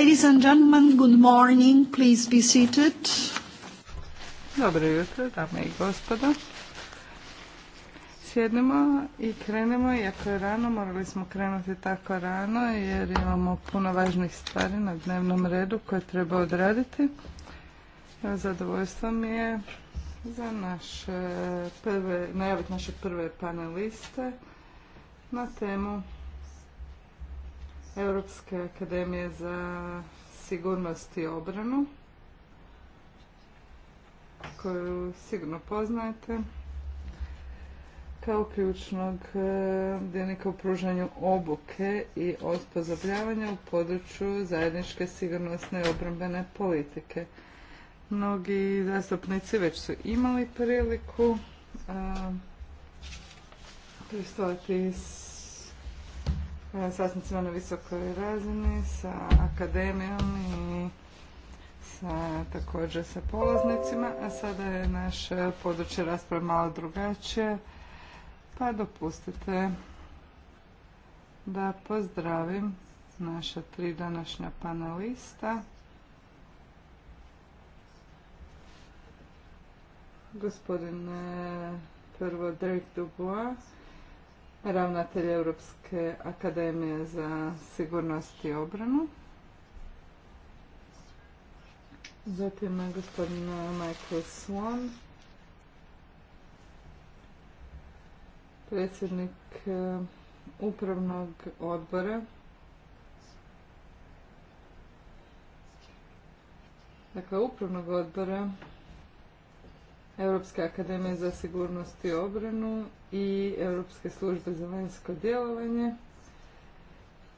Ladies and gentlemen, good morning. Please be seated. Dobro jutro, dame i gospodo. Sjednemo i krenemo, iako je rano, morali smo krenuti tako rano jer imamo puno važnih stvari na dnevnom redu koje treba odraditi. Zadovoljstvo mi je za naše prve, najaviti naše prve paneliste na temu Europske akademije za sigurnost i obranu koju sigurno poznajete kao ključnog e, dionika u pružanju obuke i osposobljavanja u području zajedničke sigurnosne i obrambene politike. Mnogi zastupnici već su imali priliku e, a, s sasnicima na visokoj razini sa akademijom i sa, također sa polaznicima, a sada je naše područje rasprave malo drugačije, pa dopustite da pozdravim naša tri današnja panelista. Gospodin eh, prvo Derek Dubois, ravnatelj Europske akademije za sigurnost i obranu. Zatim gospodin Michael Swan, predsjednik e, upravnog odbora dakle upravnog odbora Europske akademije za sigurnost i obranu i Europske službe za vanjsko djelovanje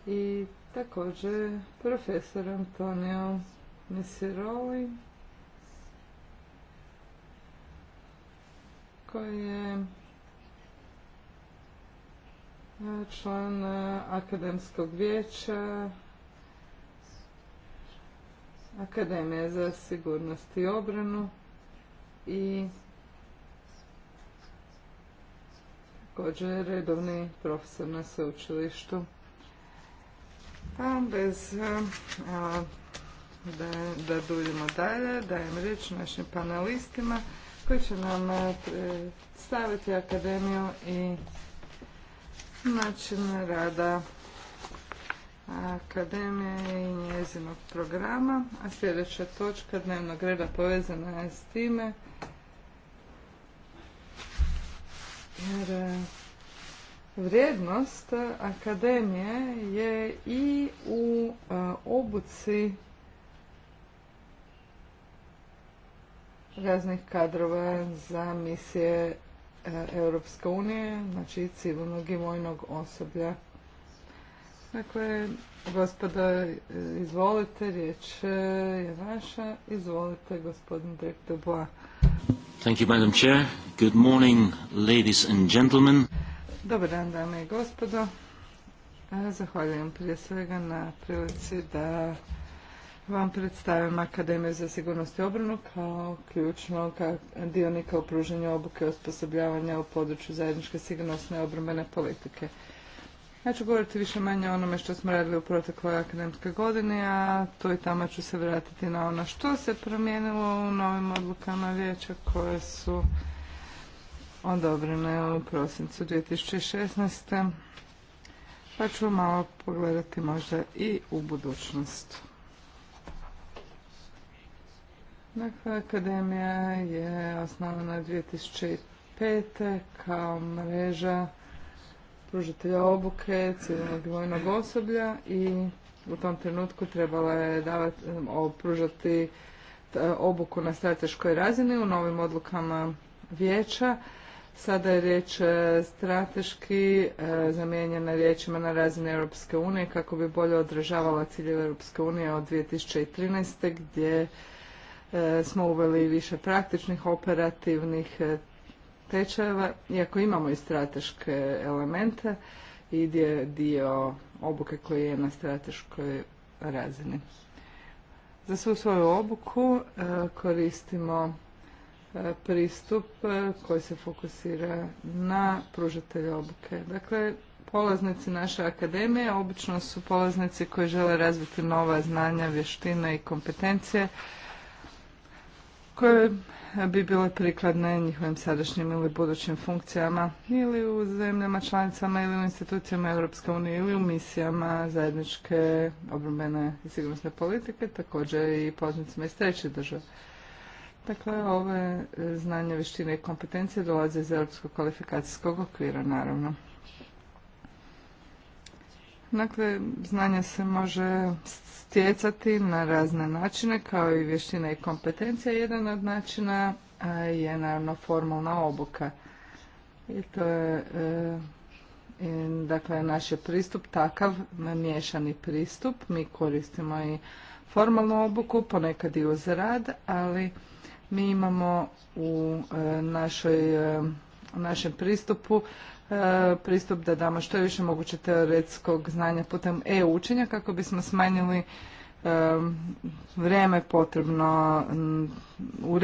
i također profesor Antonio Misiroli koji je e, član e, akademskog vijeća Akademije za sigurnost i obranu i također redovni profesor na sveučilištu. Pa bez da, da duljimo dalje, dajem riječ našim panelistima koji će nam staviti akademiju i način rada akademije i njezinog programa. A sljedeća točka dnevnog reda povezana je s time Jer e, vrijednost akademije je i u e, obuci raznih kadrova za misije e, Europske unije, znači civilnog i vojnog osoblja. Dakle, gospoda, izvolite, riječ je vaša. Izvolite, gospodin direktor Boa. Thank you, Madam and Dobar dan, dame i gospodo. E, zahvaljujem prije svega na prilici da vam predstavim Akademiju za sigurnost i obranu kao ključnog dionika u pruženju obuke i osposobljavanja u području zajedničke sigurnosne i obrambene politike. Ja ću govoriti više manje o onome što smo radili u protekloj akademskoj godini, a to i tamo ću se vratiti na ono što se promijenilo u novim odlukama vijeća koje su odobrene u prosincu 2016. Pa ću malo pogledati možda i u budućnost. Dakle, Akademija je osnovana 2005. kao mreža pružatelja obuke civilnog vojnog osoblja i u tom trenutku trebala je davati, pružati obuku na strateškoj razini u novim odlukama vijeća. Sada je riječ e, strateški e, zamijenjena riječima na razini Europske unije kako bi bolje odražavala ciljeve Europske unije od 2013. gdje e, smo uveli više praktičnih operativnih tečajeva, iako imamo i strateške elemente, ide dio obuke koji je na strateškoj razini. Za svu svoju obuku e, koristimo e, pristup e, koji se fokusira na pružatelje obuke. Dakle, polaznici naše akademije obično su polaznici koji žele razviti nova znanja, vještine i kompetencije koje bi bile prikladne njihovim sadašnjim ili budućim funkcijama ili u zemljama članicama ili u institucijama Europske unije ili u misijama zajedničke obrambene i sigurnosne politike, također i poznicima iz treće države. Dakle, ove znanje, vještine i kompetencije dolaze iz Europskog kvalifikacijskog okvira, naravno. Dakle, znanje se može stjecati na razne načine, kao i vještina i kompetencija. Jedan od načina je naravno formalna obuka. I to je e, dakle, naš je pristup takav, miješani pristup. Mi koristimo i formalnu obuku, ponekad i uz rad, ali mi imamo u e, našoj, e, našem pristupu E, pristup da damo što je više moguće teoretskog znanja putem e-učenja kako bismo smanjili e, vrijeme potrebno u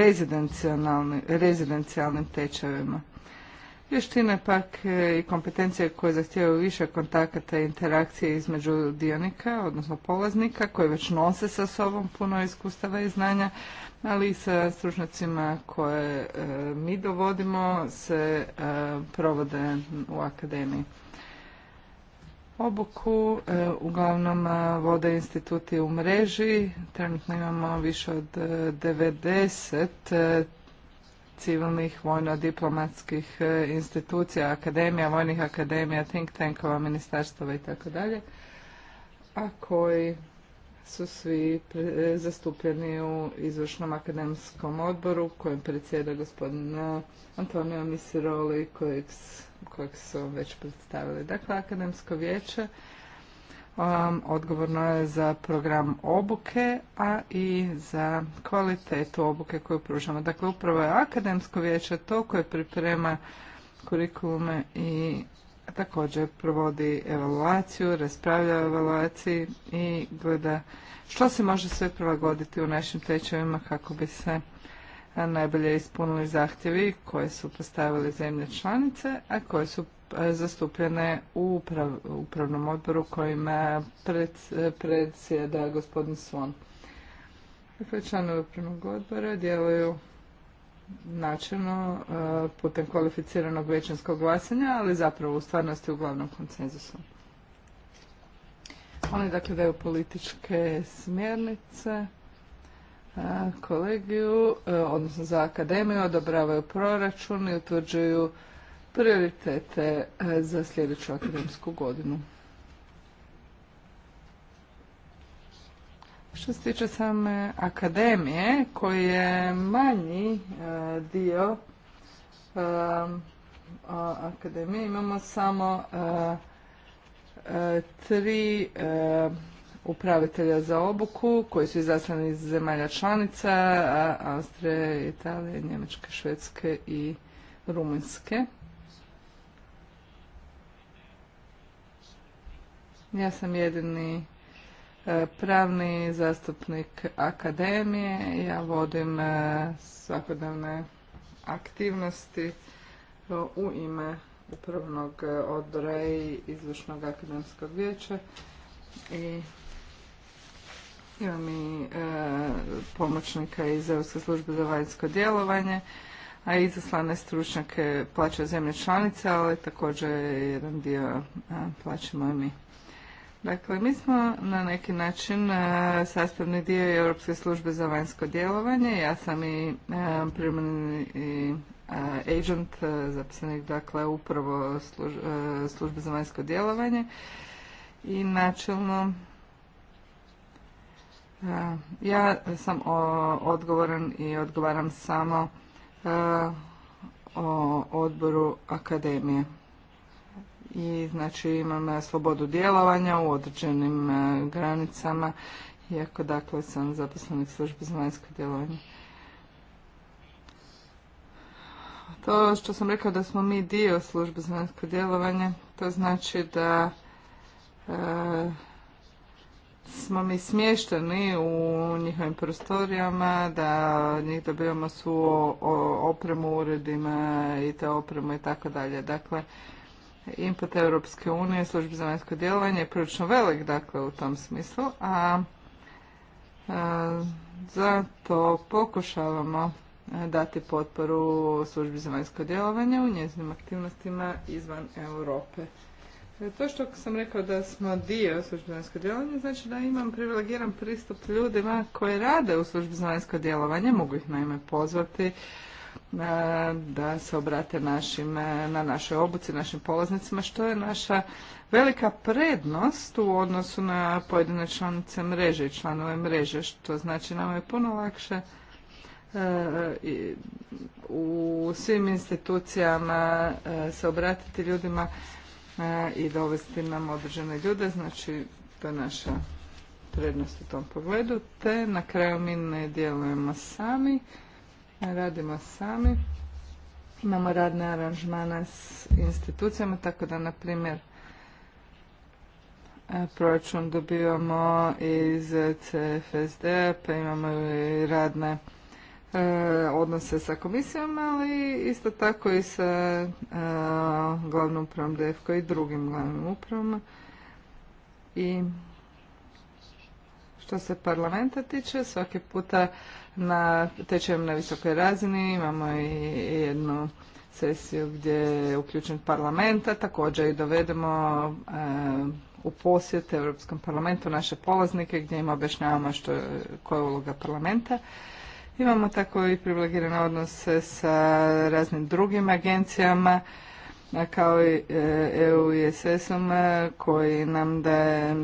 rezidencijalnim tečajevima. Vještine pak e, i kompetencije koje zahtijevaju više kontakata i interakcije između dionika, odnosno polaznika, koji već nose sa sobom puno iskustava i znanja, ali i sa stručnjacima koje e, mi dovodimo se e, provode u akademiji. Obuku uglavnom vode instituti u mreži. Trenutno imamo više od 90 civilnih vojno-diplomatskih e, institucija, akademija, vojnih akademija, think tankova, ministarstava i tako dalje, a koji su svi zastupljeni u izvršnom akademskom odboru kojem predsjeda gospodin e, Antonio Misiroli kojeg, kojeg su već predstavili. Dakle, akademsko vijeće odgovorno je za program obuke, a i za kvalitetu obuke koju pružamo. Dakle, upravo je akademsko vijeće to koje priprema kurikulume i također provodi evaluaciju, raspravlja o evaluaciji i gleda što se može sve prilagoditi u našim tečajevima kako bi se najbolje ispunili zahtjevi koje su postavili zemlje članice, a koje su zastupljene u upravnom odboru kojima eh, eh, predsjeda gospodin Svon. Dakle, članovi upravnog odbora djeluju načelno eh, putem kvalificiranog većinskog glasanja, ali zapravo u stvarnosti uglavnom konsenzusom. Oni dakle daju političke smjernice kolegiju, odnosno za akademiju, odobravaju proračun i utvrđuju prioritete e, za sljedeću akademsku godinu. Što se tiče same akademije, koji je manji e, dio e, akademije, imamo samo tri upravitelja za obuku koji su izaslani iz zemalja članica, Austrije, Italije, Njemačke, Švedske i Rumunjske. Ja sam jedini e, pravni zastupnik akademije. Ja vodim e, svakodnevne aktivnosti e, u ime upravnog odbora i izvršnog akademskog vijeća i imam i pomoćnika iz Europske službe za vanjsko djelovanje, a i izaslane stručnjake plaća zemlje članice, ali također jedan dio plaćamo i mi. Dakle, mi smo na neki način e, sastavni dio Europske službe za vanjsko djelovanje. Ja sam i e, primjeni i e, agent, zapisanik dakle upravo službe za vanjsko djelovanje i načelno ja sam odgovoran i odgovaram samo o odboru akademije i znači imam e, slobodu djelovanja u određenim e, granicama, iako dakle sam zaposlenik službe za vanjsko djelovanje. To što sam rekao da smo mi dio službe za vanjsko djelovanje, to znači da e, smo mi smješteni u njihovim prostorijama, da njih dobivamo svu opremu uredima i te opremu i tako dalje. Dakle, input Europske unije službi za vanjsko djelovanje je prilično velik, dakle, u tom smislu, a zato pokušavamo e, dati potporu službi za vanjsko djelovanje u njezinim aktivnostima izvan Europe. E, to što sam rekao da smo dio službe za vanjsko djelovanje, znači da imam privilegiran pristup ljudima koji rade u službi za vanjsko djelovanje, mogu ih naime pozvati, E, da se obrate našim, e, na našoj obuci, našim polaznicima, što je naša velika prednost u odnosu na pojedine članice mreže i članove mreže, što znači nama je puno lakše e, u svim institucijama se obratiti ljudima i dovesti nam određene ljude, znači to je naša prednost u tom pogledu, te na kraju mi ne djelujemo sami, radimo sami. Imamo radne aranžmane s institucijama, tako da, na primjer, e, proračun dobivamo iz CFSD, pa imamo i radne e, odnose sa komisijom, ali isto tako i sa e, glavnom upravom DFK i drugim glavnim upravom. I što se parlamenta tiče, svaki puta na tečajem na visokoj razini. Imamo i jednu sesiju gdje je uključen parlamenta. također i dovedemo e, u posjet Europskom parlamentu naše polaznike gdje im objašnjavamo što, koja je uloga parlamenta. Imamo tako i privilegirane odnose sa raznim drugim agencijama kao i EU e i SS-om e, koji nam daje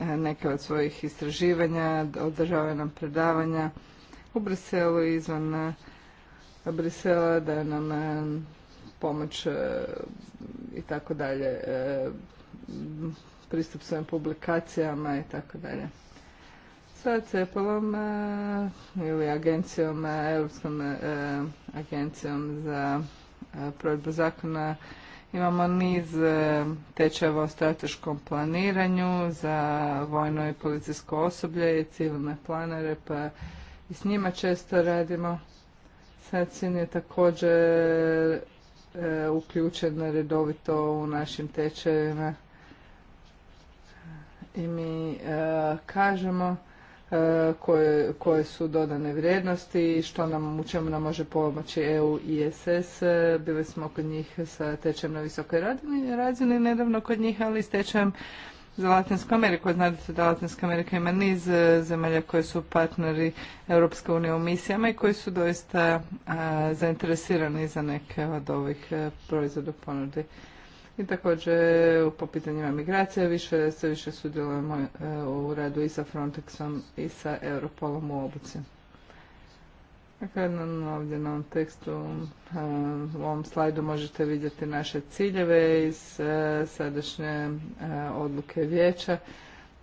neke od svojih istraživanja, održavaju nam predavanja u Briselu i izvan eh, Brisela da nam eh, pomoć eh, i tako dalje pristup svojim publikacijama i tako dalje. Sa CEPOL-om ili agencijom, Europskom agencijom za provedbu zakona imamo niz tečajeva o strateškom planiranju za vojno i policijsko osoblje i civilne planere, pa i s njima često radimo. sin je također e, uključen redovito u našim tečajevima i mi e, kažemo e, koje, koje su dodane vrijednosti i što nam, u čemu nam može pomoći EU i ISS. Bili smo kod njih sa tečajem na visokoj razini, nedavno kod njih, ali s tečajem za Latinsku Ameriku. Znate da Latinska Amerika ima niz e, zemalja koje su partneri Europske unije u misijama i koji su doista e, zainteresirani za neke od ovih e, proizvoda ponudi. I također po pitanjima migracije više, sve više sudjelujemo u radu i sa Frontexom i sa Europolom u obuci. Dakle, ovdje na ovom tekstu, u ovom slajdu možete vidjeti naše ciljeve iz e, sadašnje e, odluke vijeća.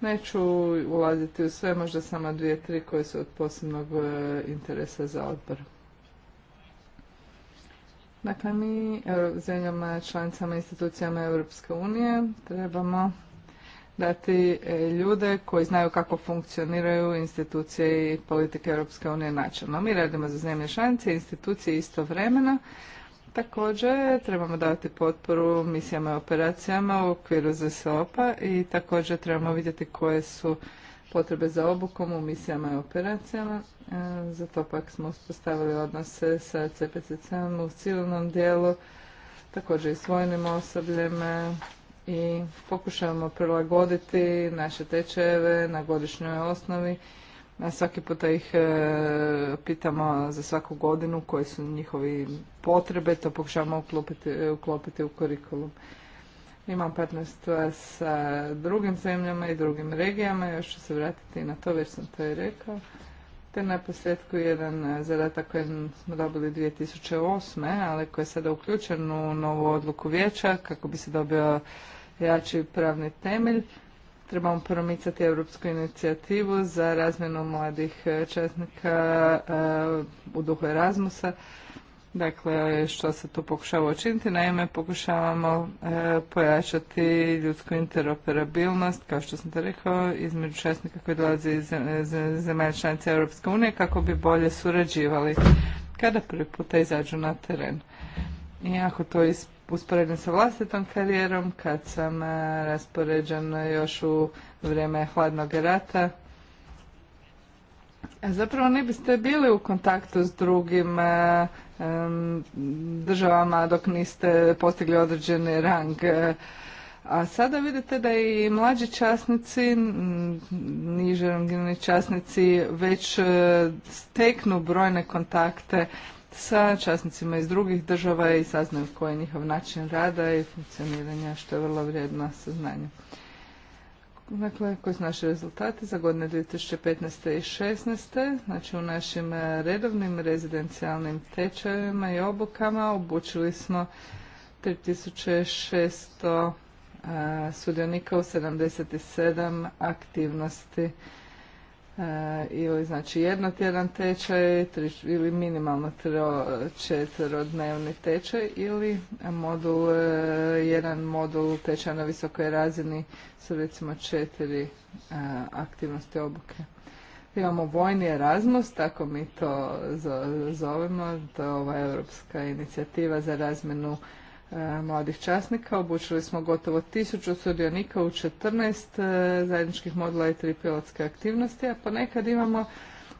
Neću ulaziti u sve, možda samo dvije, tri koje su od posebnog e, interesa za odbor. Dakle, mi zemljama, članicama, institucijama Europske unije trebamo dati e, ljude koji znaju kako funkcioniraju institucije i politike Europske unije načelno. Mi radimo za zemlje članice i institucije istovremeno. Također trebamo dati potporu misijama i operacijama u okviru ZSOP-a i također trebamo vidjeti koje su potrebe za obukom u misijama i operacijama. E, za to pak smo uspostavili odnose sa CPCC-om u civilnom dijelu, također i s vojnim osobljem, i pokušavamo prilagoditi naše tečajeve na godišnjoj osnovi. svaki puta ih e, pitamo za svaku godinu koje su njihovi potrebe, to pokušavamo uklopiti, e, uklopiti u kurikulum. Imam partnerstva sa drugim zemljama i drugim regijama, još ću se vratiti na to, već sam to i rekao. Te na posljedku jedan zadatak koji smo dobili 2008. ali koji je sada uključen u novu odluku vijeća kako bi se dobio jači pravni temelj. Trebamo promicati europsku inicijativu za razmjenu mladih e, četnika e, u duhu Erasmusa. Dakle, što se tu pokušava učiniti? Naime, pokušavamo e, pojačati ljudsku interoperabilnost, kao što sam to rekao, između četnika koji dolazi iz zemalja članica Europske unije, kako bi bolje surađivali kada prvi puta izađu na teren. I ako to ispravimo, usporedim sa vlastitom karijerom kad sam e, raspoređen još u vrijeme hladnog rata. E, zapravo ne biste bili u kontaktu s drugim e, državama dok niste postigli određeni rang. A sada vidite da i mlađi časnici, niže rangirani časnici već steknu brojne kontakte sa časnicima iz drugih država i saznaju koji je njihov način rada i funkcioniranja, što je vrlo vrijedno saznanje. Dakle, koji su naši rezultati za godine 2015. i 2016. Znači, u našim redovnim rezidencijalnim tečajevima i obukama obučili smo 3600 sudionika u 77 aktivnosti Eh, ili znači jednotjedan tečaj ili minimalno četvrodnevni tečaj ili modul, eh, jedan modul tečaja na visokoj razini su recimo četiri eh, aktivnosti obuke. Imamo vojni Erasmus, tako mi to zovemo, to je ova europska inicijativa za razmjenu E, mladih časnika. Obučili smo gotovo tisuću sudionika u 14 e, zajedničkih modula i tri pilotske aktivnosti, a ponekad imamo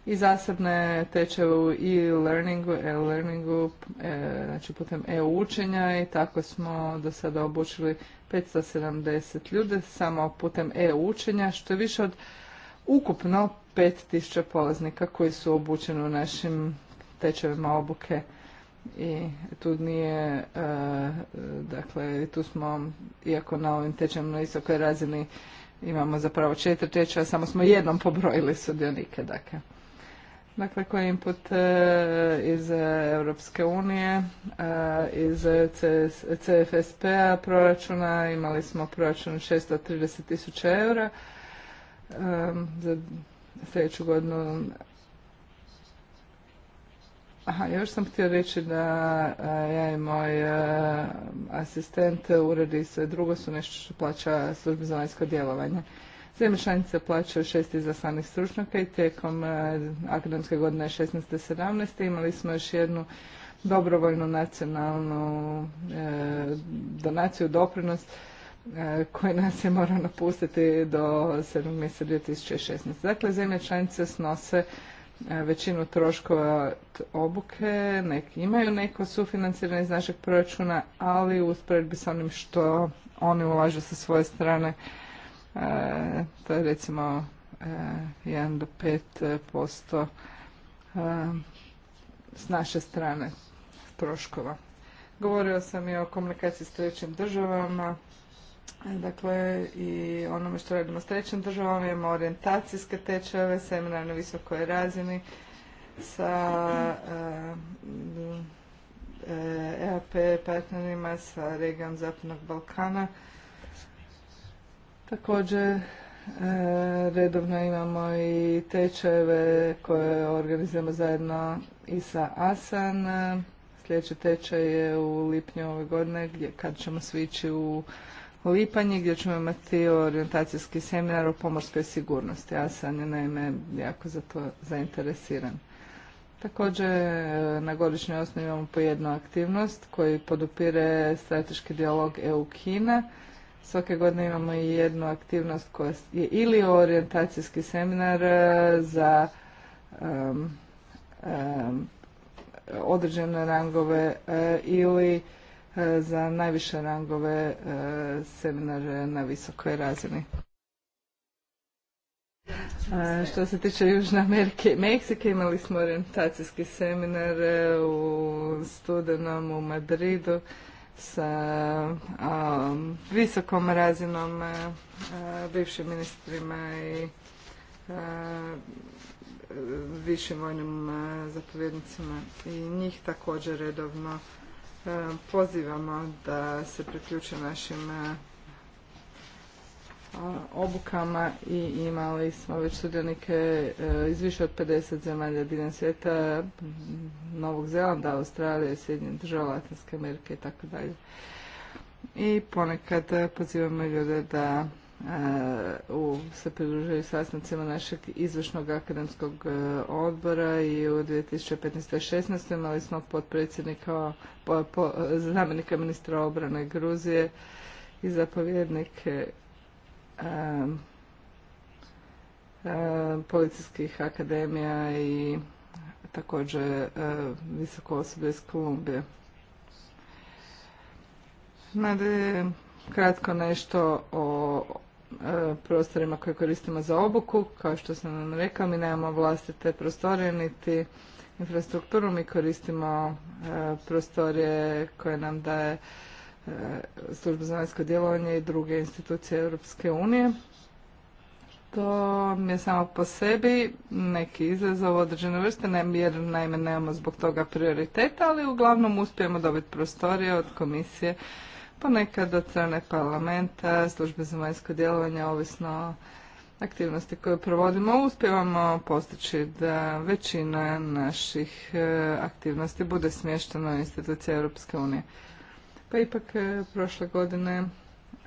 i zasebne tečeve u e-learningu, e-learningu, e, znači putem e-učenja i tako smo do sada obučili 570 ljude samo putem e-učenja, što je više od ukupno 5000 polaznika koji su obučeni u našim tečevima obuke i tu nije, e, dakle, tu smo, iako na ovim tečajima na visokoj razini imamo zapravo četiri tečaja, samo smo jednom pobrojili sudionike, dakle. Dakle, koji je input e, iz Europske unije, e, iz CFSP-a proračuna, imali smo proračun 630 tisuća eura, za sljedeću godinu Aha, još sam htio reći da ja i moj asistent uredi sve drugo su nešto što plaća službi za vanjsko djelovanje. Zemlje članice plaćaju šest izaslanih stručnjaka i tijekom akademske godine 16. 17. imali smo još jednu dobrovoljnu nacionalnu e, donaciju, doprinos e, koji nas je morao napustiti do 7. mjeseca 2016. Dakle, zemlje članice snose E, većinu troškova obuke, neki imaju neko sufinanciranje iz našeg proračuna, ali u usporedbi sa onim što oni ulažu sa svoje strane, e, to je recimo 1 e, do 5 posto s naše strane troškova. Govorio sam i o komunikaciji s trećim državama, Dakle, i onome što radimo s trećim državom, imamo orijentacijske tečajeve, seminar na visokoj razini sa EAP eh, eh, e partnerima, sa regijom Zapadnog Balkana. Također, eh, redovno imamo i tečajeve koje organizujemo zajedno i sa ASAN. E Sljedeći tečaj je u lipnju ove godine gdje, kad ćemo svići u lipanji gdje ćemo imati orijentacijski seminar o pomorskoj sigurnosti. Ja sam je naime jako za to zainteresiran. Također na godišnjoj osnovi imamo po jednu aktivnost koji podupire strateški dijalog EU-Kina. Svake godine imamo i jednu aktivnost koja je ili orijentacijski seminar e, za određene rangove e, ili E, za najviše rangove e, seminare na visokoj razini. E, što se tiče Južne Amerike i Meksike, imali smo orientacijski seminar u studenom u Madridu sa visokom razinom bivšim ministrima i višim vojnim zapovjednicima i njih također redovno E, pozivamo da se priključe našim e, obukama i imali smo već sudionike e, iz više od 50 zemalja diljem svijeta, Novog Zelanda, Australije, Sjedinje država, Latinske Amerike i tako dalje. I ponekad pozivamo ljude da u, se pridružuju sastancima našeg izvršnog akademskog e, odbora i u 2015. i 2016. imali smo potpredsjednika, po, znamenika ministra obrane Gruzije i zapovjednike policijskih akademija i također e, visoko osobe iz Kolumbije. Nadalje, kratko nešto o prostorima koje koristimo za obuku. Kao što sam vam rekao, mi nemamo vlastite prostorije niti infrastrukturu. Mi koristimo e, prostorije koje nam daje e, služba za vanjsko djelovanje i druge institucije Europske unije. To je samo po sebi neki izazov određene vrste, jer naime nemamo zbog toga prioriteta, ali uglavnom uspijemo dobiti prostorije od komisije ponekad pa od strane parlamenta, službe za vanjsko djelovanje, ovisno aktivnosti koje provodimo, uspjevamo postići da većina naših e, aktivnosti bude smještena u institucije Europske unije. Pa ipak e, prošle godine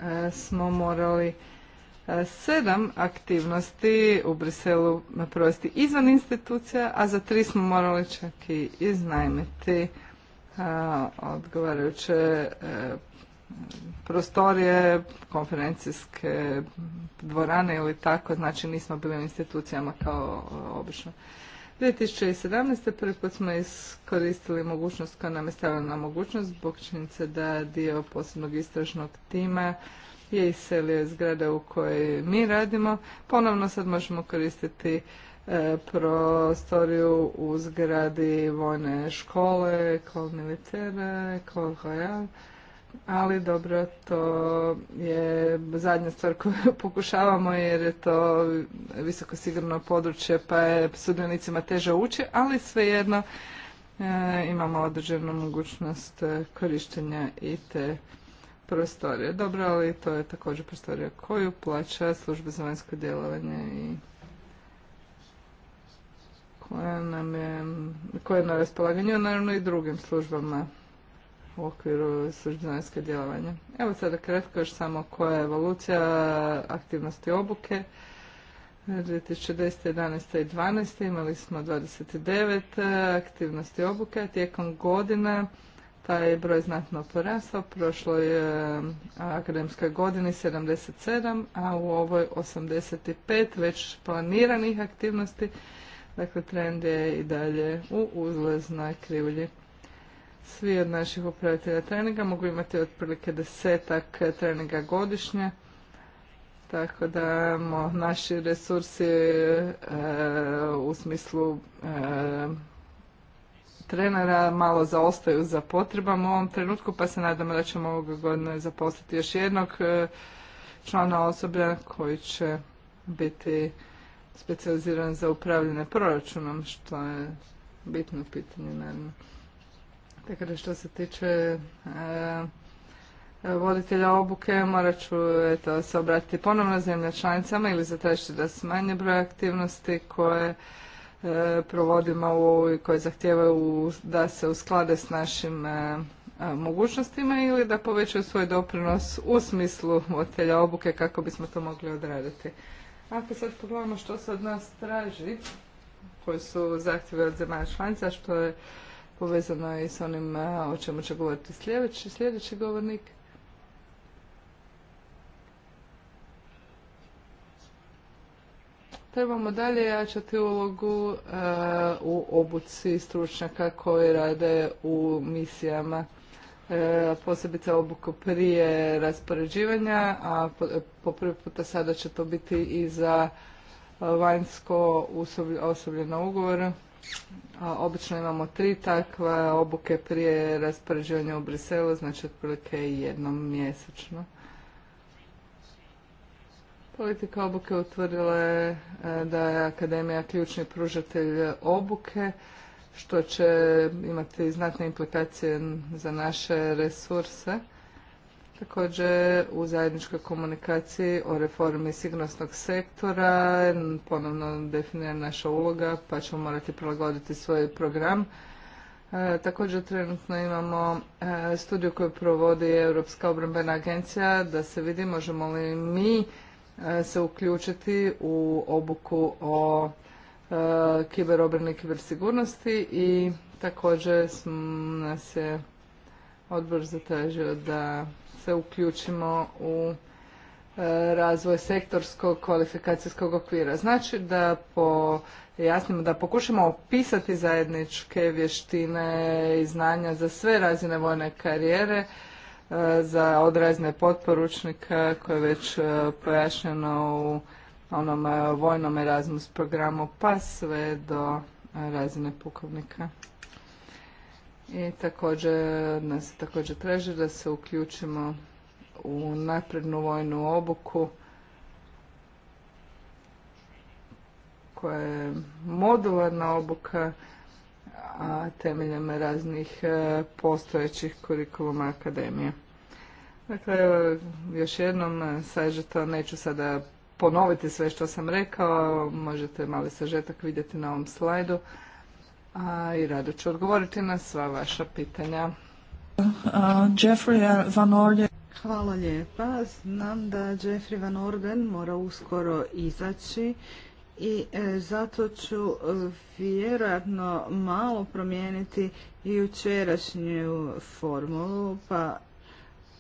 e, smo morali sedam aktivnosti u Briselu provesti izvan institucija, a za tri smo morali čak i iznajmiti odgovarajuće prostorije, konferencijske dvorane ili tako, znači nismo bili u institucijama kao obično. 2017. prvi put smo iskoristili mogućnost koja nam je stavljena mogućnost zbog činjenice da dio posebnog istražnog tima je iselio iz grada u kojoj mi radimo. Ponovno sad možemo koristiti e, prostoriju u zgradi vojne škole, kol militera, kol ali dobro, to je zadnja stvar koju pokušavamo jer je to visoko sigurno područje pa je sudionicima teže ući, ali svejedno e, imamo određenu mogućnost e, korištenja i te prostorije. Dobro, ali to je također prostorija koju plaća služba za vanjsko djelovanje i koja nam je, koja je na raspolaganju, naravno i drugim službama u okviru srđanske djelovanja. Evo sada kratko još samo koja je evolucija aktivnosti obuke. 2010. 11. i 12. imali smo 29 aktivnosti obuke. Tijekom godina taj je broj znatno porastao. Prošlo je akademskoj godini 77, a u ovoj 85 već planiranih aktivnosti. Dakle, trend je i dalje u uzlaznoj krivlji. Svi od naših upravitelja treninga mogu imati otprilike desetak treninga godišnje, tako da naši resursi e, u smislu e, trenera malo zaostaju za potrebama u ovom trenutku, pa se nadamo da ćemo ovog godine zaposliti još jednog e, člana osoblja koji će biti specijaliziran za upravljanje proračunom, što je bitno pitanje, naravno. Tako dakle, da što se tiče e, voditelja obuke morat ću eto, se obratiti ponovno zemlja članicama ili zatražiti da smanje broj aktivnosti koje e, provodimo u, i koje zahtijevaju da se usklade s našim e, mogućnostima ili da povećaju svoj doprinos u smislu voditelja obuke kako bismo to mogli odraditi. Ako sad pogledamo što se od nas traži, koji su zahtjevi od zemalja članica, što je povezano je i s onim o čemu će govoriti sljedeći, govornik. Trebamo dalje jačati ulogu u obuci stručnjaka koji rade u misijama, posebice obuku prije raspoređivanja, a po, prvi puta sada će to biti i za vanjsko osobljeno na Obično imamo tri takve obuke prije raspoređivanja u Briselu, znači otprilike jednom mjesečno. Politika obuke utvrdila je e, da je Akademija ključni pružatelj obuke, što će imati znatne implikacije za naše resurse. Također u zajedničkoj komunikaciji o reformi sigurnosnog sektora ponovno definira naša uloga pa ćemo morati prilagoditi svoj program. E, također trenutno imamo e, studiju koju provodi Europska obrambena agencija da se vidi možemo li mi e, se uključiti u obuku o kiberobrani i kibersigurnosti i također nas je odbor zatražio da se uključimo u e, razvoj sektorskog kvalifikacijskog okvira. Znači da po jasnimo da pokušamo opisati zajedničke vještine i znanja za sve razine vojne karijere, e, za odrazne potporučnika koje je već e, pojašnjeno u onom vojnom Erasmus programu pa sve do razine pukovnika. I također nas također traži da se uključimo u naprednu vojnu obuku koja je modularna obuka a temeljem raznih e, postojećih kurikuluma akademije. Dakle, još jednom e, sažeto, neću sada ponoviti sve što sam rekao, možete mali sažetak vidjeti na ovom slajdu a i rado ću odgovoriti na sva vaša pitanja. Van Hvala lijepa. Znam da Jeffrey Van Orden mora uskoro izaći i e, zato ću e, vjerojatno malo promijeniti i jučerašnju formulu, pa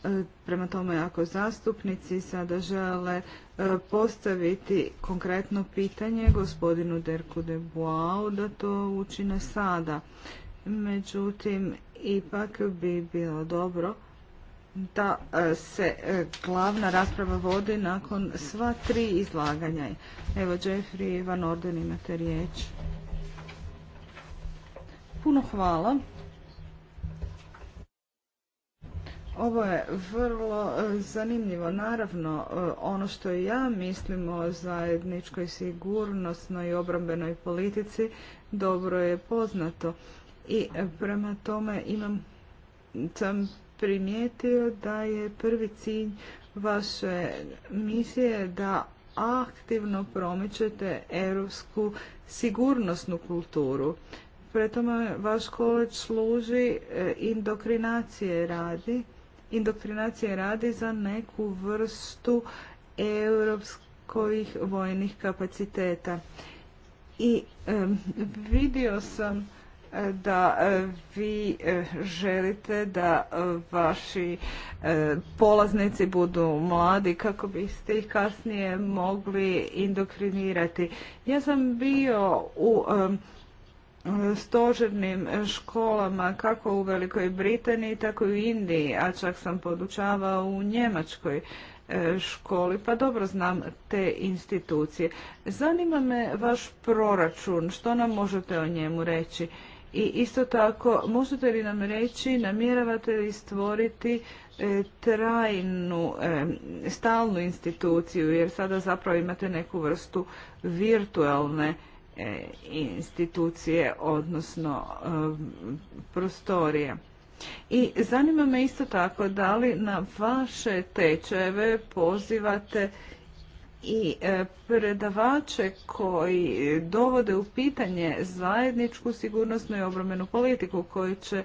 e, prema tome ako zastupnici sada žele E, postaviti konkretno pitanje gospodinu Derku de Boao da to učine sada. Međutim, ipak bi bilo dobro da e, se e, glavna rasprava vodi nakon sva tri izlaganja. Evo, Jeffrey Van Orden imate riječ. Puno hvala. Ovo je vrlo e, zanimljivo. Naravno, e, ono što ja mislim o zajedničkoj sigurnosnoj i obrambenoj politici dobro je poznato. I prema tome imam, sam primijetio da je prvi cilj vaše misije da aktivno promičete europsku sigurnosnu kulturu. Pre tome vaš koleč služi e, indokrinacije radi indoktrinacije radi za neku vrstu europskih vojnih kapaciteta. I vidio sam e, da e, vi e, želite da vaši polaznici budu mladi kako biste ih kasnije mogli indoktrinirati. Ja sam bio u stožernim školama kako u Velikoj Britaniji, tako i u Indiji, a čak sam podučavao u Njemačkoj e, školi, pa dobro znam te institucije. Zanima me vaš proračun, što nam možete o njemu reći? I isto tako, možete li nam reći, namjeravate li stvoriti e, trajnu, e, stalnu instituciju, jer sada zapravo imate neku vrstu virtualne E, institucije, odnosno e, prostorije. I zanima me isto tako da li na vaše tečajeve pozivate i e, predavače koji dovode u pitanje zajedničku sigurnosnu i obrambenu politiku koji će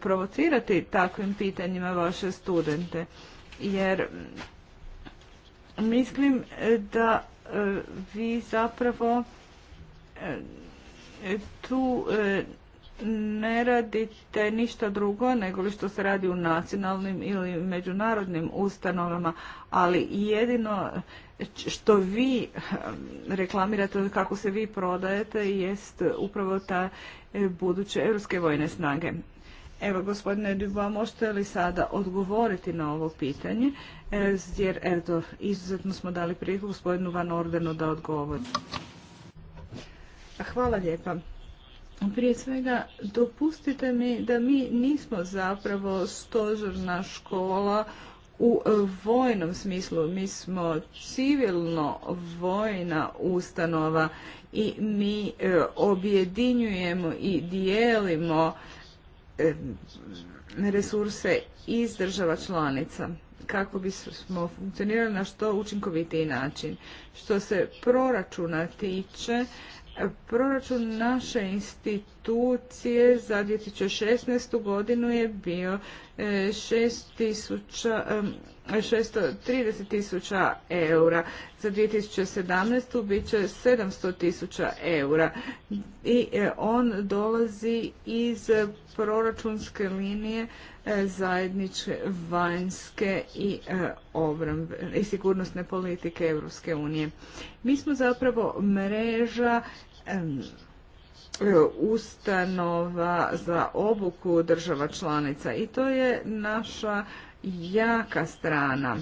provocirati takvim pitanjima vaše studente. Jer mislim da vi zapravo E, tu e, ne radite ništa drugo nego li što se radi u nacionalnim ili međunarodnim ustanovama, ali jedino što vi e, reklamirate kako se vi prodajete jest upravo ta buduće europske vojne snage. Evo, gospodine Duba, možete li sada odgovoriti na ovo pitanje? Jer, eto, izuzetno smo dali priliku gospodinu Van Ordenu da odgovori. Hvala lijepa. Prije svega, dopustite mi da mi nismo zapravo stožerna škola u vojnom smislu. Mi smo civilno vojna ustanova i mi e, objedinjujemo i dijelimo e, resurse iz država članica kako bismo funkcionirali na što učinkovitiji način. Što se proračuna tiče, Proračun naše institucije institucije za 2016. godinu je bio 630 e, e, tisuća eura. Za 2017. bit će 700 tisuća eura. I e, on dolazi iz proračunske linije zajedničke vanjske i sigurnosne politike Europske unije. Mi smo zapravo mreža ustanova za obuku država članica i to je naša jaka strana.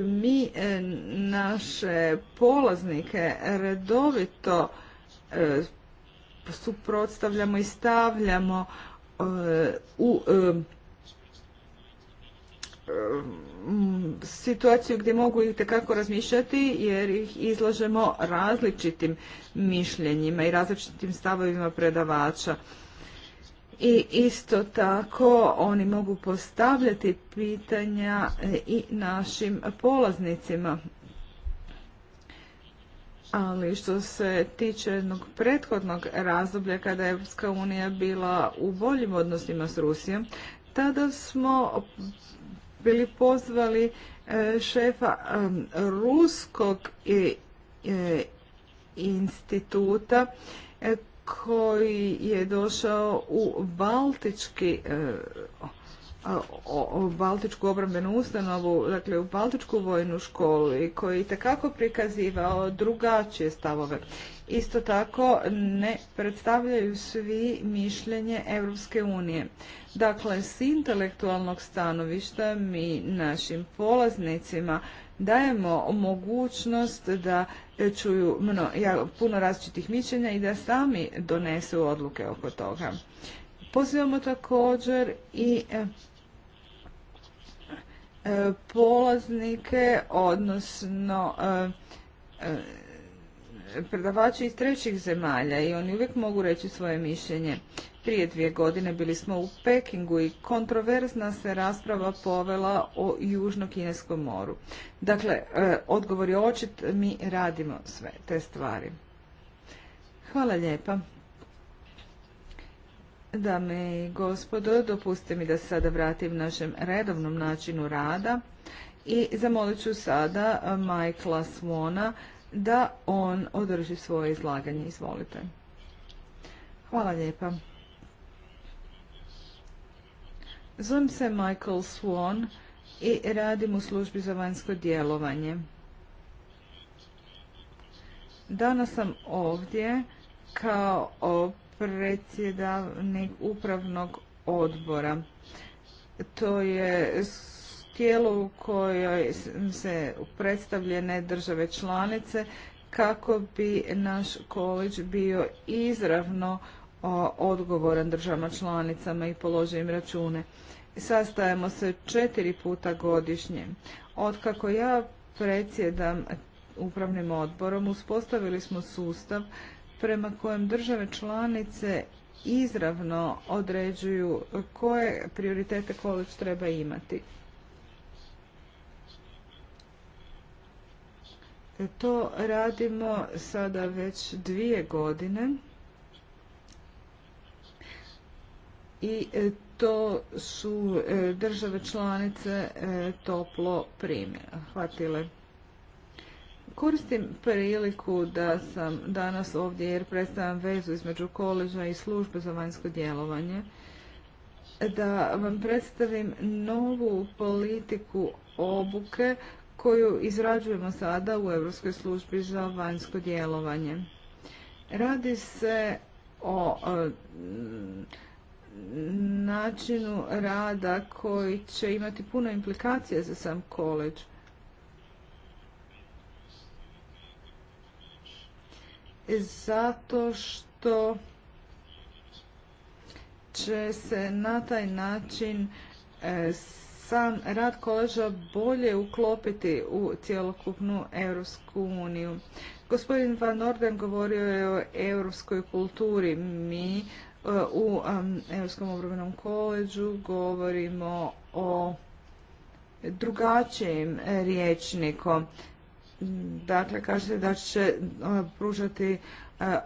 Mi e, naše polaznike redovito e, suprotstavljamo i stavljamo e, u situaciju gdje mogu ih tekako razmišljati jer ih izlažemo različitim mišljenjima i različitim stavovima predavača. I isto tako oni mogu postavljati pitanja i našim polaznicima. Ali što se tiče jednog prethodnog razdoblja kada je Evropska unija bila u boljim odnosima s Rusijom, tada smo bili pozvali e, šefa ruskog e, e, instituta koji je došao u Baltički o, Baltičku obrambenu ustanovu, dakle u Baltičku vojnu školu i koji itekako prikazivao drugačije stavove. Isto tako ne predstavljaju svi mišljenje Europske unije. Dakle, s intelektualnog stanovišta mi našim polaznicima dajemo mogućnost da čuju puno različitih mišljenja i da sami donesu odluke oko toga. Pozivamo također i E, polaznike, odnosno e, e, predavače iz trećih zemalja i oni uvijek mogu reći svoje mišljenje. Prije dvije godine bili smo u Pekingu i kontroverzna se rasprava povela o Južno-Kineskom moru. Dakle, odgovor je očit, mi radimo sve te stvari. Hvala lijepa. Dame i gospodo, dopustite mi da se sada vratim našem redovnom načinu rada i zamolit ću sada eh, Majkla Svona da on održi svoje izlaganje. Izvolite. Hvala lijepa. Zovem se Michael Swan i radim u službi za vanjsko djelovanje. Danas sam ovdje kao predsjedavnik upravnog odbora. To je tijelo u kojoj se predstavljene države članice kako bi naš koleđ bio izravno odgovoran državama članicama i položio im račune. Sastajemo se četiri puta godišnje. Otkako ja predsjedam upravnim odborom uspostavili smo sustav prema kojem države članice izravno određuju koje prioritete količ treba imati. To radimo sada već dvije godine i to su e, države članice e, toplo primjene, Hvatile. Koristim priliku da sam danas ovdje jer predstavljam vezu između koleža i službe za vanjsko djelovanje da vam predstavim novu politiku obuke koju izrađujemo sada u Europskoj službi za vanjsko djelovanje. Radi se o mm, načinu rada koji će imati puno implikacije za sam koleđ. zato što će se na taj način e, sam rad koleža bolje uklopiti u cjelokupnu Europsku uniju. Gospodin Van Orden govorio je o europskoj kulturi. Mi e, u Europskom obrobenom koleđu govorimo o drugačijem rječnikom. Dakle, kaže da će e, pružati e,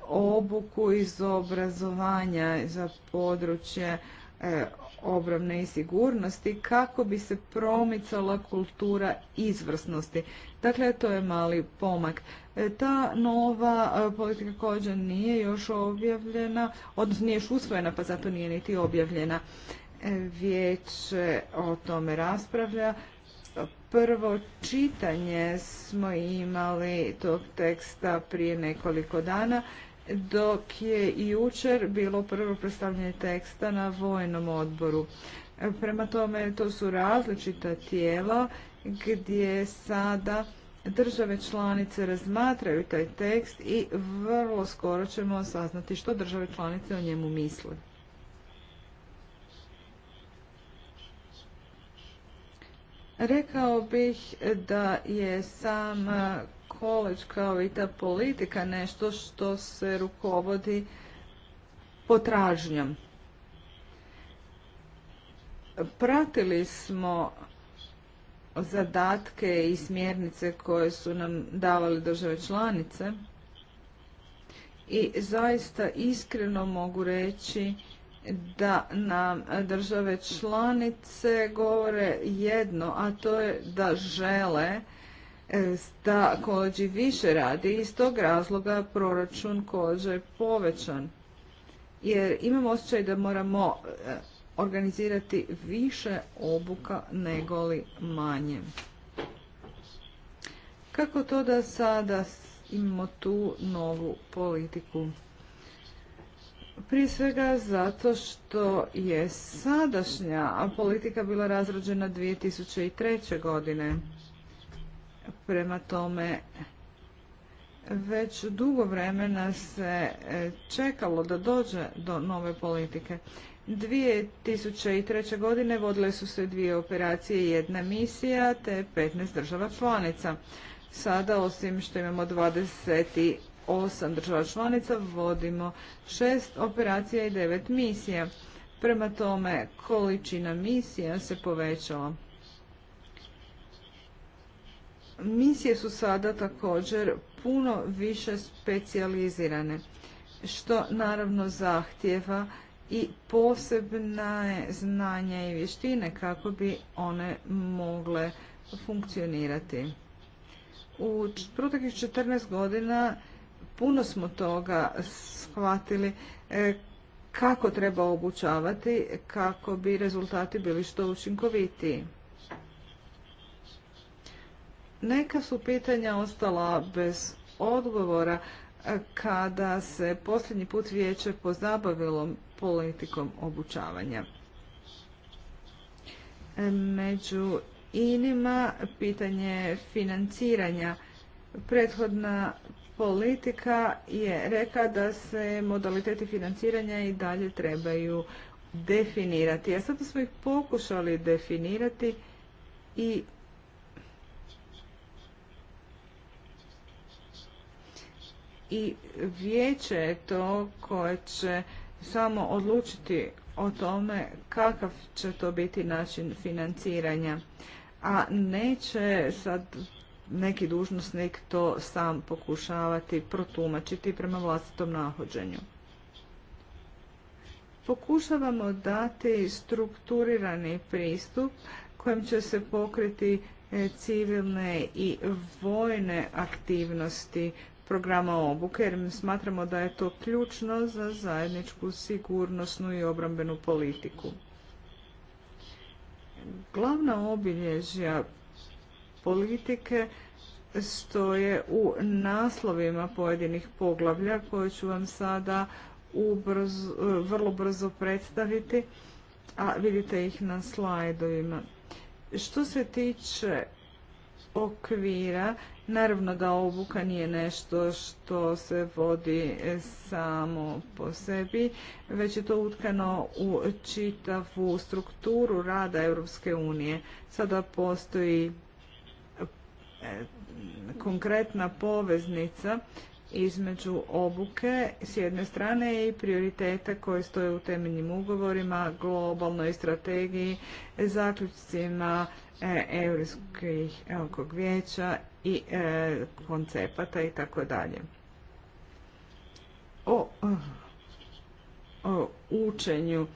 obuku iz obrazovanja za područje e, obravne i sigurnosti kako bi se promicala kultura izvrsnosti. Dakle, to je mali pomak. Ta nova politika kođa nije još objavljena, odnosno nije još usvojena, pa zato nije niti objavljena. Vijeće o tome raspravlja prvo čitanje smo imali tog teksta prije nekoliko dana, dok je jučer bilo prvo predstavljanje teksta na vojnom odboru. Prema tome, to su različita tijela gdje sada države članice razmatraju taj tekst i vrlo skoro ćemo saznati što države članice o njemu misle. Rekao bih da je sam koleđ kao i ta politika nešto što se rukovodi potražnjom. Pratili smo zadatke i smjernice koje su nam davali države članice i zaista iskreno mogu reći da nam države članice govore jedno, a to je da žele e, da kođi više radi i iz tog razloga proračun kođe je povećan. Jer imamo osjećaj da moramo e, organizirati više obuka nego li manje. Kako to da sada imamo tu novu politiku? Prije svega zato što je sadašnja politika bila razrođena 2003. godine. Prema tome, već dugo vremena se e, čekalo da dođe do nove politike. 2003. godine vodile su se dvije operacije i jedna misija te 15 država članica. Sada, osim što imamo osam država članica vodimo šest operacija i devet misija. Prema tome, količina misija se povećala. Misije su sada također puno više specijalizirane, što naravno zahtjeva i posebne znanja i vještine kako bi one mogle funkcionirati. U proteklih 14 godina puno smo toga shvatili e, kako treba obučavati kako bi rezultati bili što učinkovitiji. Neka su pitanja ostala bez odgovora e, kada se posljednji put vijeće pozabavilo politikom obučavanja. E, među inima pitanje financiranja. Prethodna politika je reka da se modaliteti financiranja i dalje trebaju definirati. A sada smo ih pokušali definirati i i vijeće je to koje će samo odlučiti o tome kakav će to biti način financiranja. A neće sad neki dužnosnik to sam pokušavati protumačiti prema vlastitom nahođenju. Pokušavamo dati strukturirani pristup kojim će se pokriti e, civilne i vojne aktivnosti programa obuke jer smatramo da je to ključno za zajedničku sigurnosnu i obrambenu politiku. Glavna obilježja politike je u naslovima pojedinih poglavlja koje ću vam sada vrlo brzo predstaviti, a vidite ih na slajdovima. Što se tiče okvira, naravno da obuka nije nešto što se vodi samo po sebi, već je to utkano u čitavu strukturu rada Europske unije. Sada postoji konkretna poveznica između obuke s jedne strane i prioriteta koje stoje u temeljnim ugovorima, globalnoj strategiji, zaključcima e, Europskih vijeća i e, koncepata i tako dalje. O učenju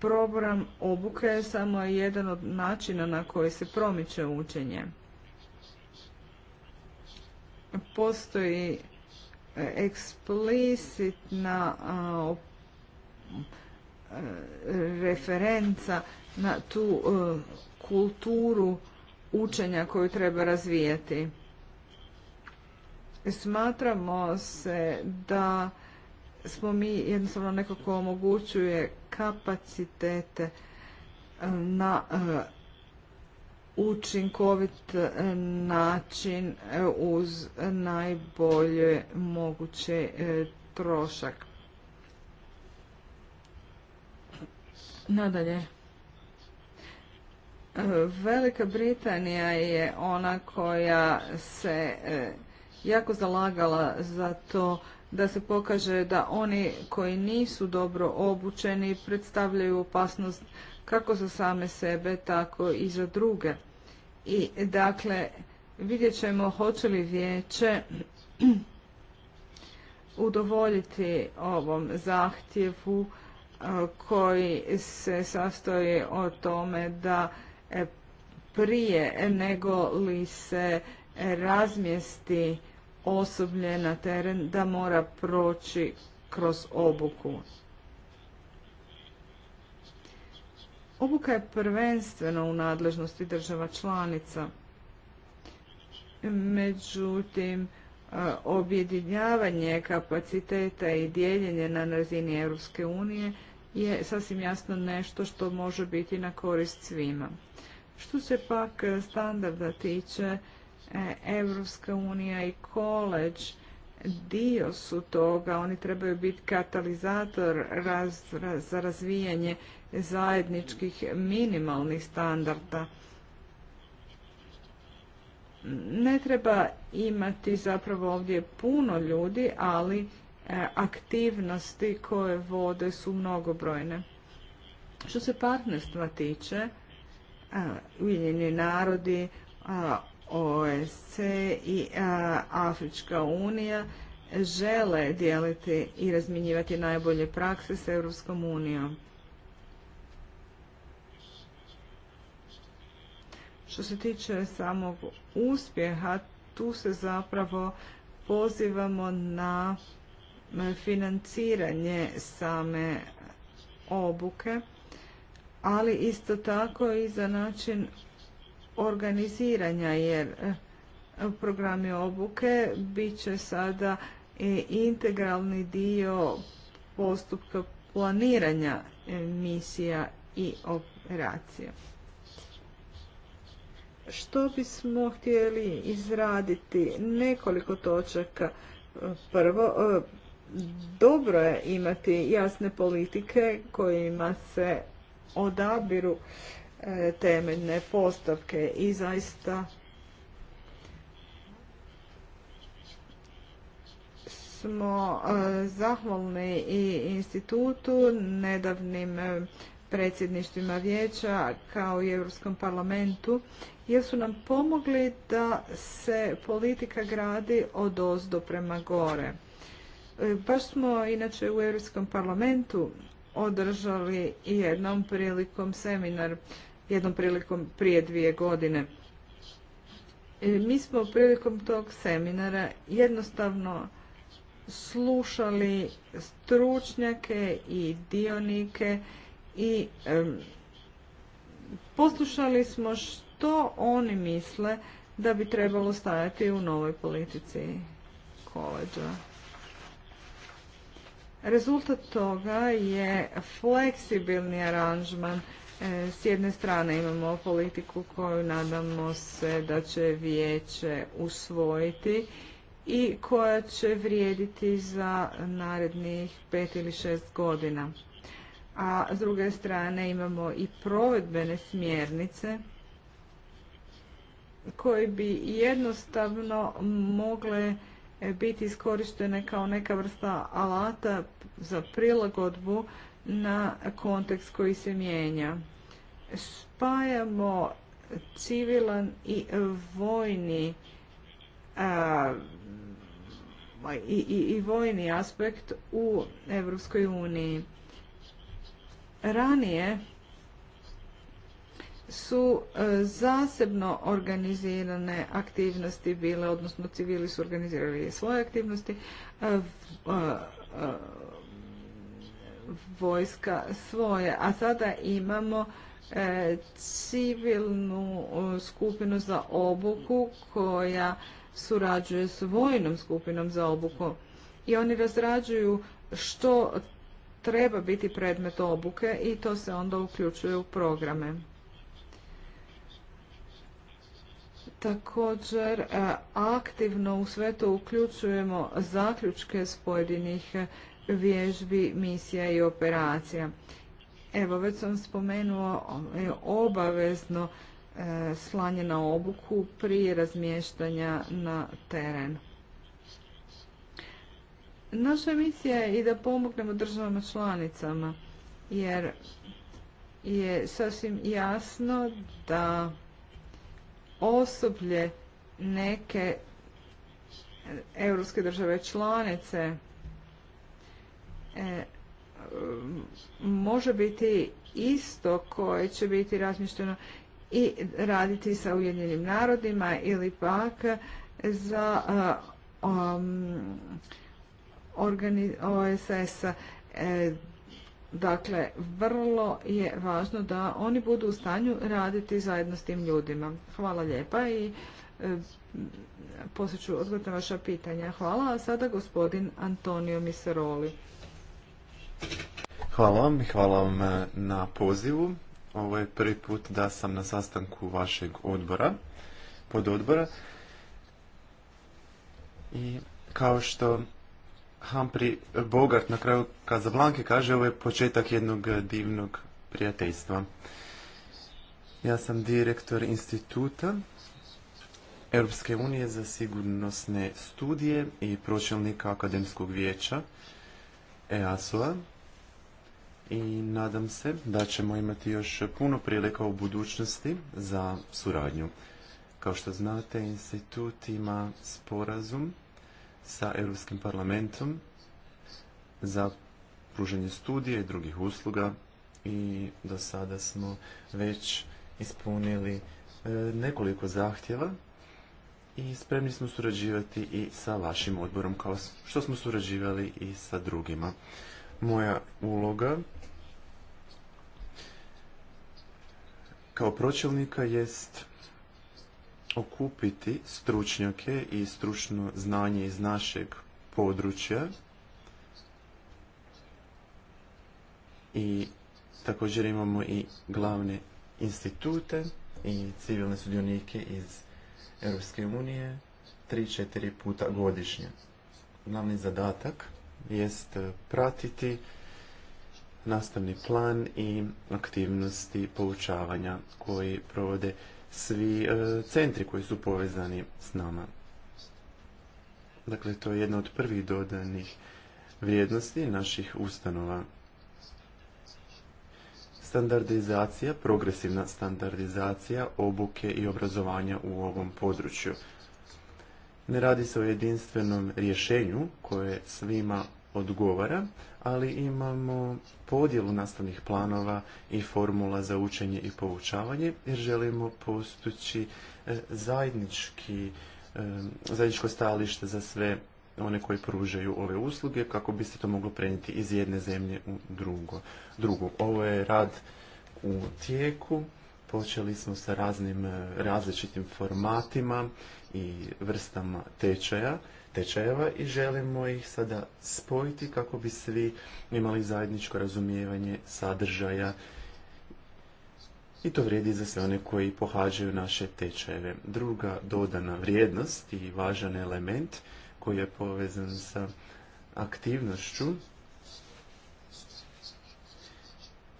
program obuke je samo jedan od načina na koji se promiče učenje. Postoji e, eksplicitna e, referenca na tu e, kulturu učenja koju treba razvijati. Smatramo se da smo mi jednostavno nekako omogućuje kapacitete e, na e, učinkovit e, način uz najbolje moguće trošak. Nadalje. Velika Britanija je ona koja se jako zalagala za to da se pokaže da oni koji nisu dobro obučeni predstavljaju opasnost kako za same sebe, tako i za druge. I dakle, vidjet ćemo hoće li vijeće udovoljiti ovom zahtjevu e, koji se sastoji o tome da e, prije nego li se razmjesti osoblje na teren da mora proći kroz obuku. Obuka je prvenstveno u nadležnosti država članica. Međutim, e, objedinjavanje kapaciteta i dijeljenje na razini Europske unije je sasvim jasno nešto što može biti na korist svima. Što se pak standarda tiče, Evropska unija i koleđ dio su toga, oni trebaju biti katalizator za razvijanje zajedničkih minimalnih standarda. Ne treba imati zapravo ovdje puno ljudi, ali e, aktivnosti koje vode su mnogobrojne. Što se partnerstva tiče, e, Ujedinjeni narodi, OSC i Afrička unija žele dijeliti i razminjivati najbolje prakse s Europskom unijom. Što se tiče samog uspjeha, tu se zapravo pozivamo na financiranje same obuke, ali isto tako i za način organiziranja jer eh, programi obuke bit će sada integralni dio postupka planiranja eh, misija i operacija. Što bismo htjeli izraditi? Nekoliko točaka. Prvo, eh, dobro je imati jasne politike kojima se odabiru E, temeljne postavke i zaista smo e, zahvalni i institutu nedavnim e, predsjedništvima vijeća kao i Europskom parlamentu jer su nam pomogli da se politika gradi od ozdo prema gore. Baš smo inače u Europskom parlamentu održali jednom prilikom seminar, jednom prilikom prije dvije godine. E, mi smo prilikom tog seminara jednostavno slušali stručnjake i dionike i poslušali smo što oni misle da bi trebalo stajati u novoj politici koleđa. Rezultat toga je fleksibilni aranžman. E, s jedne strane imamo politiku koju nadamo se da će vijeće usvojiti i koja će vrijediti za narednih pet ili šest godina. A s druge strane imamo i provedbene smjernice koje bi jednostavno mogle E, biti iskorištene kao neka vrsta alata za prilagodbu na kontekst koji se mijenja. Spajamo civilan i vojni i, vojni aspekt u Europskoj uniji. Ranije su e, zasebno organizirane aktivnosti bile, odnosno civili su organizirali svoje aktivnosti, e, e, vojska svoje. A sada imamo civilnu skupinu za obuku koja surađuje s vojnom skupinom za obuku i oni razrađuju što treba biti predmet obuke i to se onda uključuje u programe. Također e, aktivno u sve to uključujemo zaključke s pojedinih vježbi, misija i operacija. Evo, već sam spomenuo e, obavezno e, slanje na obuku prije razmještanja na teren. Naša misija je i da pomognemo državama članicama, jer je sasvim jasno da osoblje neke europske države članice e, može biti isto koje će biti razmišljeno i raditi sa Ujedinjenim narodima ili pak za e, um, OSS-a. Dakle, vrlo je važno da oni budu u stanju raditi zajedno s tim ljudima. Hvala lijepa i e, poslije ću odgovoriti na vaša pitanja. Hvala, a sada gospodin Antonio Miseroli. Hvala vam i hvala vam e, na pozivu. Ovo je prvi put da sam na sastanku vašeg odbora, pododbora. I kao što Humphrey Bogart na kraju Kazablanke kaže ovo je početak jednog divnog prijateljstva. Ja sam direktor instituta Europske unije za sigurnosne studije i pročelnika Akademskog vijeća EASO-a i nadam se da ćemo imati još puno prilika u budućnosti za suradnju. Kao što znate, institut ima sporazum sa Europskim parlamentom za pruženje studija i drugih usluga i do sada smo već ispunili e, nekoliko zahtjeva i spremni smo surađivati i sa vašim odborom kao što smo surađivali i sa drugima. Moja uloga kao pročelnika jest okupiti stručnjake i stručno znanje iz našeg područja i također imamo i glavne institute i civilne sudionike iz Europske unije 3-4 puta godišnje. Glavni zadatak jest pratiti nastavni plan i aktivnosti poučavanja koji provode svi e, centri koji su povezani s nama. Dakle, to je jedna od prvih dodanih vrijednosti naših ustanova. Standardizacija, progresivna standardizacija obuke i obrazovanja u ovom području. Ne radi se o jedinstvenom rješenju koje svima odgovara, ali imamo podjelu nastavnih planova i formula za učenje i poučavanje jer želimo postući e, e, zajedničko stajalište za sve one koji pružaju ove usluge kako bi se to moglo prenijeti iz jedne zemlje u drugo. drugu. Ovo je rad u tijeku. Počeli smo sa raznim e, različitim formatima i vrstama tečaja tečajeva i želimo ih sada spojiti kako bi svi imali zajedničko razumijevanje sadržaja i to vrijedi za sve one koji pohađaju naše tečajeve. Druga dodana vrijednost i važan element koji je povezan sa aktivnošću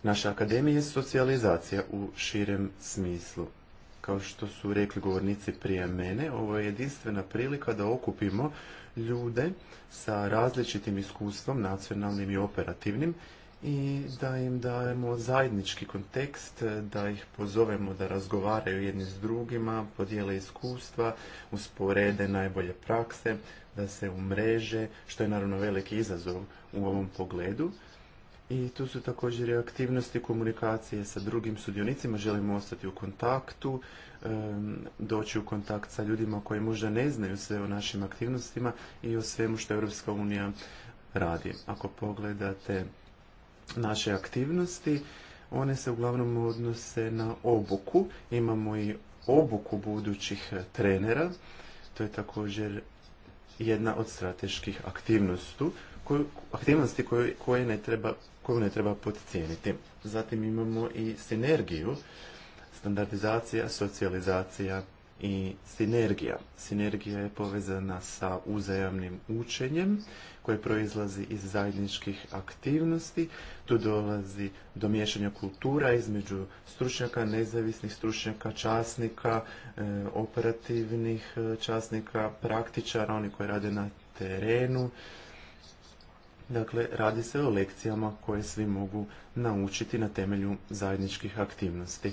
naša akademije je socijalizacija u širem smislu. Kao što su rekli govornici prije mene, ovo je jedinstvena prilika da okupimo ljude sa različitim iskustvom, nacionalnim i operativnim, i da im dajemo zajednički kontekst, da ih pozovemo da razgovaraju jedni s drugima, podijele iskustva, usporede najbolje prakse, da se umreže, što je naravno veliki izazov u ovom pogledu, i tu su također i aktivnosti komunikacije sa drugim sudionicima, želimo ostati u kontaktu, doći u kontakt sa ljudima koji možda ne znaju sve o našim aktivnostima i o svemu što Europska unija radi. Ako pogledate naše aktivnosti, one se uglavnom odnose na obuku. Imamo i obuku budućih trenera. To je također jedna od strateških aktivnosti, aktivnosti koje ne treba koju ne treba podcijeniti. Zatim imamo i sinergiju, standardizacija, socijalizacija i sinergija. Sinergija je povezana sa uzajamnim učenjem koje proizlazi iz zajedničkih aktivnosti. Tu dolazi do miješanja kultura između stručnjaka, nezavisnih stručnjaka, časnika, e, operativnih e, časnika, praktičara, oni koji rade na terenu, Dakle, radi se o lekcijama koje svi mogu naučiti na temelju zajedničkih aktivnosti.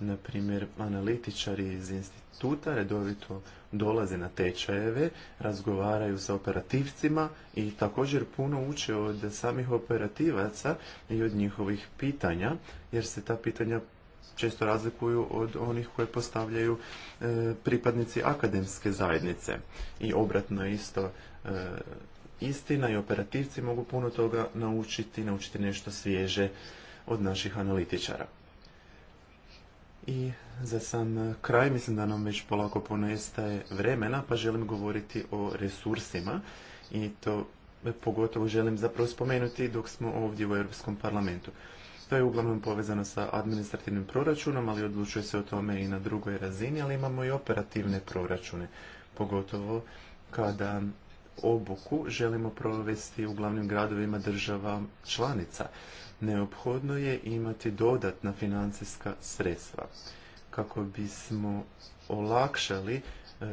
Na primjer, analitičari iz instituta redovito dolaze na tečajeve, razgovaraju sa operativcima i također puno uče od samih operativaca i od njihovih pitanja, jer se ta pitanja često razlikuju od onih koje postavljaju e, pripadnici akademske zajednice. I obratno isto e, istina i operativci mogu puno toga naučiti, naučiti nešto svježe od naših analitičara. I za sam kraj, mislim da nam već polako ponestaje vremena, pa želim govoriti o resursima i to pogotovo želim zapravo spomenuti dok smo ovdje u Europskom parlamentu. To je uglavnom povezano sa administrativnim proračunom, ali odlučuje se o tome i na drugoj razini, ali imamo i operativne proračune, pogotovo kada obuku želimo provesti u glavnim gradovima država članica. Neophodno je imati dodatna financijska sredstva kako bismo olakšali e,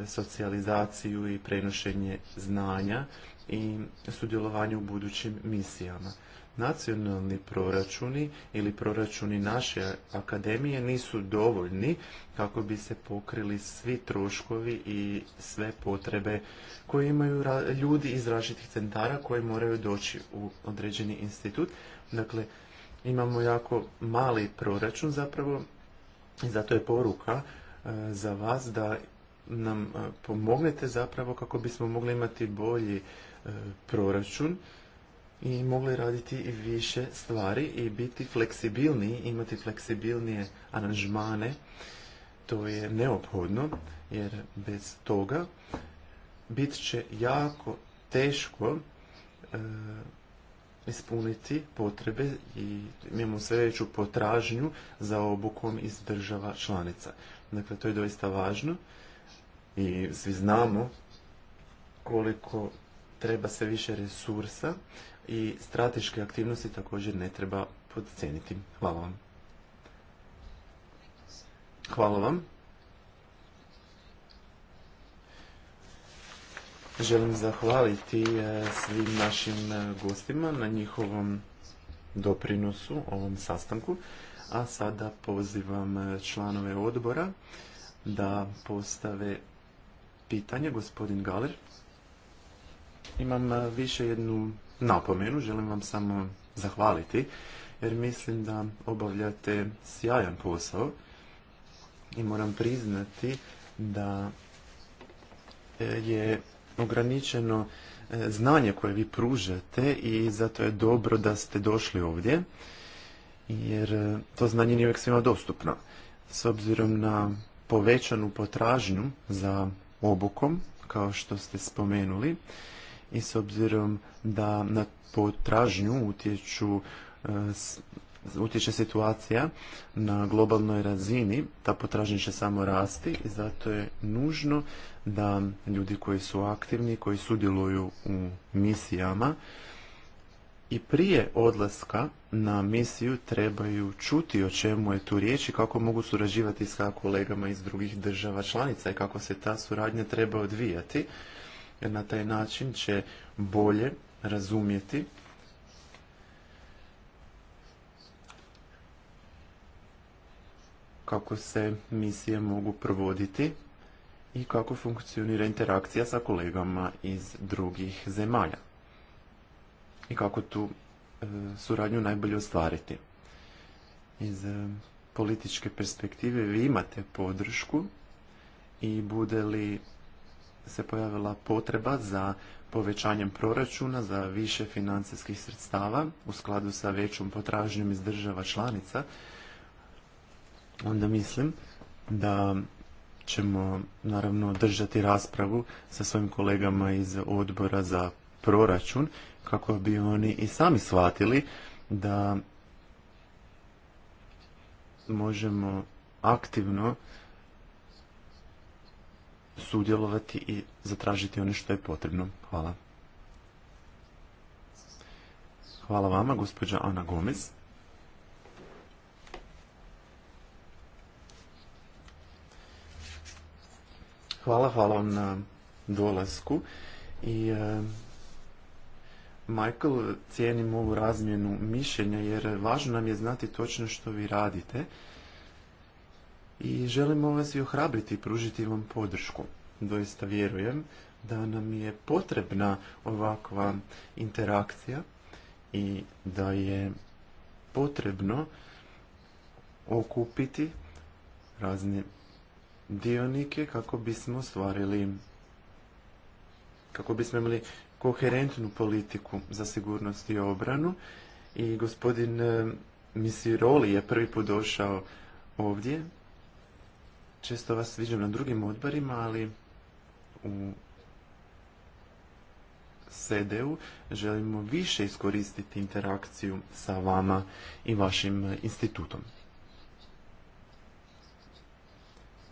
socijalizaciju i prenošenje znanja i sudjelovanje u budućim misijama nacionalni proračuni ili proračuni naše akademije nisu dovoljni kako bi se pokrili svi troškovi i sve potrebe koje imaju ljudi iz različitih centara koji moraju doći u određeni institut. Dakle, imamo jako mali proračun zapravo i zato je poruka e, za vas da nam e, pomognete zapravo kako bismo mogli imati bolji e, proračun i mogli raditi više stvari i biti fleksibilniji, imati fleksibilnije aranžmane. To je neophodno jer bez toga bit će jako teško e, ispuniti potrebe i imamo sve veću potražnju za obukom iz država članica. Dakle, to je doista važno i svi znamo koliko treba se više resursa i strateške aktivnosti također ne treba podceniti. Hvala vam. Hvala vam. Želim zahvaliti e, svim našim e, gostima na njihovom doprinosu ovom sastanku, a sada pozivam e, članove odbora da postave pitanje. Gospodin Galer. Imam više jednu na opomenu. Želim vam samo zahvaliti jer mislim da obavljate sjajan posao i moram priznati da e, je ograničeno e, znanje koje vi pružate i zato je dobro da ste došli ovdje jer e, to znanje nije uvijek svima dostupno. S obzirom na povećanu potražnju za obukom, kao što ste spomenuli, i s obzirom da na potražnju utječu e, utječe situacija na globalnoj razini, ta potražnja će samo rasti i zato je nužno da ljudi koji su aktivni, koji sudjeluju u misijama i prije odlaska na misiju trebaju čuti o čemu je tu riječ i kako mogu surađivati sa kolegama iz drugih država članica i kako se ta suradnja treba odvijati jer na taj način će bolje razumjeti kako se misije mogu provoditi i kako funkcionira interakcija sa kolegama iz drugih zemalja i kako tu e, suradnju najbolje ostvariti. Iz e, političke perspektive vi imate podršku i bude li se pojavila potreba za povećanjem proračuna za više financijskih sredstava u skladu sa većom potražnjom iz država članica, onda mislim da ćemo naravno držati raspravu sa svojim kolegama iz odbora za proračun kako bi oni i sami shvatili da možemo aktivno sudjelovati i zatražiti ono što je potrebno. Hvala. Hvala vama, gospođa Ana Gomez. Hvala, hvala vam na dolasku. I eh, Michael, cijenim ovu razmjenu mišljenja jer važno nam je znati točno što vi radite i želimo vas i ohrabriti i pružiti vam podršku. Doista vjerujem da nam je potrebna ovakva interakcija i da je potrebno okupiti razne dionike kako bismo stvarili kako bismo imali koherentnu politiku za sigurnost i obranu i gospodin eh, Misiroli je prvi put došao ovdje Često vas viđam na drugim odborima, ali u SEDE-u želimo više iskoristiti interakciju sa vama i vašim institutom.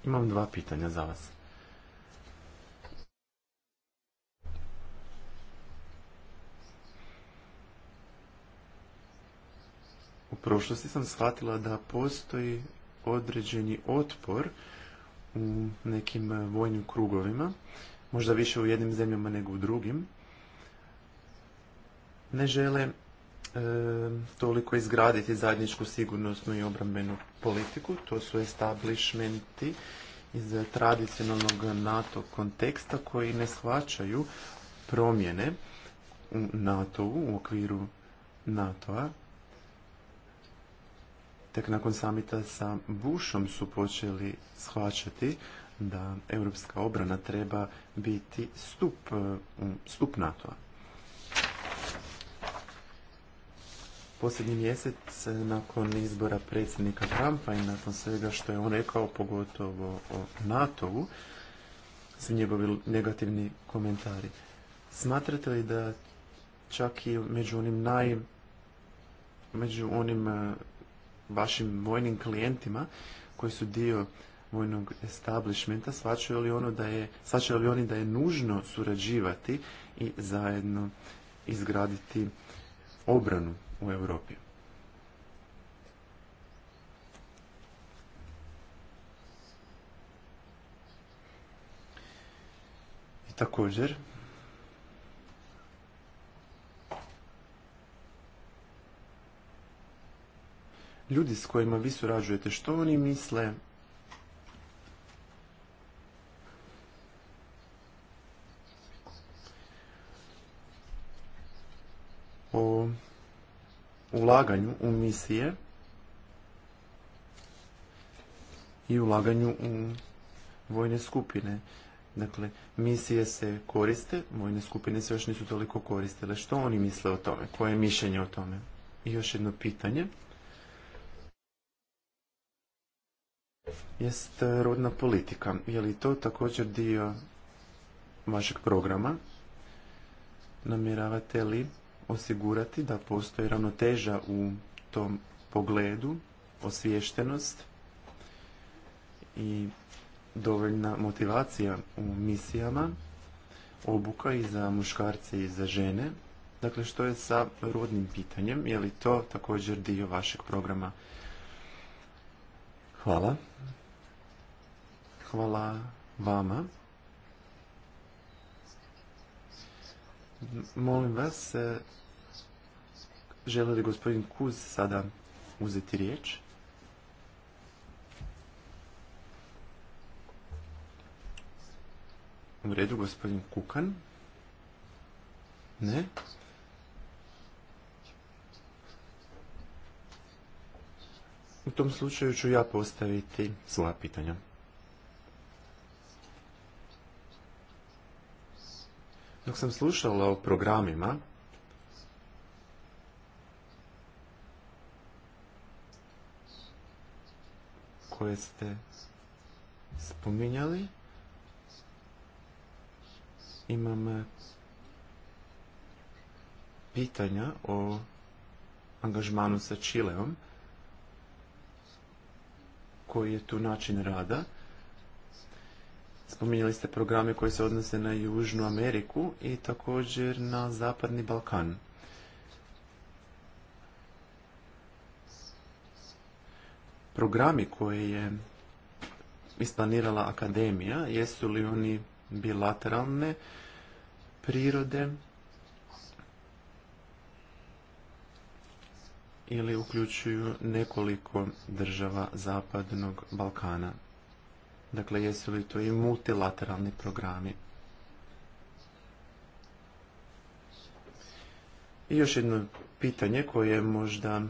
Imam dva pitanja za vas. U prošlosti sam shvatila da postoji određeni otpor u nekim e, vojnim krugovima, možda više u jednim zemljama nego u drugim, ne žele e, toliko izgraditi zajedničku sigurnosnu i obrambenu politiku. To su establishmenti iz tradicionalnog NATO konteksta koji ne shvaćaju promjene u NATO-u, u okviru NATO-a, Tek nakon samita sa Bushom su počeli shvaćati da europska obrana treba biti stup, e, stup NATO-a. Posljednji mjesec e, nakon izbora predsjednika Trumpa i nakon svega što je on rekao, pogotovo o NATO-u, su njegovi negativni komentari. Smatrate li da čak i među onim naj... među onim e, vašim vojnim klijentima koji su dio vojnog establishmenta, svačaju li, ono da je, li oni da je nužno surađivati i zajedno izgraditi obranu u Europi. I također ljudi s kojima vi surađujete, što oni misle o ulaganju u misije i ulaganju u vojne skupine. Dakle, misije se koriste, vojne skupine se još nisu toliko koristile. Što oni misle o tome? Koje je mišljenje o tome? I još jedno pitanje. jest e, rodna politika. Je li to također dio vašeg programa? Namjeravate li osigurati da postoji ravnoteža u tom pogledu, osviještenost i dovoljna motivacija u misijama, obuka i za muškarce i za žene. Dakle, što je sa rodnim pitanjem? Je li to također dio vašeg programa? Hvala. Hvala vama. Molim vas, e, želi li gospodin Kuz sada uzeti riječ? U redu, gospodin Kukan. Ne. U tom slučaju ću ja postaviti svoja pitanja. Dok sam slušala o programima, koje ste spominjali, imam pitanja o angažmanu sa Čileom, koji je tu način rada Spominjali ste programe koji se odnose na Južnu Ameriku i također na Zapadni Balkan. Programi koje je isplanirala akademija, jesu li oni bilateralne prirode ili uključuju nekoliko država Zapadnog Balkana? Dakle, jesu li to i multilateralni programi? I još jedno pitanje koje je možda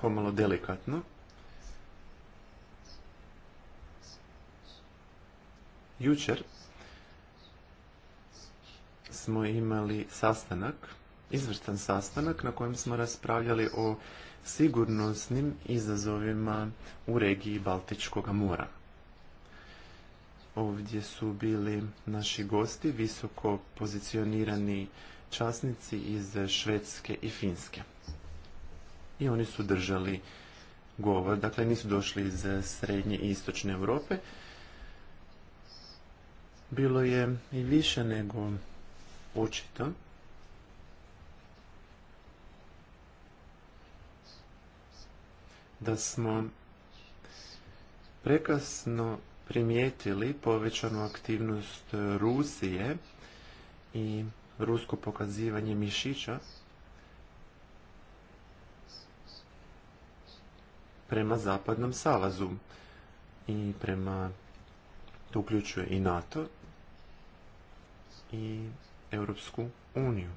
pomalo delikatno. Jučer smo imali sastanak, izvrstan sastanak na kojem smo raspravljali o sigurnosnim izazovima u regiji Baltičkog mora. Ovdje su bili naši gosti, visoko pozicionirani časnici iz Švedske i Finske. I oni su držali govor, dakle nisu došli iz srednje i istočne Europe. Bilo je i više nego očito. Da smo prekasno primijetili povećanu aktivnost Rusije i rusko pokazivanje mišića prema zapadnom savazu i prema to uključuje i NATO i Europsku uniju.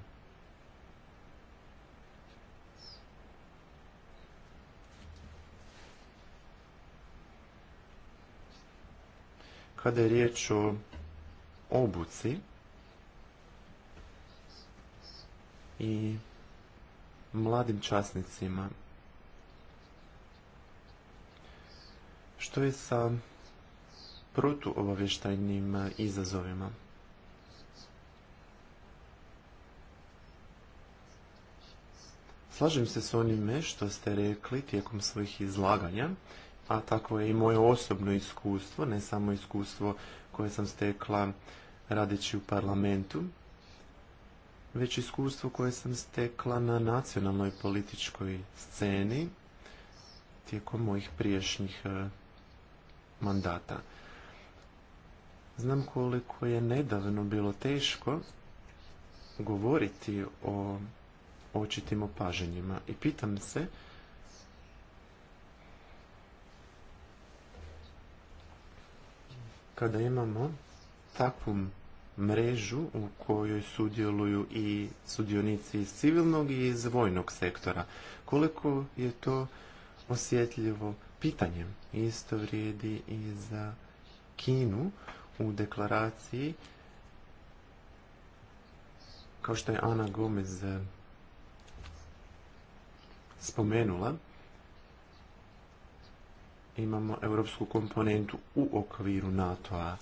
Kada je riječ o obuci i mladim časnicima, što je sa protuobavještajnim izazovima? Slažem se s onime što ste rekli tijekom svojih izlaganja a tako je i moje osobno iskustvo, ne samo iskustvo koje sam stekla radeći u parlamentu, već iskustvo koje sam stekla na nacionalnoj političkoj sceni tijekom mojih priješnjih e, mandata. Znam koliko je nedavno bilo teško govoriti o očitim opaženjima i pitam se kada imamo takvu mrežu u kojoj sudjeluju i sudionici iz civilnog i iz vojnog sektora. Koliko je to osjetljivo pitanje? Isto vrijedi i za Kinu u deklaraciji kao što je Ana Gomez eh, spomenula, imamo europsku komponentu u okviru NATO-a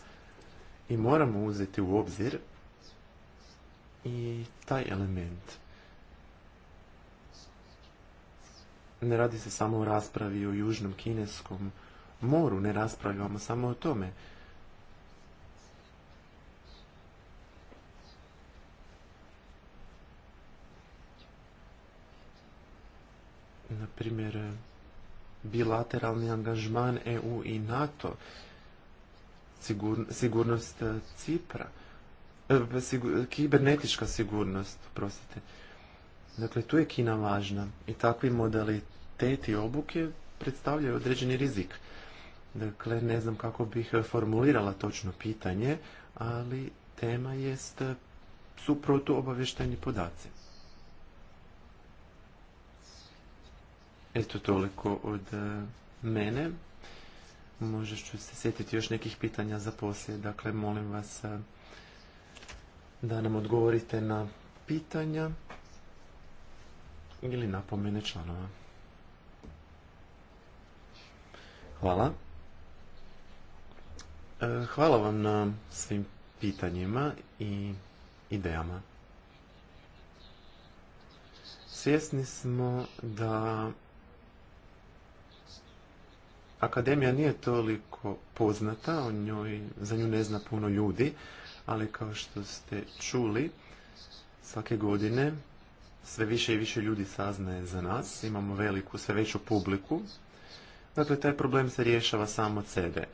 i moramo uzeti u obzir i taj element. Ne radi se samo o raspravi o Južnom Kineskom moru, ne raspravljamo samo o tome. Na bilateralni angažman EU i NATO, sigurnost e, Cipra, e, kibernetička sigurnost, prostite. Dakle, tu je Kina važna i takvi modaliteti obuke predstavljaju određeni rizik. Dakle, ne znam kako bih e, formulirala točno pitanje, ali tema jest suprotu obavještajni podaci. Eto toliko od e, mene. Možda ću se sjetiti još nekih pitanja za poslije. Dakle, molim vas e, da nam odgovorite na pitanja ili napomene članova. Hvala. E, hvala vam na svim pitanjima i idejama. Svjesni smo da akademija nije toliko poznata, njoj, za nju ne zna puno ljudi, ali kao što ste čuli, svake godine sve više i više ljudi saznaje za nas, imamo veliku, sve veću publiku. Dakle, taj problem se rješava samo od sebe.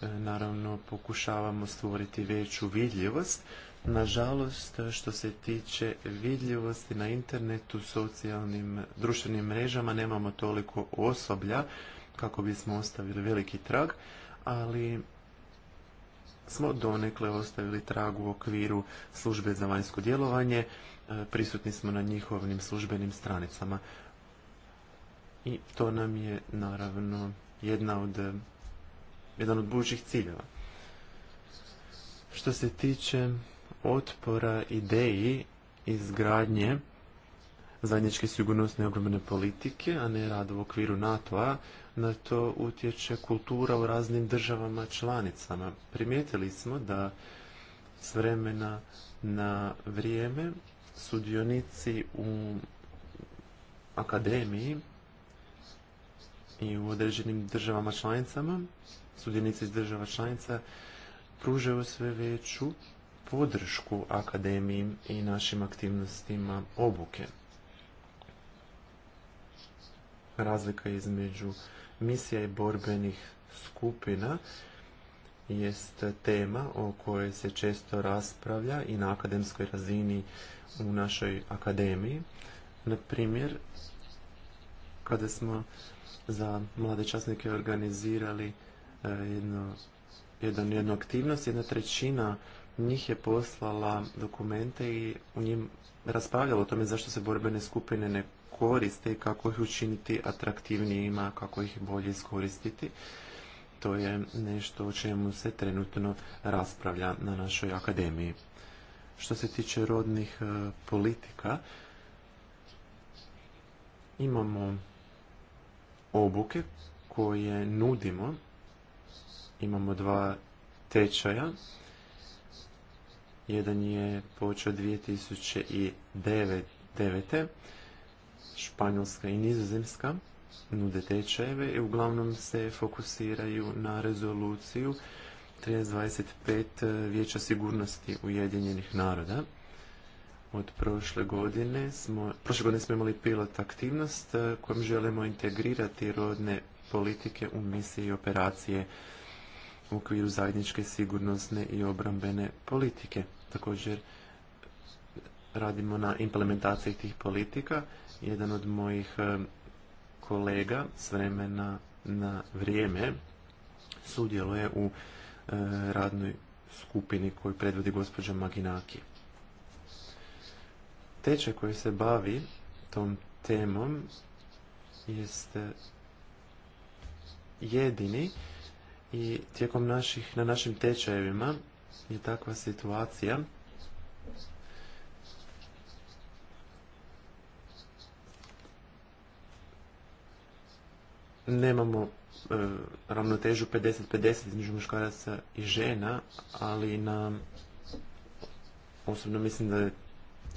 E, naravno, pokušavamo stvoriti veću vidljivost. Nažalost, što se tiče vidljivosti na internetu, socijalnim, društvenim mrežama, nemamo toliko osoblja kako bismo ostavili veliki trag, ali smo donekle ostavili trag u okviru službe za vanjsko djelovanje, e, prisutni smo na njihovim službenim stranicama. I to nam je naravno jedna od, jedan od budućih ciljeva. Što se tiče otpora ideji izgradnje zajedničke sigurnosne obrambene politike, a ne rada u okviru NATO-a, na to utječe kultura u raznim državama članicama. Primijetili smo da s vremena na vrijeme sudionici u akademiji i u određenim državama članicama, sudionici iz država članica, pružaju sve veću podršku akademiji i našim aktivnostima obuke razlika između misija i borbenih skupina jest tema o kojoj se često raspravlja i na akademskoj razini u našoj akademiji. Na primjer, kada smo za mlade časnike organizirali e, jedno, jednu, aktivnost, jedna trećina njih je poslala dokumente i u njim raspravljalo o tome zašto se borbene skupine ne koriste kako ih učiniti atraktivnijima, kako ih bolje iskoristiti. To je nešto o čemu se trenutno raspravlja na našoj akademiji. Što se tiče rodnih e, politika, imamo obuke koje nudimo. Imamo dva tečaja. Jedan je počeo 2009. Španjolska i Nizozemska nude tečajeve i uglavnom se fokusiraju na rezoluciju 325 eh, Vijeća sigurnosti Ujedinjenih naroda. Od prošle godine smo, prošle godine smo imali pilot aktivnost eh, kojom želimo integrirati rodne politike u misije i operacije u okviru zajedničke sigurnosne i obrambene politike. Također radimo na implementaciji tih politika jedan od mojih e, kolega s vremena na vrijeme sudjeluje u e, radnoj skupini koju predvodi gospođa Maginaki. Tečaj koji se bavi tom temom jeste jedini i tijekom naših, na našim tečajevima je takva situacija nemamo e, ravnotežu 50-50 između muškaraca i žena, ali na osobno mislim da je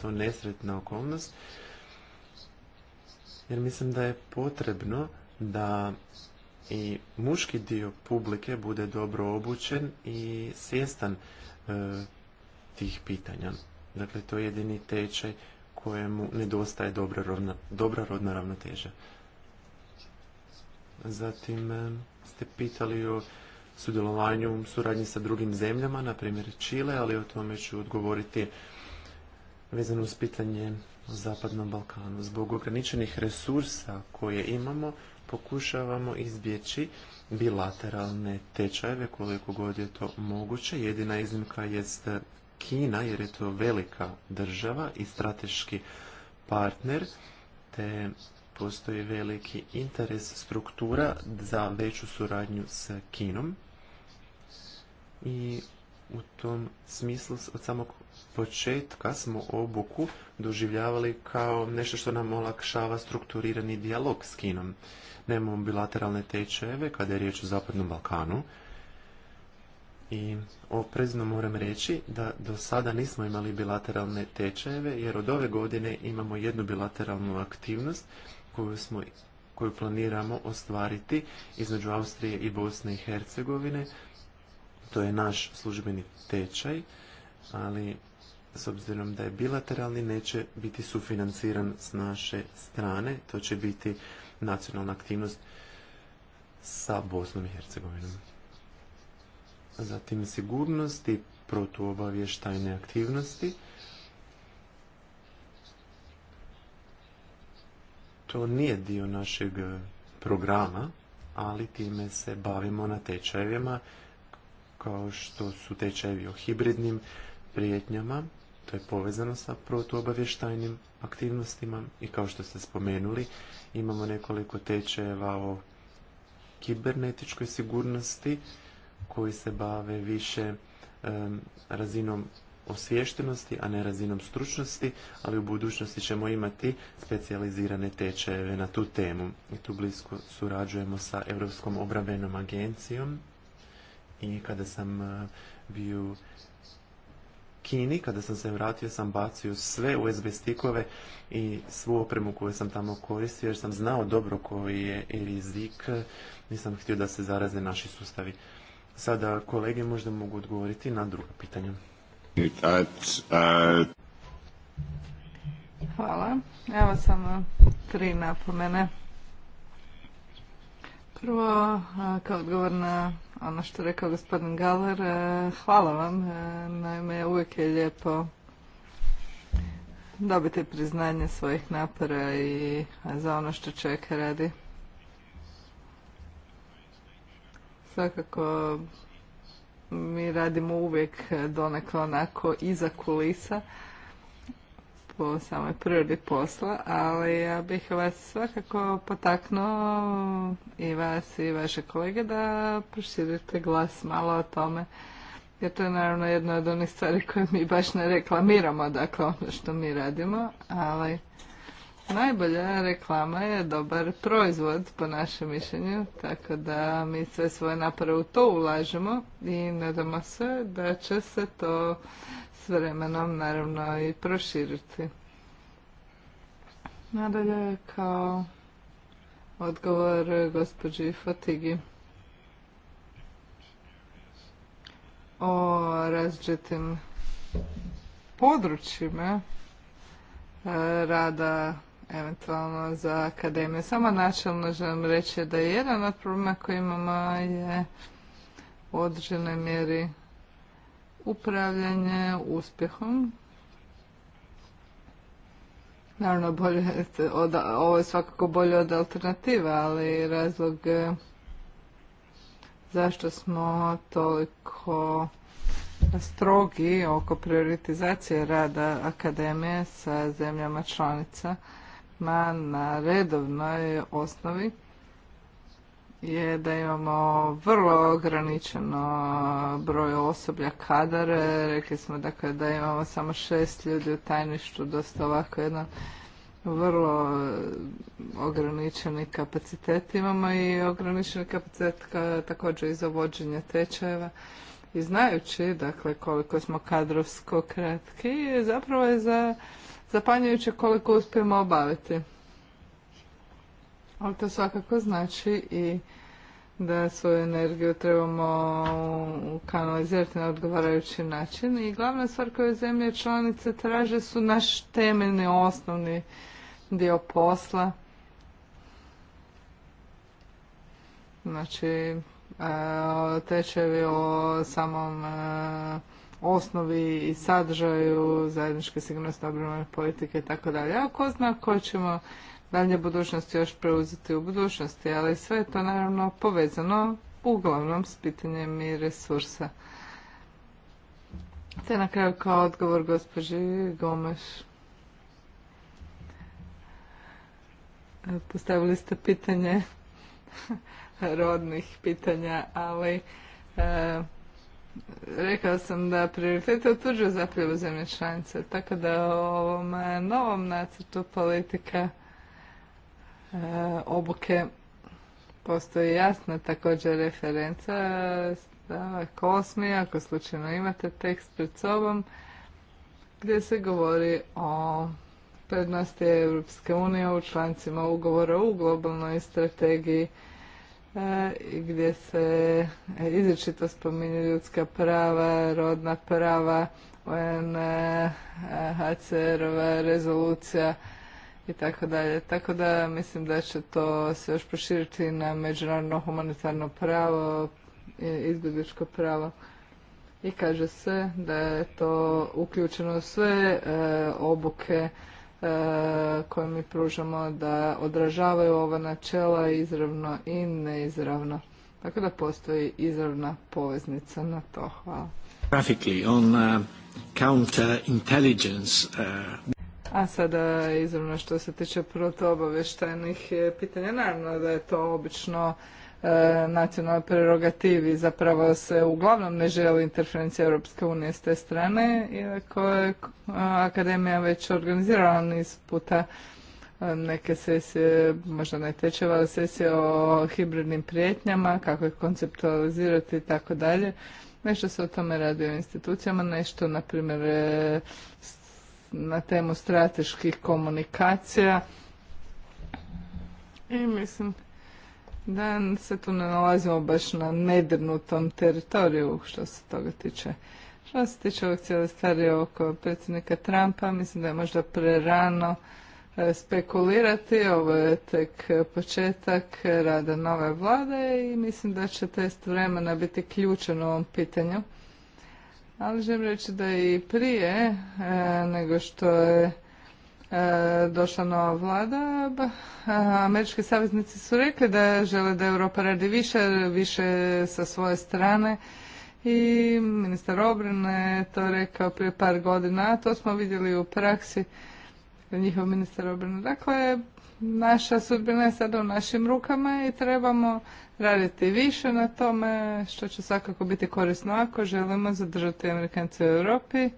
to nesretna okolnost, jer mislim da je potrebno da i muški dio publike bude dobro obučen i svjestan e, tih pitanja. Dakle, to je jedini tečaj kojemu nedostaje dobra, dobra rodna ravnoteža. Zatim eh, ste pitali o sudjelovanju u suradnji sa drugim zemljama, na primjer Čile, ali o tome ću odgovoriti vezano uz pitanje o Zapadnom Balkanu. Zbog ograničenih resursa koje imamo, pokušavamo izbjeći bilateralne tečajeve koliko god je to moguće. Jedina iznimka jest Kina, jer je to velika država i strateški partner, te postoji veliki interes struktura za veću suradnju s Kinom i u tom smislu od samog početka smo obuku doživljavali kao nešto što nam olakšava strukturirani dijalog s Kinom. Nemamo bilateralne tečajeve kada je riječ o Zapadnom Balkanu i oprezno moram reći da do sada nismo imali bilateralne tečajeve jer od ove godine imamo jednu bilateralnu aktivnost koju, planiramo ostvariti između Austrije i Bosne i Hercegovine. To je naš službeni tečaj, ali s obzirom da je bilateralni neće biti sufinanciran s naše strane, to će biti nacionalna aktivnost sa Bosnom i Hercegovinom. Zatim sigurnost i protuobavještajne aktivnosti. To nije dio našeg programa, ali time se bavimo na tečajevima kao što su tečajevi o hibridnim prijetnjama, to je povezano sa protuobavještajnim aktivnostima i kao što ste spomenuli imamo nekoliko tečajeva o kibernetičkoj sigurnosti koji se bave više razinom osviještenosti, a ne razinom stručnosti, ali u budućnosti ćemo imati specijalizirane tečajeve na tu temu. I tu blisko surađujemo sa Europskom obrambenom agencijom i kada sam eh, bio u Kini, kada sam se vratio, sam bacio sve USB stikove i svu opremu koju sam tamo koristio, jer sam znao dobro koji je rizik, nisam htio da se zaraze naši sustavi. Sada kolege možda mogu odgovoriti na druga pitanja. Uh, hvala. Evo samo tri napomene. Prvo, kao odgovor na ono što rekao gospodin Galer, e, hvala vam. E, naime, uvijek je lijepo dobiti priznanje svojih napora i za ono što čovjek radi. Svakako mi radimo uvijek e, donekle onako iza kulisa po samoj prirodi posla, ali ja bih vas svakako potaknuo i vas i vaše kolege da proširite glas malo o tome. Jer to je naravno jedna od onih stvari koje mi baš ne reklamiramo, dakle ono što mi radimo, ali Najbolja reklama je dobar proizvod, po našem mišljenju, tako da mi sve svoje napore u to ulažemo i nadamo se da će se to s vremenom naravno i proširiti. Nadalje kao odgovor gospođi Fatigi o različitim područjima eh, rada eventualno za akademiju. Samo načelno želim reći da jedan od problema koji imamo je u određenoj mjeri upravljanje uspjehom. Naravno, bolje, od, ovo je svakako bolje od alternativa, ali razlog zašto smo toliko strogi oko prioritizacije rada akademije sa zemljama članica tretman na redovnoj osnovi je da imamo vrlo ograničeno broj osoblja kadare. Rekli smo dakle da imamo samo šest ljudi u tajništu, dosta ovako jedno vrlo ograničeni kapacitet. Imamo i ograničeni kapacitet također i za vođenje tečajeva. I znajući dakle koliko smo kadrovsko kratki, zapravo je za zapanjujuće koliko uspijemo obaviti. Ali to svakako znači i da svoju energiju trebamo kanalizirati na odgovarajući način. I glavna stvar koju zemlje članice traže su naš temeljni, osnovni dio posla. Znači, e, tečevi o samom e, osnovi i sadržaju zajedničke sigurnosne obrane politike i tako dalje. A ko zna koje ćemo dalje budućnosti još preuzeti u budućnosti, ali sve je to naravno povezano uglavnom s pitanjem i resursa. Te na kraju kao odgovor gospođi Gomeš. E, postavili ste pitanje rodnih pitanja, ali e, rekao sam da prioritete utvrđuje zapravo zemlje članice, tako da u ovom e, novom nacrtu politika e, obuke postoji jasna također referenca e, stavak osmi, ako slučajno imate tekst pred sobom, gdje se govori o prednosti Europske unije u člancima ugovora u globalnoj strategiji E, gdje se izričito spominju ljudska prava, rodna prava, un e, ova rezolucija i tako dalje. Tako da mislim da će to se još proširiti na međunarodno humanitarno pravo, izbjegličko pravo. I kaže se da je to uključeno sve e, obuke E, koje mi pružamo da odražavaju ova načela izravno i neizravno. Tako da postoji izravna poveznica na to. Hvala. On, uh, counter intelligence, uh, A sada izravno što se tiče protoobaveštajnih pitanja, naravno da je to obično E, nacionalnoj prerogativi zapravo se uglavnom ne želi interferencija Europske unije s te strane, iako je e, Akademija već organizirala niz puta e, neke sesije, možda ne tečeva, sesije o hibridnim prijetnjama, kako ih konceptualizirati i tako dalje. Nešto se o tome radi o institucijama, nešto, na primjer, na temu strateških komunikacija. I mislim, da se tu ne nalazimo baš na nedrnutom teritoriju što se toga tiče. Što se tiče ovog cijele stvari oko predsjednika Trumpa, mislim da je možda prerano e, spekulirati, ovo je tek početak rada nove vlade i mislim da će test vremena biti ključan u ovom pitanju. Ali želim reći da i prije e, nego što je E, došla nova vlada, američki saveznici su rekli da žele da Europa radi više, više sa svoje strane i ministar obrane je to rekao prije par godina, a to smo vidjeli u praksi njihov ministar obrane. Dakle, naša sudbina je sada u našim rukama i trebamo raditi više na tome, što će svakako biti korisno ako želimo zadržati Amerikance u Europi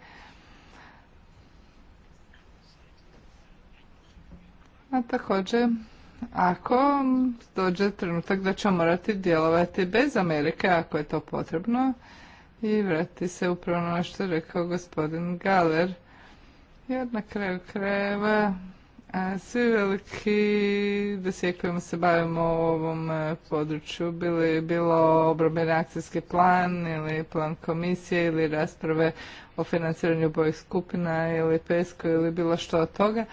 A također, ako dođe trenutak da ćemo morati djelovati bez Amerike, ako je to potrebno, i vrati se upravo na ono što je rekao gospodin Galer, jer na kraju krajeva svi veliki dosije kojima se bavimo u ovom e, području, bili bilo obrambeni akcijski plan ili plan komisije ili rasprave o financiranju bojih skupina ili PESCO ili bilo što od toga,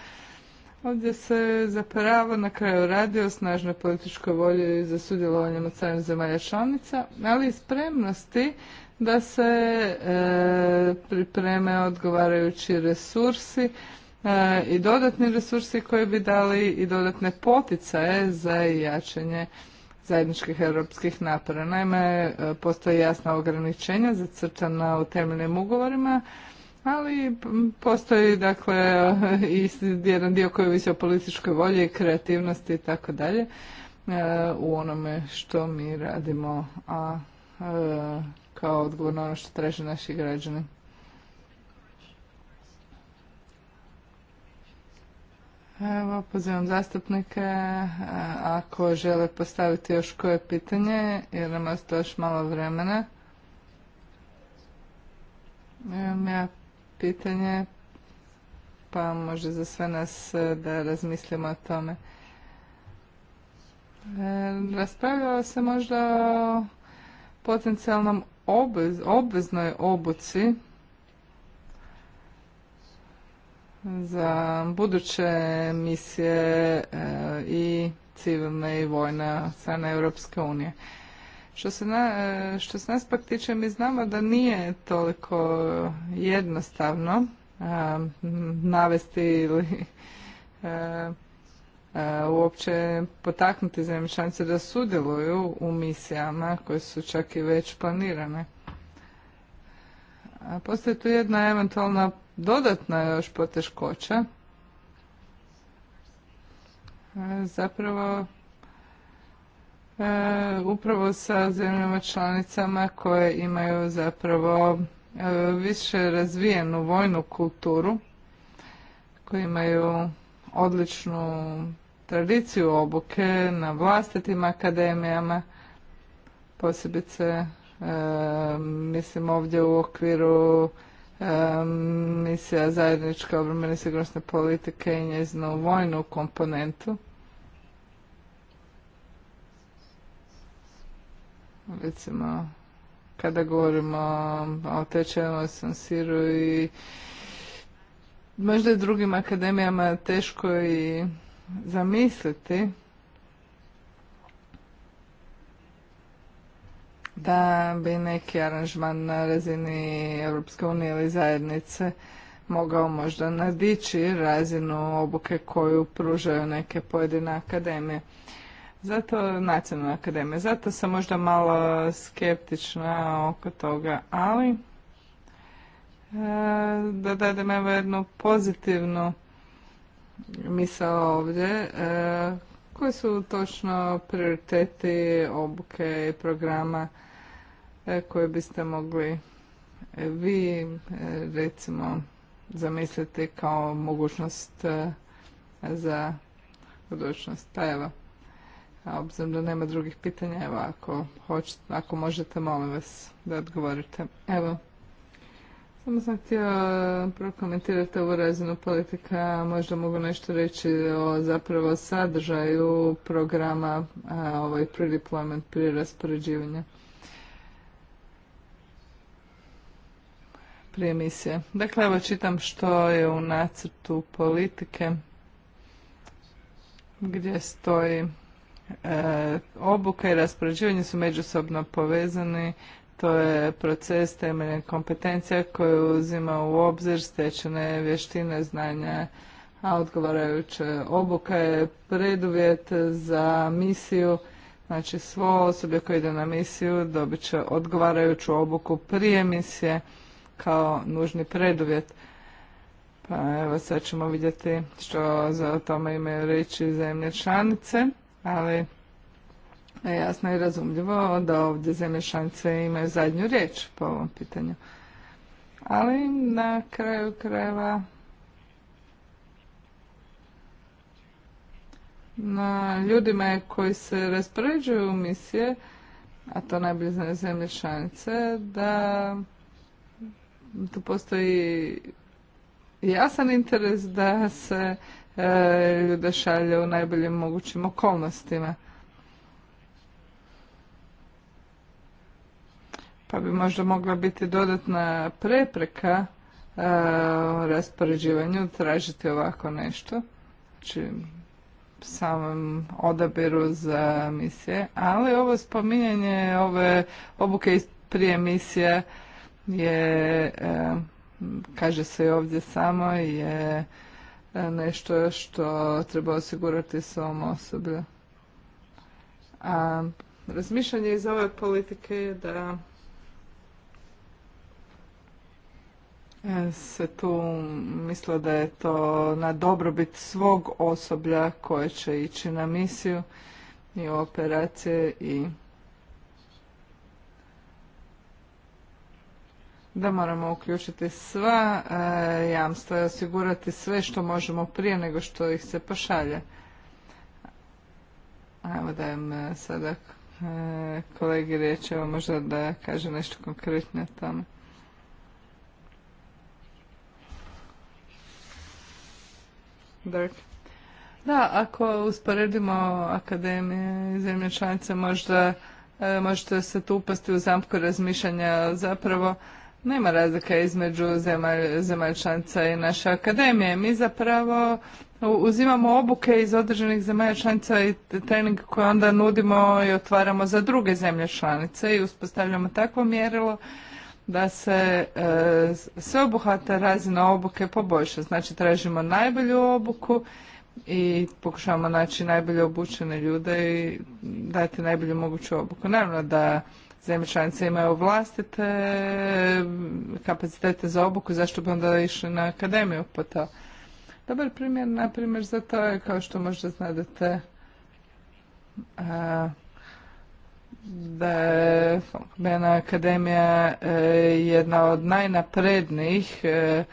Ovdje se zapravo na kraju radi o snažnoj političkoj volji za sudjelovanjem od strane zemalja članica, ali i spremnosti da se e, pripreme odgovarajući resursi e, i dodatni resursi koji bi dali i dodatne poticaje za jačanje zajedničkih europskih napora. Naime, e, postoje jasna ograničenja zacrtana u temeljnim ugovorima, ali postoji dakle jedan dio koji ovisi o političkoj volji, kreativnosti i tako dalje e, u onome što mi radimo, a e, kao odgovor na ono što traže naši građani. Evo, pozivam zastupnike e, ako žele postaviti još koje pitanje, jer nam ostaje još malo vremena. Ja pitanje, pa možda za sve nas e, da razmislimo o tome. E, raspravljalo se možda o potencijalnom obvez, obveznoj obuci za buduće misije e, i civilne i vojne strane Europske unije. Što se, na, e, što se nas pak tiče, mi znamo da nije toliko jednostavno e, navesti ili e, uopće potaknuti zemlje da sudjeluju u misijama koje su čak i već planirane. A postoji tu jedna eventualna dodatna još poteškoća. Zapravo E, upravo sa zemljama članicama koje imaju zapravo e, više razvijenu vojnu kulturu, koji imaju odličnu tradiciju obuke na vlastitim akademijama, posebice e, mislim ovdje u okviru misija zajedničke obrambene sigurnosne politike i njezinu vojnu komponentu. recimo kada govorimo o tečajima u i možda drugim akademijama teško i zamisliti da bi neki aranžman na razini Europske unije ili zajednice mogao možda nadići razinu obuke koju pružaju neke pojedine akademije. Zato nacionalna akademija, zato sam možda malo skeptična oko toga, ali e, da dadem evo jednu pozitivnu misao ovdje. E, koji su točno prioriteti obuke i programa e, koje biste mogli vi e, recimo zamisliti kao mogućnost za budućnost? Pa evo. A obzirom da nema drugih pitanja, evo ako, hoćete, ako možete, molim vas da odgovorite. Evo, samo sam htio prokomentirati ovu razinu politika, možda mogu nešto reći o zapravo sadržaju programa ovaj pre-deployment, prije raspoređivanja. Prije misije. Dakle, evo čitam što je u nacrtu politike gdje stoji E, obuka i raspoređivanje su međusobno povezani, to je proces temeljne kompetencija koje uzima u obzir stečene vještine, znanja, a odgovarajuće obuka je preduvjet za misiju. Znači svo osobe koje ide na misiju dobit će odgovarajuću obuku prije misije kao nužni preduvjet. Pa evo sad ćemo vidjeti što za o tome imaju reći zemlje članice ali e, jasno i razumljivo da ovdje zemlje imaju zadnju riječ po ovom pitanju. Ali na kraju krajeva na ljudima koji se raspoređuju misije, a to najbolje znaju zemlje da tu postoji jasan interes da se E, ljude šalje u najboljim mogućim okolnostima. Pa bi možda mogla biti dodatna prepreka e, u raspoređivanju, tražiti ovako nešto, znači samom odabiru za misije, ali ovo spominjanje ove obuke prije misije je, e, kaže se i ovdje samo, je E, nešto što treba osigurati svom osoblju. A razmišljanje iz ove politike je da e, se tu mislo da je to na dobrobit svog osoblja koje će ići na misiju i operacije i da moramo uključiti sva e, jamstva i osigurati sve što možemo prije nego što ih se pošalje. Evo dajem e, sada e, kolegi riječ, evo možda da kaže nešto konkretnije o Da, ako usporedimo akademije i zemlje članice, možda možete se tu upasti u zamku razmišljanja, zapravo nema razlika između zemalja zemalj članica i naše akademije. Mi zapravo uzimamo obuke iz određenih zemalja članica i trening koje onda nudimo i otvaramo za druge zemlje članice i uspostavljamo takvo mjerilo da se e, razina obuke poboljša. Znači tražimo najbolju obuku i pokušavamo naći najbolje obučene ljude i dati najbolju moguću obuku. Naravno da zemlje članice imaju vlastite kapacitete za obuku, zašto bi onda išli na akademiju po to? Dobar primjer, na primjer, za to je, kao što možda znadete, da je Bena Akademija e, jedna od najnaprednijih e,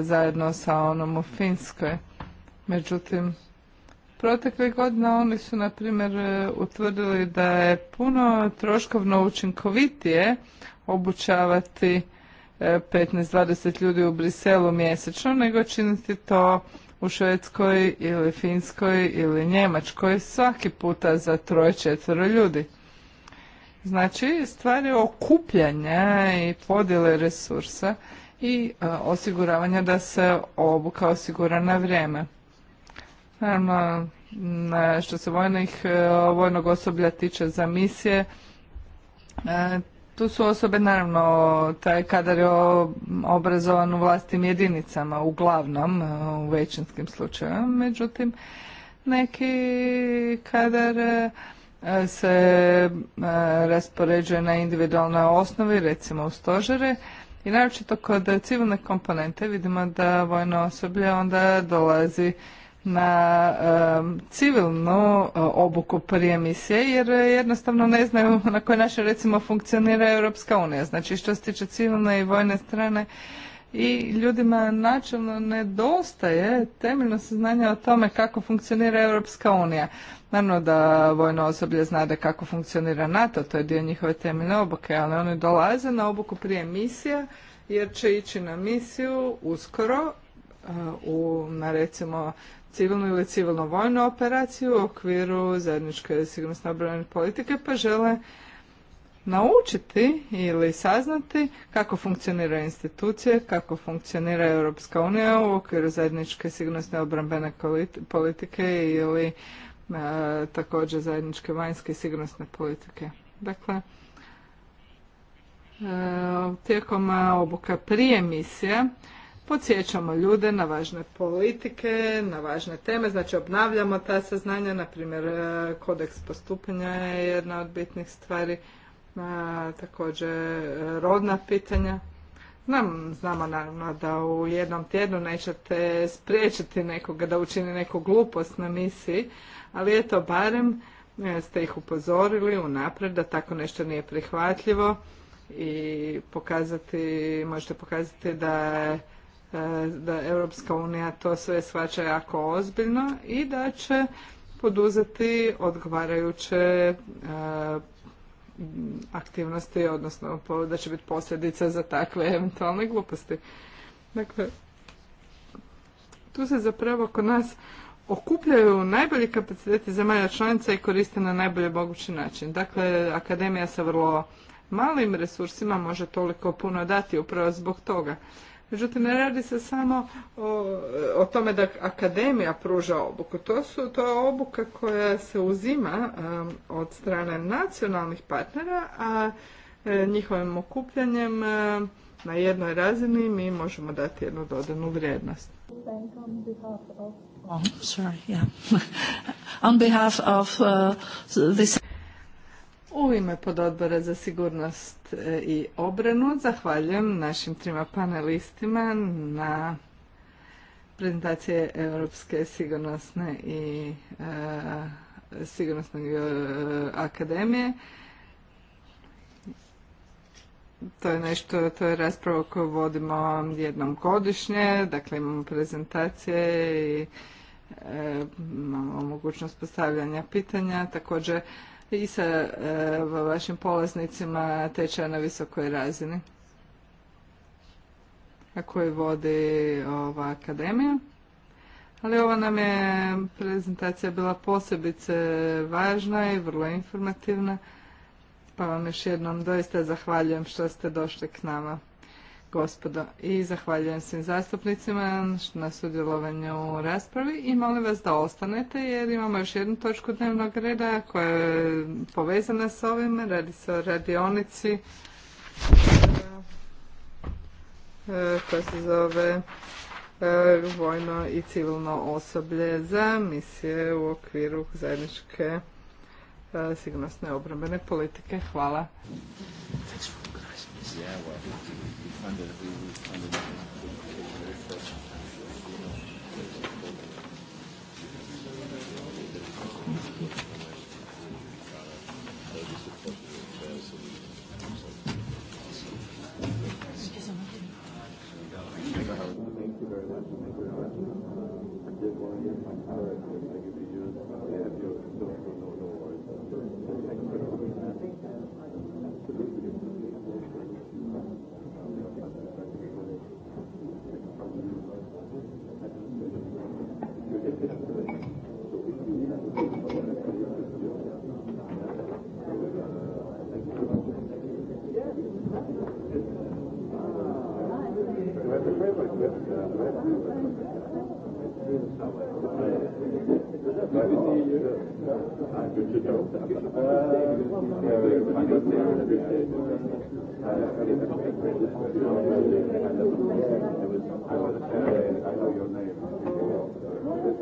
zajedno sa onom u Finskoj. Međutim, Protekle godine oni su, na primjer, e, utvrdili da je puno troškovno učinkovitije obučavati 15-20 e, ljudi u Briselu mjesečno, nego činiti to u Švedskoj ili Finskoj ili Njemačkoj svaki puta za troje četvero ljudi. Znači, stvari okupljanja i podjele resursa i e, osiguravanja da se obuka osigura na vrijeme. Naravno, što se vojnih, e, vojnog osoblja tiče za misije, e, tu su osobe, naravno, taj kadar je obrazovan u vlastim jedinicama, uglavnom, e, u većinskim slučajevima. Međutim, neki kadar se raspoređuje na individualnoj osnovi, recimo u stožere, i naročito kod civilne komponente vidimo da vojno osoblje onda dolazi na civilnu e, obuku prije misije jer jednostavno ne znaju na koji način recimo funkcionira Europska unija. Znači što se tiče civilne i vojne strane i ljudima načelno nedostaje temeljno saznanje o tome kako funkcionira Europska unija. Naravno da vojno osoblje znade kako funkcionira NATO, to je dio njihove temeljne obuke, ali oni dolaze na obuku prije misija jer će ići na misiju uskoro e, u, na recimo civilnu ili civilno-vojnu operaciju u okviru zajedničke sigurnosne obrambene politike pa žele naučiti ili saznati kako funkcionira institucije, kako funkcionira Europska unija u okviru zajedničke sigurnosne obrambene politike ili e, također zajedničke vanjske sigurnosne politike. Dakle, e, tijekom obuka prije misija podsjećamo ljude na važne politike, na važne teme, znači obnavljamo ta saznanja, na primjer e, kodeks postupanja je jedna od bitnih stvari, e, također e, rodna pitanja. znamo naravno da u jednom tjednu nećete spriječiti nekoga da učini neku glupost na misiji, ali eto barem ste ih upozorili unaprijed da tako nešto nije prihvatljivo i pokazati, možete pokazati da E, da Europska unija to sve shvaća jako ozbiljno i da će poduzeti odgovarajuće e, aktivnosti, odnosno da će biti posljedica za takve eventualne gluposti. Dakle, tu se zapravo kod nas okupljaju najbolji kapaciteti zemalja članica i koriste na najbolji mogući način. Dakle, akademija sa vrlo malim resursima može toliko puno dati upravo zbog toga. Međutim, ne radi se samo o, tome da akademija pruža obuku. To, su, to je obuka koja se uzima um, od strane nacionalnih partnera, a e, njihovim okupljanjem e, na jednoj razini mi možemo dati jednu dodanu vrijednost. On behalf of uh, this u ime pododbora za sigurnost e, i obranu zahvaljujem našim trima panelistima na prezentacije Europske sigurnosne i e, sigurnosne akademije. To je nešto, to je rasprava koju vodimo jednom godišnje, dakle imamo prezentacije i e, imamo mogućnost postavljanja pitanja. Također i sa e, vašim polaznicima tečaja na visokoj razini a koji vodi ova akademija. Ali ova nam je prezentacija bila posebice važna i vrlo informativna. Pa vam još jednom doista zahvaljujem što ste došli k nama gospodo i zahvaljujem svim zastupnicima na sudjelovanju u raspravi i molim vas da ostanete jer imamo još jednu točku dnevnog reda koja je povezana s ovim. Radi se o radionici e, koja se zove e, vojno i civilno osoblje za misije u okviru zajedničke e, sigurnosne obrambene politike. Hvala under the, under the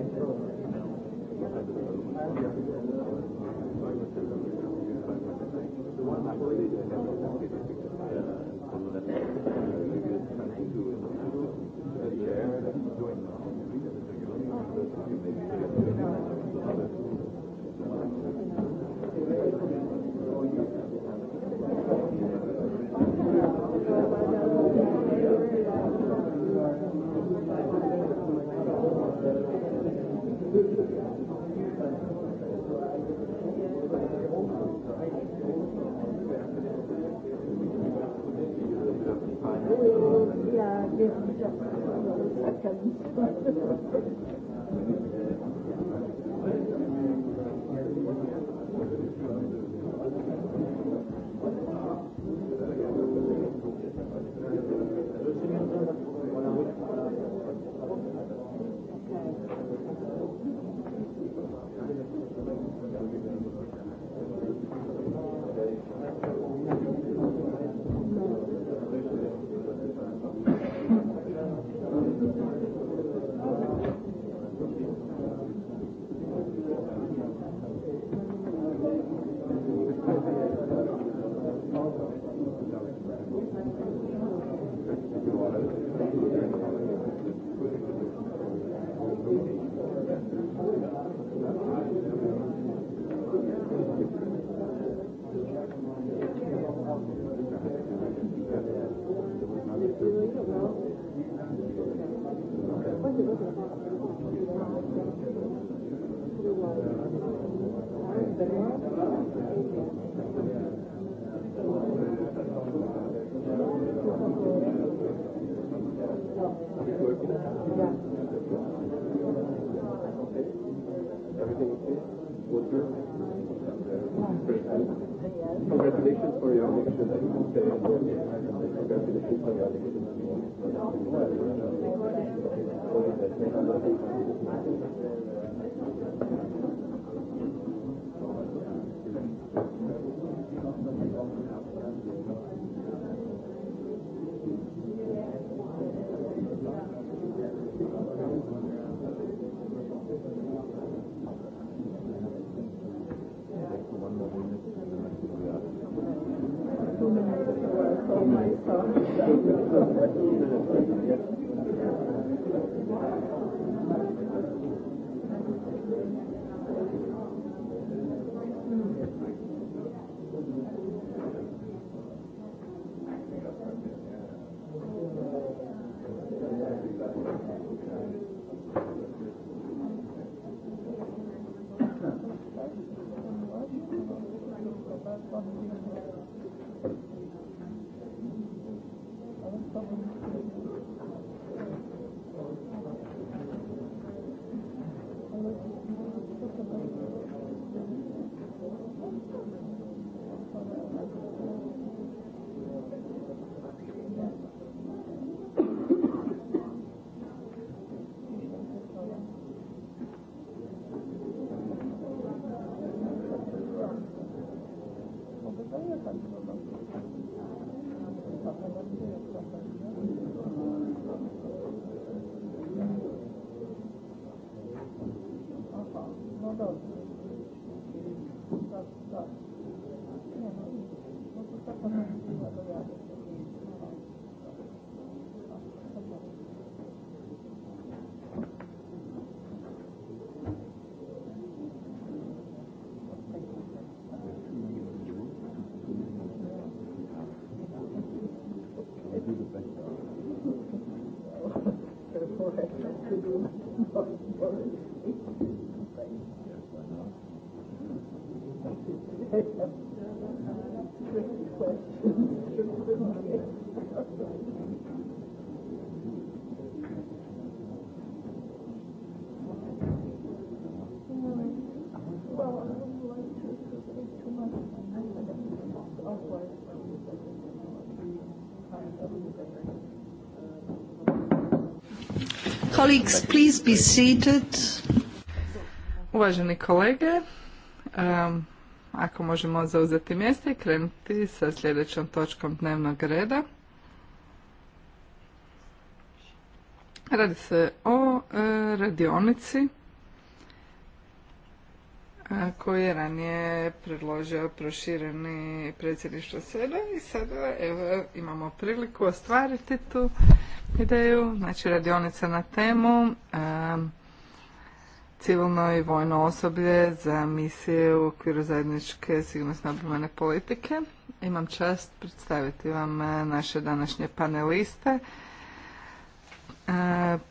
Hvala please be seated. Uvaženi kolege, ako možemo zauzeti mjesto i krenuti sa sljedećom točkom dnevnog reda. Radi se o e, radionici koji je ranije predložio prošireni predsjedništvo sebe i sada evo, imamo priliku ostvariti tu ideju, znači radionica na temu civilno i vojno osoblje za misije u okviru zajedničke sigurnosne obrambene politike. Imam čast predstaviti vam e, naše današnje paneliste. E,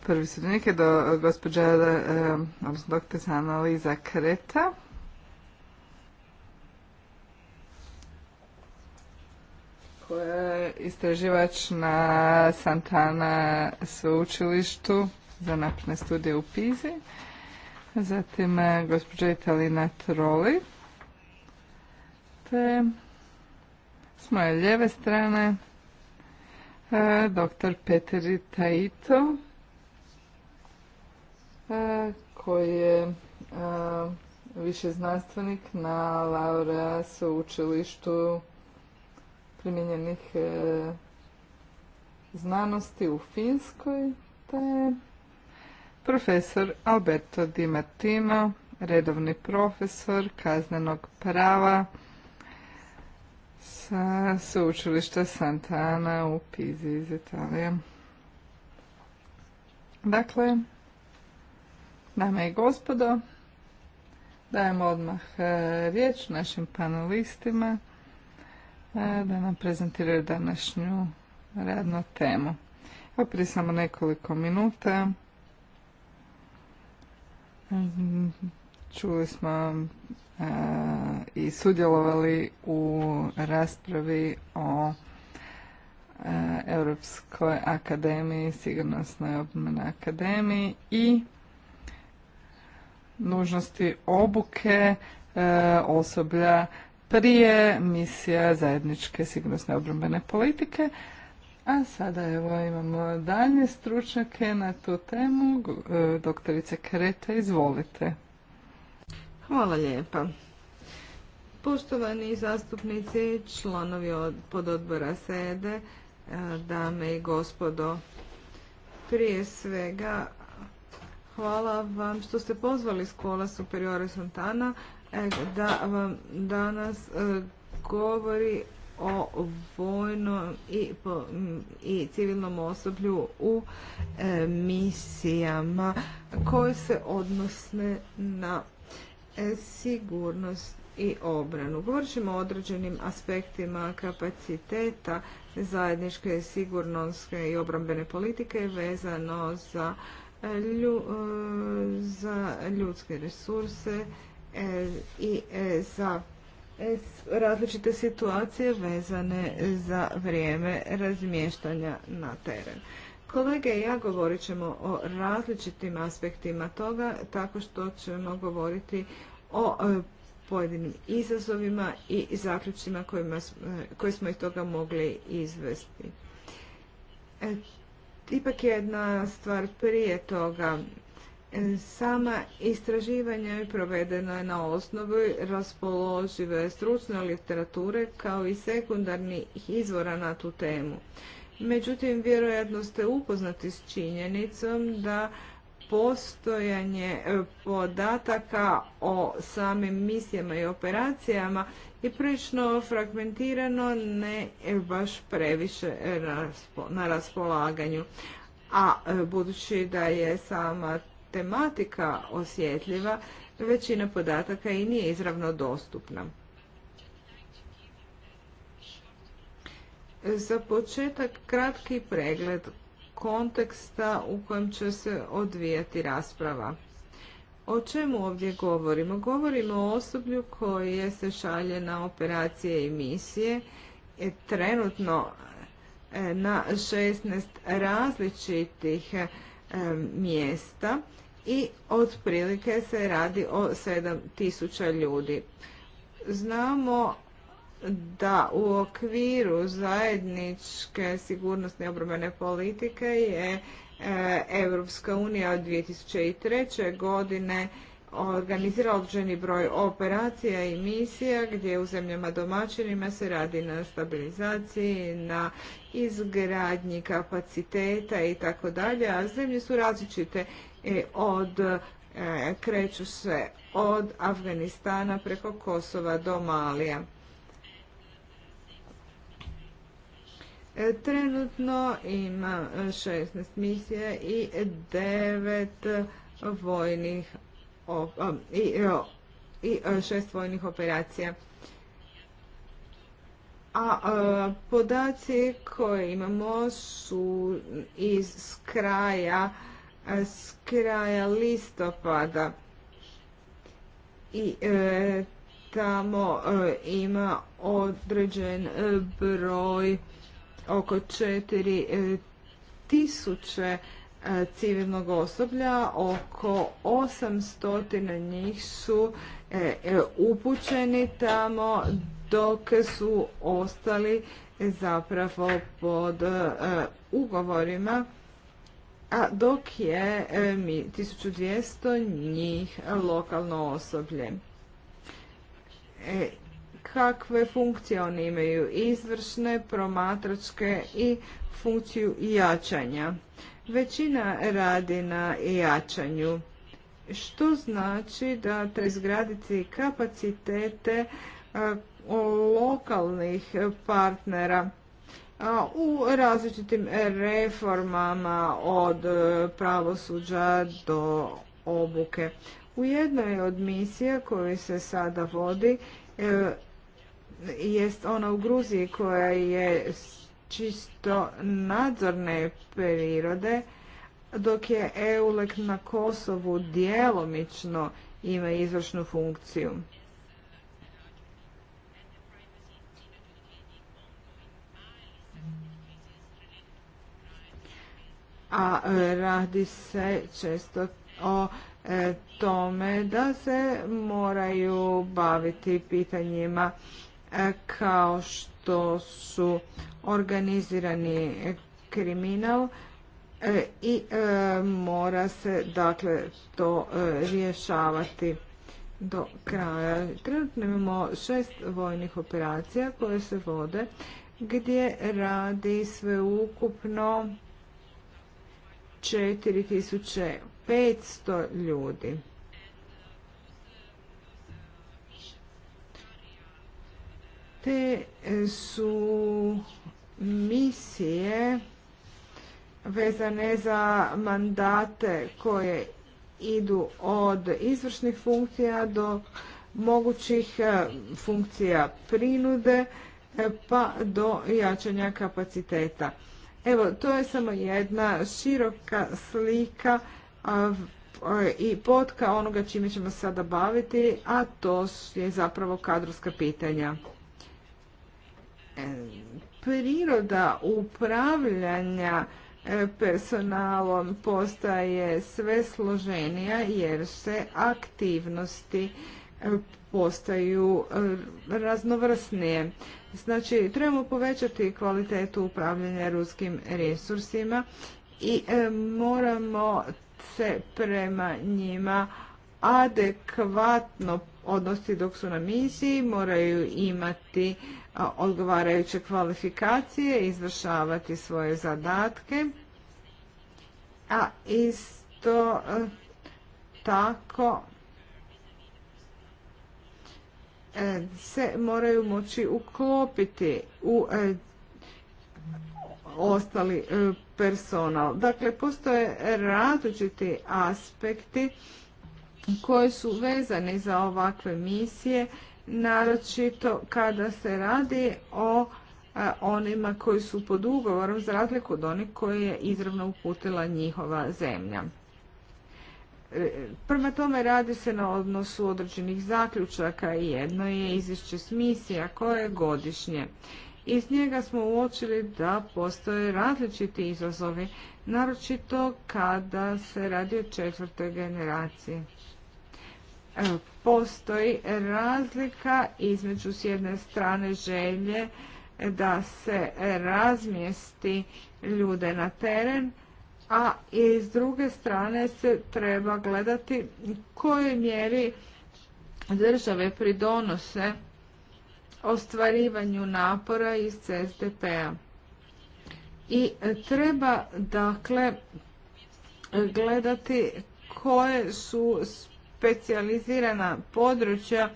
prvi sudnik je do, gospođa, e, odnosno doktorica Analiza Kreta, koja je istraživač na Santana sveučilištu za napredne studije u Pizi. Zatim e, gospođa Italina Troli. Te s moje lijeve strane e, dr. Peteri Taito e, koji je više znanstvenik na Laura sveučilištu primijenjenih e, znanosti u Finskoj, te profesor Alberto Di Martino, redovni profesor kaznenog prava sa sveučilišta Santana u Pizi iz Italije. Dakle, dame i gospodo, dajemo odmah e, riječ našim panelistima da nam prezentiraju današnju radnu temu. Evo prije samo nekoliko minuta. Čuli smo i sudjelovali u raspravi o Europskoj akademiji, sigurnosnoj obmene akademiji i nužnosti obuke e, osoblja prije misija zajedničke sigurnosne obrambene politike. A sada evo imamo dalje stručnjake na tu temu. E, doktorice Kreta, izvolite. Hvala lijepa. Poštovani zastupnici, članovi od, pododbora SEDE, e, dame i gospodo, prije svega hvala vam što ste pozvali Skola Superiore Santana da vam danas e, govori o vojnom i, civilnom osoblju u e, misijama koje se odnosne na e, sigurnost i obranu. Govorit ćemo o određenim aspektima kapaciteta zajedničke sigurnosne i obrambene politike vezano za, za ljudske resurse E, i e, za e, različite situacije vezane za vrijeme razmještanja na teren. Kolege i ja govorit ćemo o različitim aspektima toga tako što ćemo govoriti o pojedinim izazovima i zaključima koje smo iz toga mogli izvesti. Ipak jedna stvar prije toga, E, sama istraživanja je provedeno na osnovu raspoložive stručne literature kao i sekundarnih izvora na tu temu. Međutim, vjerojatno ste upoznati s činjenicom da postojanje e, podataka o samim misijama i operacijama je prilično fragmentirano, ne e, baš previše na raspolaganju. A budući da je sama tematika osjetljiva, većina podataka i nije izravno dostupna. Za početak kratki pregled konteksta u kojem će se odvijati rasprava. O čemu ovdje govorimo? Govorimo o osoblju koje se šalje na operacije i misije. E, trenutno e, na 16 različitih e, mjesta i otprilike se radi o 7000 ljudi. Znamo da u okviru zajedničke sigurnosne obrambene politike je Europska unija od 2003. godine organizira određeni broj operacija i misija gdje u zemljama domaćinima se radi na stabilizaciji, na izgradnji kapaciteta i tako dalje, a zemlje su različite od e, kreću se od Afganistana preko Kosova do Malija. E, trenutno ima 16 misija i 9 vojnih i, e, šest vojnih operacija. A, a podaci koje imamo su iz kraja E, s kraja listopada i e, tamo e, ima određen broj oko četiri tisuće civilnog osoblja, oko 800 njih su upućeni tamo dok su ostali zapravo pod ugovorima a dok je 1200 e, njih lokalno osoblje. E, kakve funkcije oni imaju? Izvršne, promatračke i funkciju jačanja. Većina radi na jačanju, što znači da treba izgraditi kapacitete e, lokalnih partnera u različitim reformama od e, pravosuđa do obuke. U jednoj od misija koji se sada vodi e, jest ona u Gruziji koja je čisto nadzorne prirode, dok je EULEK na Kosovu djelomično ima izvršnu funkciju. a e, radi se često o e, tome da se moraju baviti pitanjima e, kao što su organizirani kriminal i mora se dakle to rješavati do kraja. Trenutno imamo šest vojnih operacija koje se vode gdje radi sve ukupno... 4500 ljudi. Te su misije vezane za mandate koje idu od izvršnih funkcija do mogućih e, funkcija prinude e, pa do jačanja kapaciteta. Evo, to je samo jedna široka slika i potka onoga čime ćemo sada baviti, a to je zapravo kadrovska pitanja. E, priroda upravljanja e, personalom postaje sve složenija jer se aktivnosti e, postaju raznovrsnije. Znači, trebamo povećati kvalitetu upravljanja ruskim resursima i e, moramo se prema njima adekvatno odnositi dok su na misiji, moraju imati e, odgovarajuće kvalifikacije, izvršavati svoje zadatke, a isto e, tako E, se moraju moći uklopiti u e, ostali e, personal. Dakle, postoje različiti aspekti koji su vezani za ovakve misije, naročito kada se radi o onima koji su pod ugovorom za razliku od onih koje je izravno uputila njihova zemlja. E, prema tome radi se na odnosu određenih zaključaka i jedno je izvješće s misija koje je godišnje. Iz njega smo uočili da postoje različiti izazovi, naročito kada se radi o četvrtoj generaciji. E, postoji razlika između s jedne strane želje da se razmjesti ljude na teren, a i s druge strane se treba gledati kojoj mjeri države pridonose ostvarivanju napora iz CSDP-a. I treba dakle gledati koje su specijalizirana područja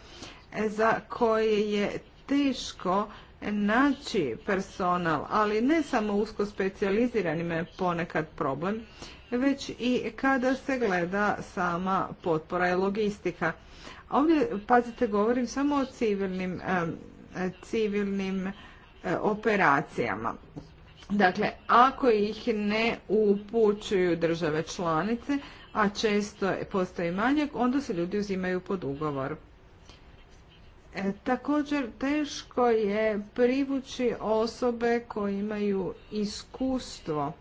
za koje je teško naći personal, ali ne samo usko specijaliziranim je ponekad problem, već i kada se gleda sama potpora i logistika. ovdje, pazite, govorim samo o civilnim, civilnim e, operacijama. Dakle, ako ih ne upućuju države članice, a često postoji manjak, onda se ljudi uzimaju pod ugovor. E, također teško je privući osobe koje imaju iskustvo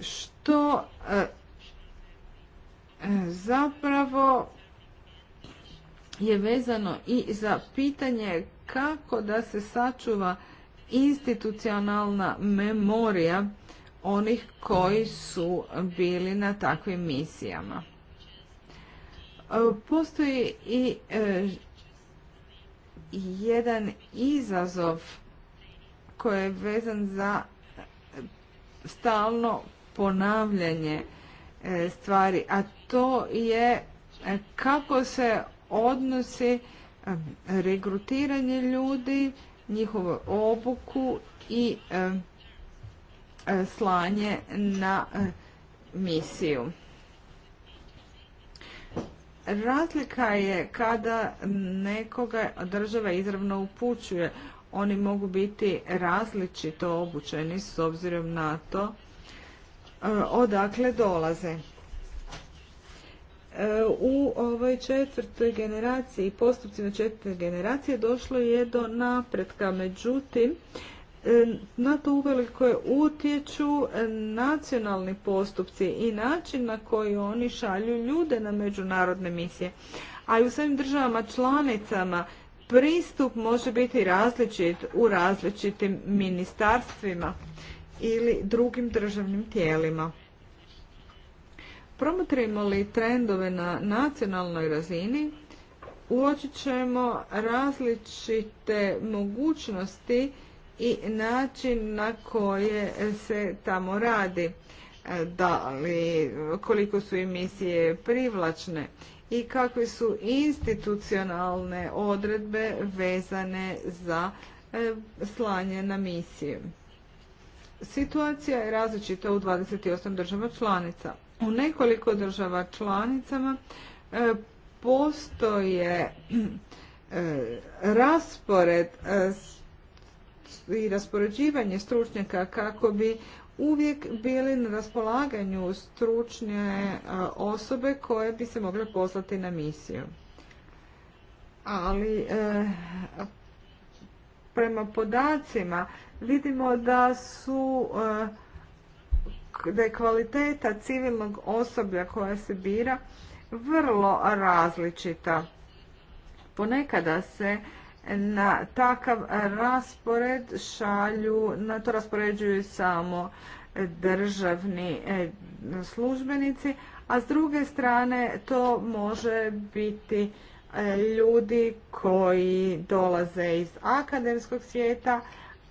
što e, e, zapravo je vezano i za pitanje kako da se sačuva institucionalna memorija onih koji su bili na takvim misijama. Postoji i jedan izazov koji je vezan za e, stalno ponavljanje e, stvari, a to je e, kako se odnosi regrutiranje ljudi, njihovu obuku i slanje na misiju. Razlika je kada nekoga država izravno upućuje. Oni mogu biti različito obučeni s obzirom na to e, odakle dolaze. E, u ovoj četvrtoj generaciji, postupcima četvrte generacije došlo je do napretka, međutim E, na to uveliko utječu nacionalni postupci i način na koji oni šalju ljude na međunarodne misije. A i u svim državama članicama pristup može biti različit u različitim ministarstvima ili drugim državnim tijelima. Promotrimo li trendove na nacionalnoj razini, uočit ćemo različite mogućnosti i način na koje se tamo radi. E, da li, koliko su emisije privlačne i kakve su institucionalne odredbe vezane za e, slanje na misije. Situacija je različita u 28 država članica. U nekoliko država članicama e, postoje raspored i raspoređivanje stručnjaka kako bi uvijek bili na raspolaganju stručne e, osobe koje bi se mogle poslati na misiju. Ali e, prema podacima vidimo da su e, da je kvaliteta civilnog osoblja koja se bira vrlo različita. Ponekada se na takav raspored šalju, na to raspoređuju samo državni e, službenici, a s druge strane to može biti e, ljudi koji dolaze iz akademskog svijeta,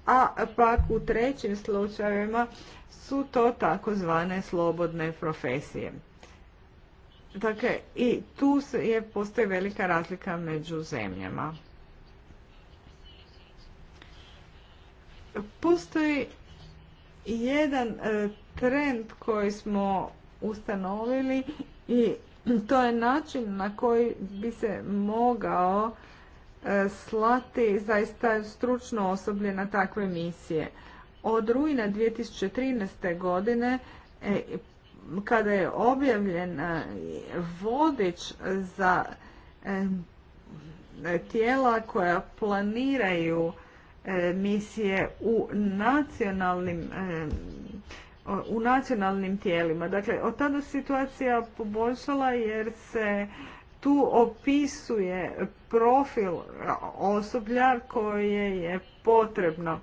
a pak u trećim slučajevima su to takozvane slobodne profesije. Dakle, i tu je, postoji velika razlika među zemljama. Postoji jedan e, trend koji smo ustanovili i to je način na koji bi se mogao e, slati zaista stručno osoblje na takve misije. Od rujna 2013. godine e, kada je objavljen vodič za tijela koja planiraju E, misije u nacionalnim e, u nacionalnim tijelima. Dakle, od tada situacija poboljšala jer se tu opisuje profil osoblja koje je potrebno.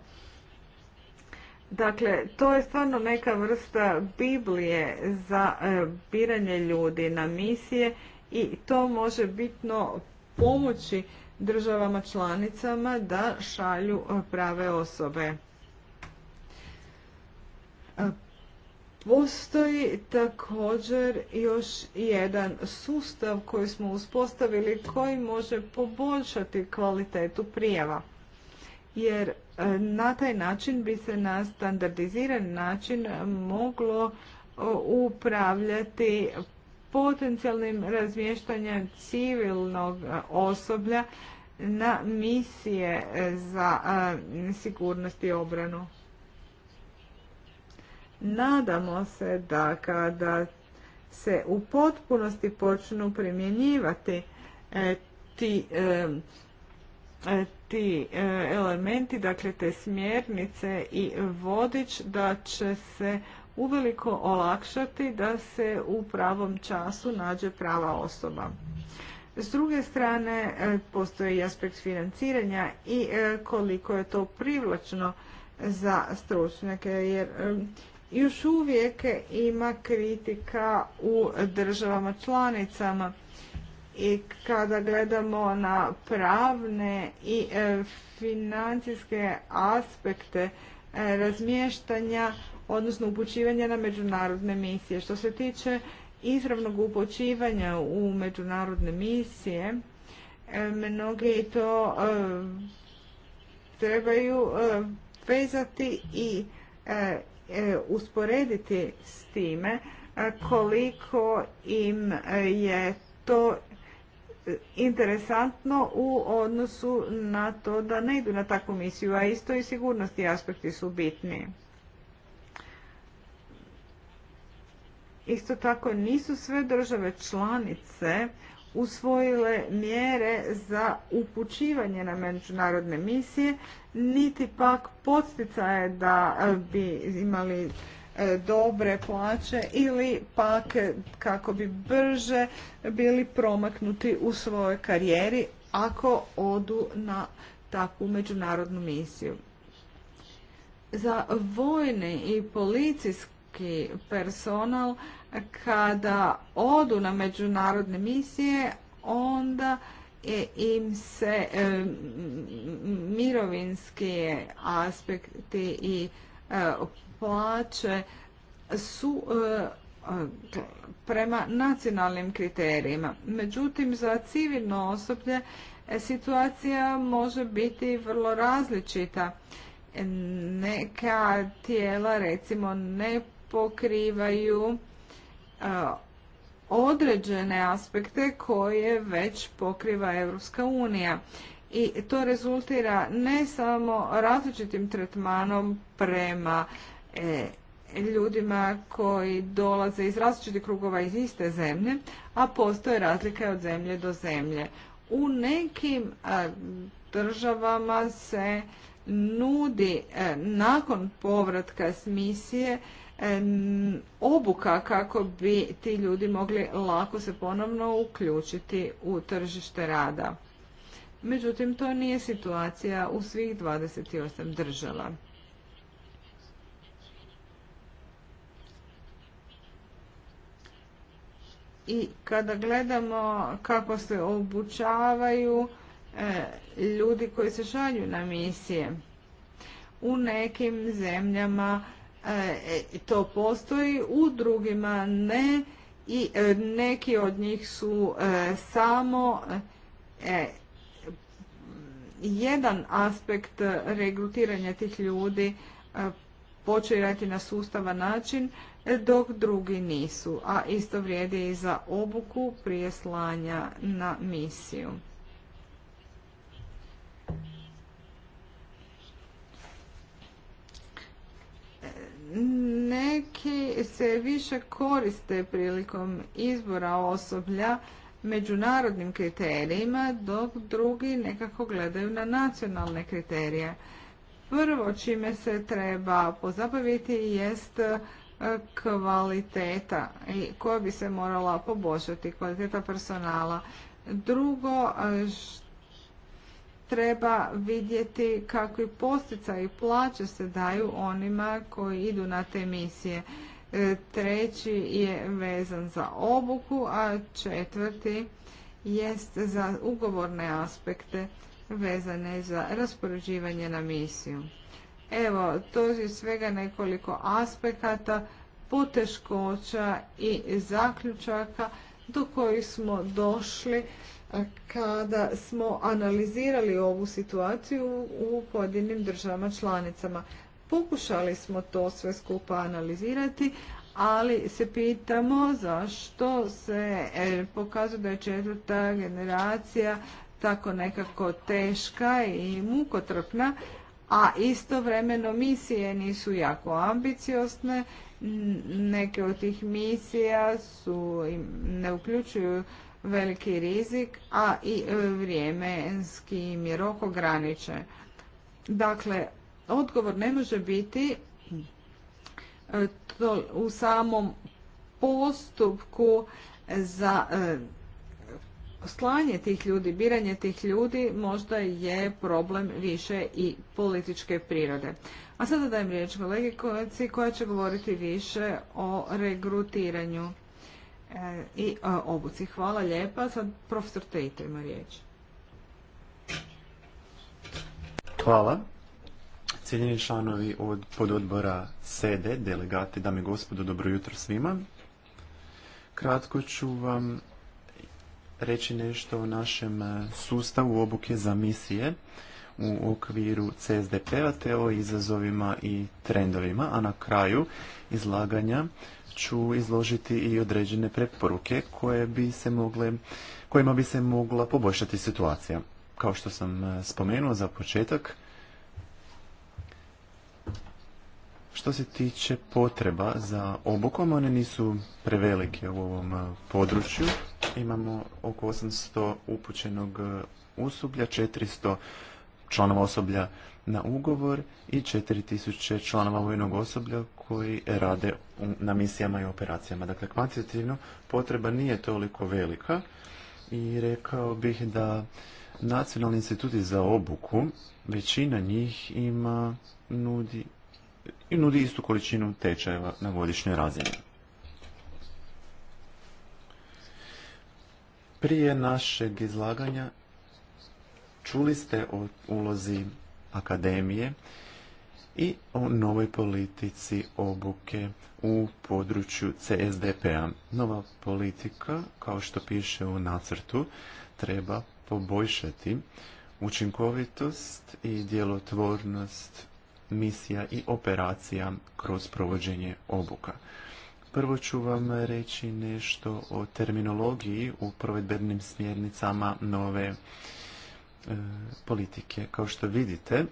Dakle, to je stvarno neka vrsta Biblije za e, biranje ljudi na misije i to može bitno pomoći državama članicama da šalju e, prave osobe. E, postoji također još jedan sustav koji smo uspostavili koji može poboljšati kvalitetu prijava. Jer e, na taj način bi se na standardiziran način moglo upravljati potencijalnim razmještanjem civilnog e, osoblja na misije e, za e, sigurnost i obranu. Nadamo se da kada se u potpunosti počnu primjenjivati ti, ti elementi, dakle te smjernice i vodič, da će se uveliko olakšati da se u pravom času nađe prava osoba. S druge strane, e, postoji i aspekt financiranja i e, koliko je to privlačno za stručnjake, jer e, još uvijek ima kritika u državama članicama i kada gledamo na pravne i financijske aspekte razmještanja odnosno upućivanje na međunarodne misije. Što se tiče izravnog upućivanja u međunarodne misije, e, mnogi to e, trebaju e, vezati i usporediti s time koliko im je to interesantno u odnosu na to da ne idu na takvu misiju, a isto i sigurnosti aspekti su bitni. Isto tako nisu sve države članice usvojile mjere za upućivanje na međunarodne misije, niti pak podsticaje da e, bi imali e, dobre plaće ili pak e, kako bi brže bili promaknuti u svojoj karijeri ako odu na takvu međunarodnu misiju. Za vojne i policijske i personal kada odu na međunarodne misije onda im se e, mirovinski aspekti i e, plaće su e, prema nacionalnim kriterijima. Međutim, za civilno osoblje situacija može biti vrlo različita. Neka tijela recimo ne pokrivaju određene aspekte koje već pokriva Europska unija. I to rezultira ne samo različitim tretmanom prema e, ljudima koji dolaze iz različitih krugova iz iste zemlje, a postoje razlike od zemlje do zemlje. U nekim državama se nudi e, nakon povratka s misije obuka kako bi ti ljudi mogli lako se ponovno uključiti u tržište rada. Međutim, to nije situacija u svih 28 država. I kada gledamo kako se obučavaju e, ljudi koji se šalju na misije, u nekim zemljama E, to postoji, u drugima ne i e, neki od njih su e, samo jedan aspekt regrutiranja tih ljudi počeli raditi na sustavan način, dok drugi nisu. A isto vrijedi i za obuku prije slanja na misiju. neki se više koriste prilikom izbora osoblja međunarodnim kriterijima, dok drugi nekako gledaju na nacionalne kriterije. Prvo čime se treba pozabaviti jest e, kvaliteta koja bi se morala poboljšati, kvaliteta personala. Drugo, e, treba vidjeti kakvi i plaće se daju onima koji idu na te misije. E, treći je vezan za obuku, a četvrti jest za ugovorne aspekte vezane za raspoređivanje na misiju. Evo, to je svega nekoliko aspekata, poteškoća i zaključaka do kojih smo došli kada smo analizirali ovu situaciju u pojedinim državama članicama. Pokušali smo to sve skupa analizirati, ali se pitamo zašto se e, pokazuje da je četvrta generacija tako nekako teška i mukotrpna, a istovremeno misije nisu jako ambiciozne. Neke od tih misija su, ne uključuju veliki rizik, a i e, vremenski im je rok ograničen. Dakle, odgovor ne može biti e, to u samom postupku za e, slanje tih ljudi, biranje tih ljudi možda je problem više i političke prirode. A sada dajem riječ kolegi koja će govoriti više o regrutiranju. E, i e, obuci. Hvala lijepa. Sad profesor Tejto ima riječ. Hvala. Cijenjeni članovi od pododbora SEDE, delegati, dame i gospodo, dobro jutro svima. Kratko ću vam reći nešto o našem e, sustavu obuke za misije u okviru CSDP-a te o izazovima i trendovima, a na kraju izlaganja ću izložiti i određene preporuke koje bi se mogle, kojima bi se mogla poboljšati situacija. Kao što sam e, spomenuo za početak, Što se tiče potreba za obukom, one nisu prevelike u ovom e, području. Imamo oko 800 upućenog usublja, e, 400 članova osoblja na ugovor i 4000 članova vojnog osoblja koji rade na misijama i operacijama. Dakle, kvantitativno potreba nije toliko velika i rekao bih da nacionalni instituti za obuku, većina njih ima, nudi, i nudi istu količinu tečajeva na godišnjoj razini. Prije našeg izlaganja čuli ste o ulozi akademije i o novoj politici obuke u području CSDP-a. Nova politika, kao što piše u nacrtu, treba poboljšati učinkovitost i djelotvornost misija i operacija kroz provođenje obuka. Prvo ću vam reći nešto o terminologiji u provedbenim smjernicama nove E, politike. Kao što vidite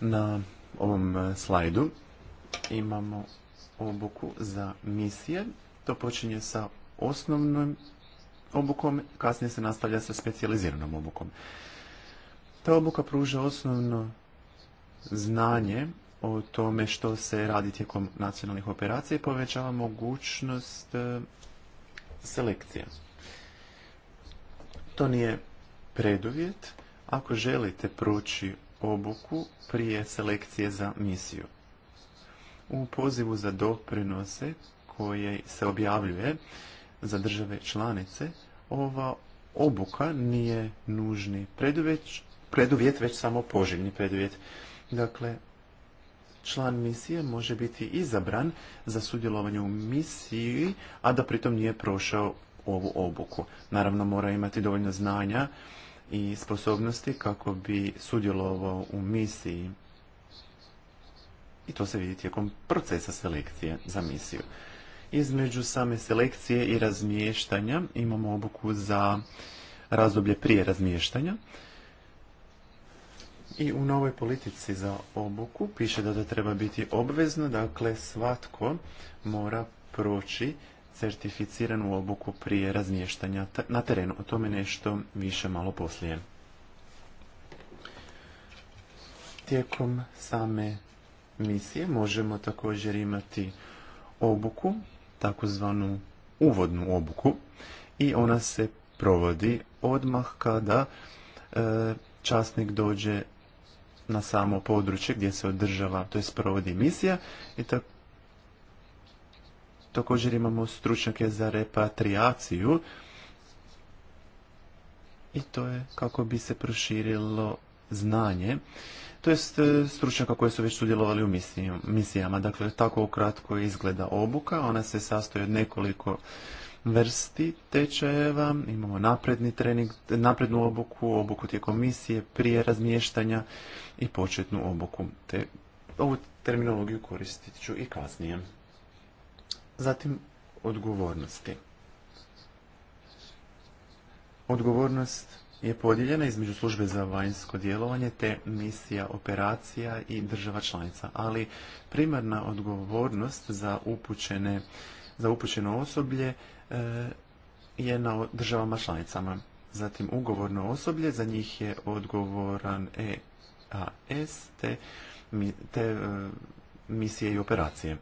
na ovom e, slajdu imamo obuku za misije. To počinje sa osnovnom obukom, kasnije se nastavlja sa specijaliziranom obukom. Ta obuka pruža osnovno znanje o tome što se radi tijekom nacionalnih operacija i povećava mogućnost e, selekcije. To nije preduvjet, ako želite proći obuku prije selekcije za misiju. U pozivu za doprinose koje se objavljuje za države članice, ova obuka nije nužni preduvjet, već samo poželjni preduvjet. Dakle, član misije može biti izabran za sudjelovanje u misiji, a da pritom nije prošao ovu obuku. Naravno, mora imati dovoljno znanja i sposobnosti kako bi sudjelovao u misiji i to se vidi tijekom procesa selekcije za misiju. Između same selekcije i razmještanja imamo obuku za razdoblje prije razmještanja. I u novoj politici za obuku piše da to treba biti obvezno, dakle svatko mora proći certificiranu obuku prije razmještanja na terenu. O tome nešto više malo poslije. Tijekom same misije možemo također imati obuku, takozvanu uvodnu obuku i ona se provodi odmah kada e, časnik dođe na samo područje gdje se održava, to je provodi misija i tako Također imamo stručnjake za repatriaciju i to je kako bi se proširilo znanje, to jest e, stručnjaka koji su već sudjelovali u misijama. Dakle, tako ukratko izgleda obuka, ona se sastoji od nekoliko vrsti tečajeva, imamo napredni trening, naprednu obuku, obuku tijekom misije, prije razmještanja i početnu obuku. Te, ovu terminologiju koristit ću i kasnije. Zatim odgovornosti. Odgovornost je podijeljena između službe za vanjsko djelovanje te misija operacija i država članica, ali primarna odgovornost za upućene za upućeno osoblje e, je na državama članicama. Zatim ugovorno osoblje, za njih je odgovoran EAS te, te e, misije i operacije.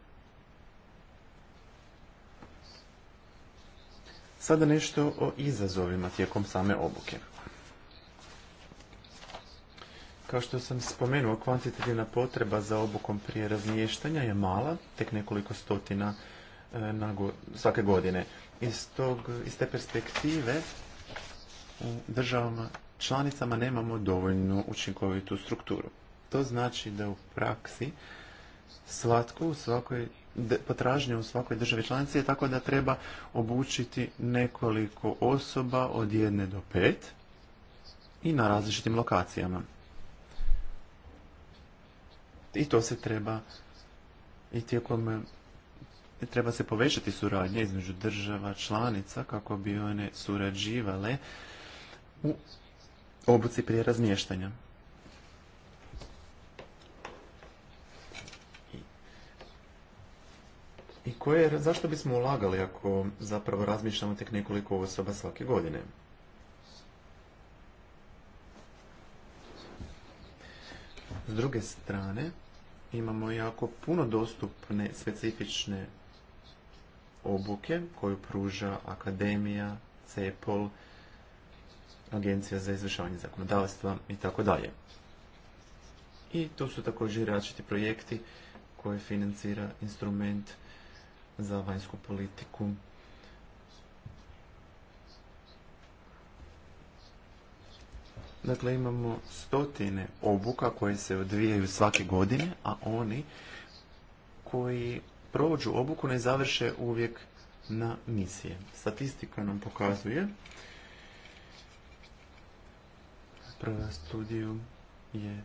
Sada nešto o izazovima tijekom same obuke. Kao što sam spomenuo, kvantitativna potreba za obukom prije razmještanja je mala, tek nekoliko stotina e, svake godine. Iz, te perspektive u državama članicama nemamo dovoljnu učinkovitu strukturu. To znači da u praksi svatko u svakoj potražnje u svakoj državi članici je tako da treba obučiti nekoliko osoba od jedne do pet i na različitim lokacijama. I to se treba i tijekom treba se povećati suradnje između država članica kako bi one surađivale u obuci prije razmještanja. i koje, zašto bismo ulagali ako zapravo razmišljamo tek nekoliko osoba svake godine? S druge strane, imamo jako puno dostupne specifične obuke koju pruža akademija, CEPOL, Agencija za izvršavanje zakonodavstva i tako dalje. I to su također i projekti koje financira instrument za vanjsku politiku. Dakle, imamo stotine obuka koje se odvijaju svake godine, a oni koji prođu obuku ne završe uvijek na misije. Statistika nam pokazuje prva studiju je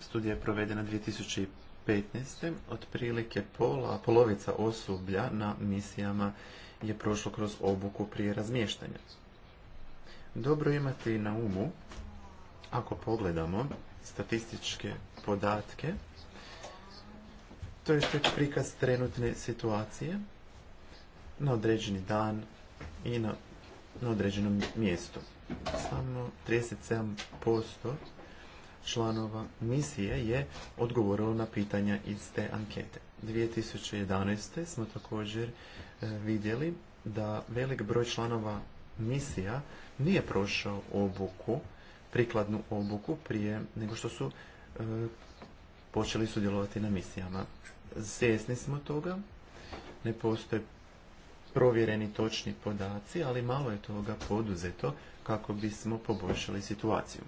studija je provedena tisuće 2015. otprilike pola, polovica osoblja na misijama je prošlo kroz obuku prije razmještanja. Dobro imati na umu, ako pogledamo statističke podatke, to je tek prikaz trenutne situacije na određeni dan i na, na određenom mjestu. Samo 37% članova misije je odgovorilo na pitanja iz te ankete. 2011. smo također e, vidjeli da velik broj članova misija nije prošao obuku, prikladnu obuku prije nego što su e, počeli sudjelovati na misijama. Svjesni smo toga, ne postoje provjereni točni podaci, ali malo je toga poduzeto kako bismo poboljšali situaciju.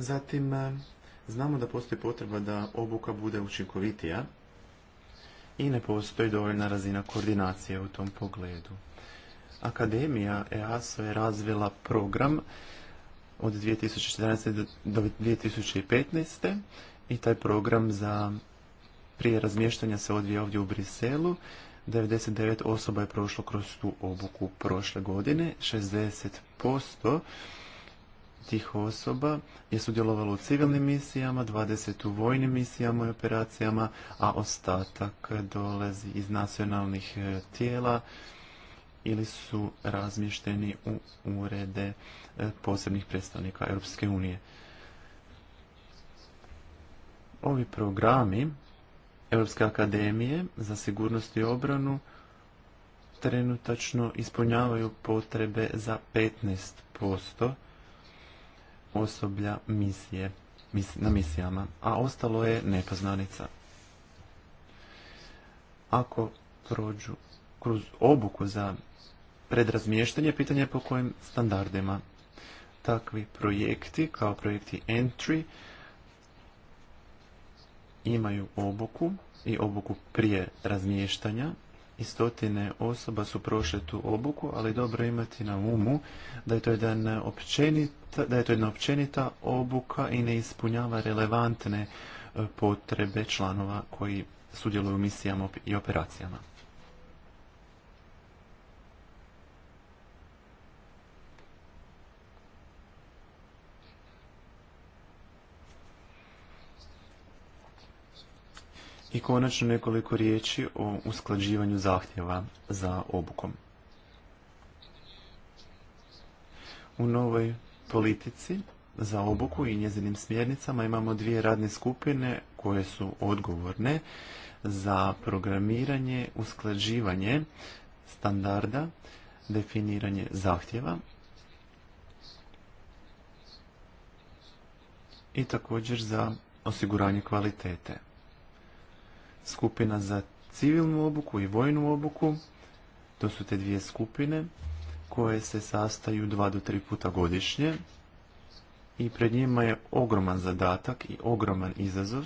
Zatim, e, znamo da postoji potreba da obuka bude učinkovitija i ne postoji dovoljna razina koordinacije u tom pogledu. Akademija EASO je razvila program od 2014. do 2015. i taj program za prije razmještanja se odvija ovdje u Briselu. 99 osoba je prošlo kroz tu obuku prošle godine, 60% tih osoba je sudjelovalo u civilnim misijama, 20 u vojnim misijama i operacijama, a ostatak dolazi iz nacionalnih e, tijela ili su razmješteni u urede e, posebnih predstavnika Europske unije. Ovi programi Europske akademije za sigurnost i obranu trenutačno ispunjavaju potrebe za 15% osoblja misije na misijama, a ostalo je nepoznanica. Ako prođu kroz obuku za predrazmještanje, pitanje je po kojim standardima. Takvi projekti, kao projekti entry, imaju obuku i obuku prije razmještanja, i stotine osoba su prošle tu obuku, ali dobro imati na umu da je to jedan da je to jedna općenita obuka i ne ispunjava relevantne e, potrebe članova koji sudjeluju u misijama i operacijama. I konačno nekoliko riječi o usklađivanju zahtjeva za obukom. U novoj politici za obuku i njezinim smjernicama imamo dvije radne skupine koje su odgovorne za programiranje, usklađivanje standarda, definiranje zahtjeva i također za osiguranje kvalitete skupina za civilnu obuku i vojnu obuku. To su te dvije skupine koje se sastaju dva do tri puta godišnje i pred njima je ogroman zadatak i ogroman izazov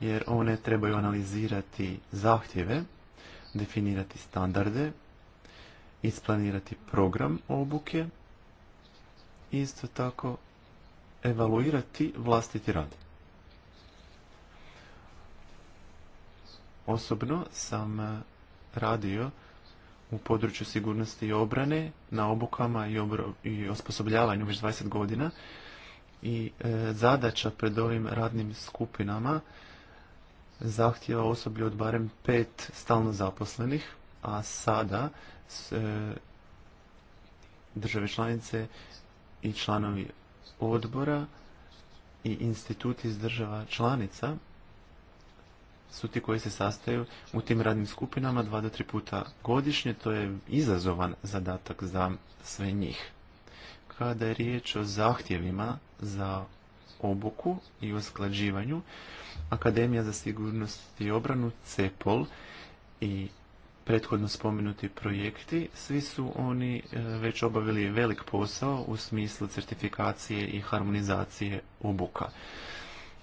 jer one trebaju analizirati zahtjeve, definirati standarde, isplanirati program obuke i isto tako evaluirati vlastiti rad. Osobno sam e, radio u području sigurnosti i obrane na obukama i, i osposobljavanju već 20 godina i e, zadaća pred ovim radnim skupinama zahtjeva osoblje od barem pet stalno zaposlenih, a sada s, e, države članice i članovi odbora i instituti iz država članica su ti koji se sastaju u tim radnim skupinama dva do tri puta godišnje. To je izazovan zadatak za sve njih. Kada je riječ o zahtjevima za obuku i usklađivanju, Akademija za sigurnost i obranu, CEPOL i prethodno spomenuti projekti, svi su oni e, već obavili velik posao u smislu certifikacije i harmonizacije obuka.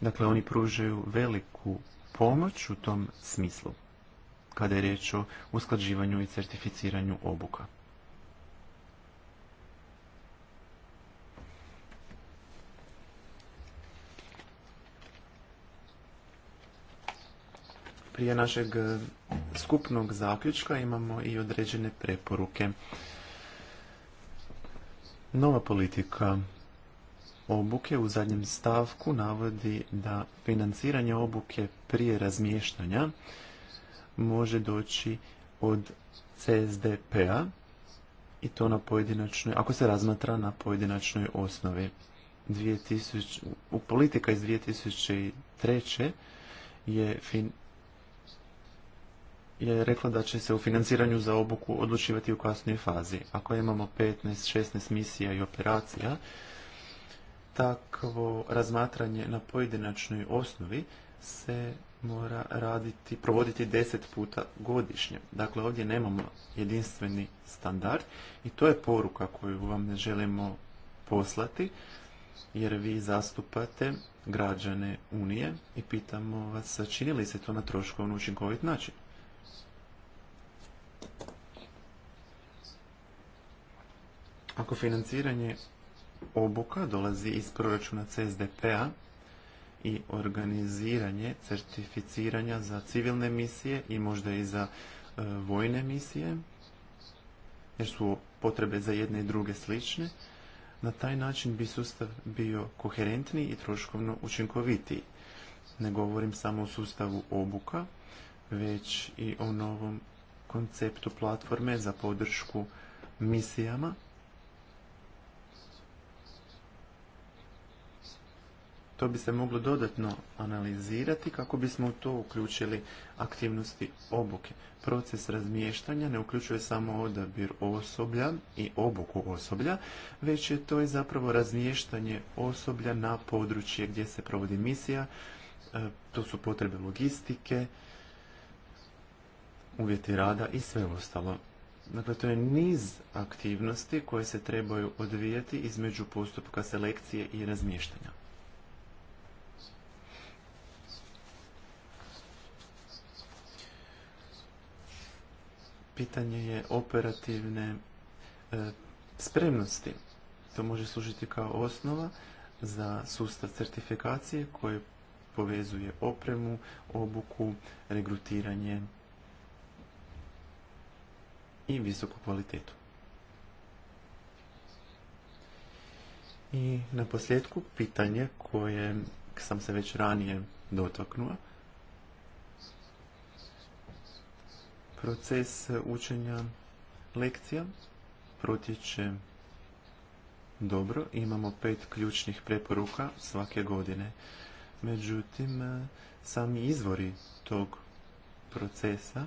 Dakle, oni pružaju veliku pomoć u tom smislu kada je riječ o usklađivanju i certificiranju obuka. Prije našeg e, skupnog zaključka imamo i određene preporuke. Nova politika obuke u zadnjem stavku navodi da financiranje obuke prije razmještanja može doći od CSDP-a i to na pojedinačnoj, ako se razmatra na pojedinačnoj osnovi. 2000, u politika iz 2003. je fin, je rekla da će se u financiranju za obuku odlučivati u kasnoj fazi. Ako imamo 15-16 misija i operacija, takvo razmatranje na pojedinačnoj osnovi se mora raditi, provoditi deset puta godišnje. Dakle, ovdje nemamo jedinstveni standard i to je poruka koju vam ne želimo poslati, jer vi zastupate građane Unije i pitamo vas čini li se to na troškovno učinkovit način. Ako financiranje obuka dolazi iz proračuna CSDP-a i organiziranje certificiranja za civilne misije i možda i za e, vojne misije, jer su potrebe za jedne i druge slične. Na taj način bi sustav bio koherentniji i troškovno učinkovitiji. Ne govorim samo o sustavu obuka, već i o novom konceptu platforme za podršku misijama To bi se moglo dodatno analizirati kako bismo u to uključili aktivnosti obuke. Proces razmještanja ne uključuje samo odabir osoblja i obuku osoblja, već je to zapravo razmještanje osoblja na područje gdje se provodi misija. E, to su potrebe logistike, uvjeti rada i sve ostalo. Dakle, to je niz aktivnosti koje se trebaju odvijati između postupka selekcije i razmještanja. pitanje je operativne e, spremnosti. To može služiti kao osnova za sustav certifikacije koje povezuje opremu, obuku, regrutiranje i visoku kvalitetu. I na posljedku pitanje koje sam se već ranije dotaknuo, proces učenja lekcija protiče dobro. Imamo pet ključnih preporuka svake godine. Međutim, sami izvori tog procesa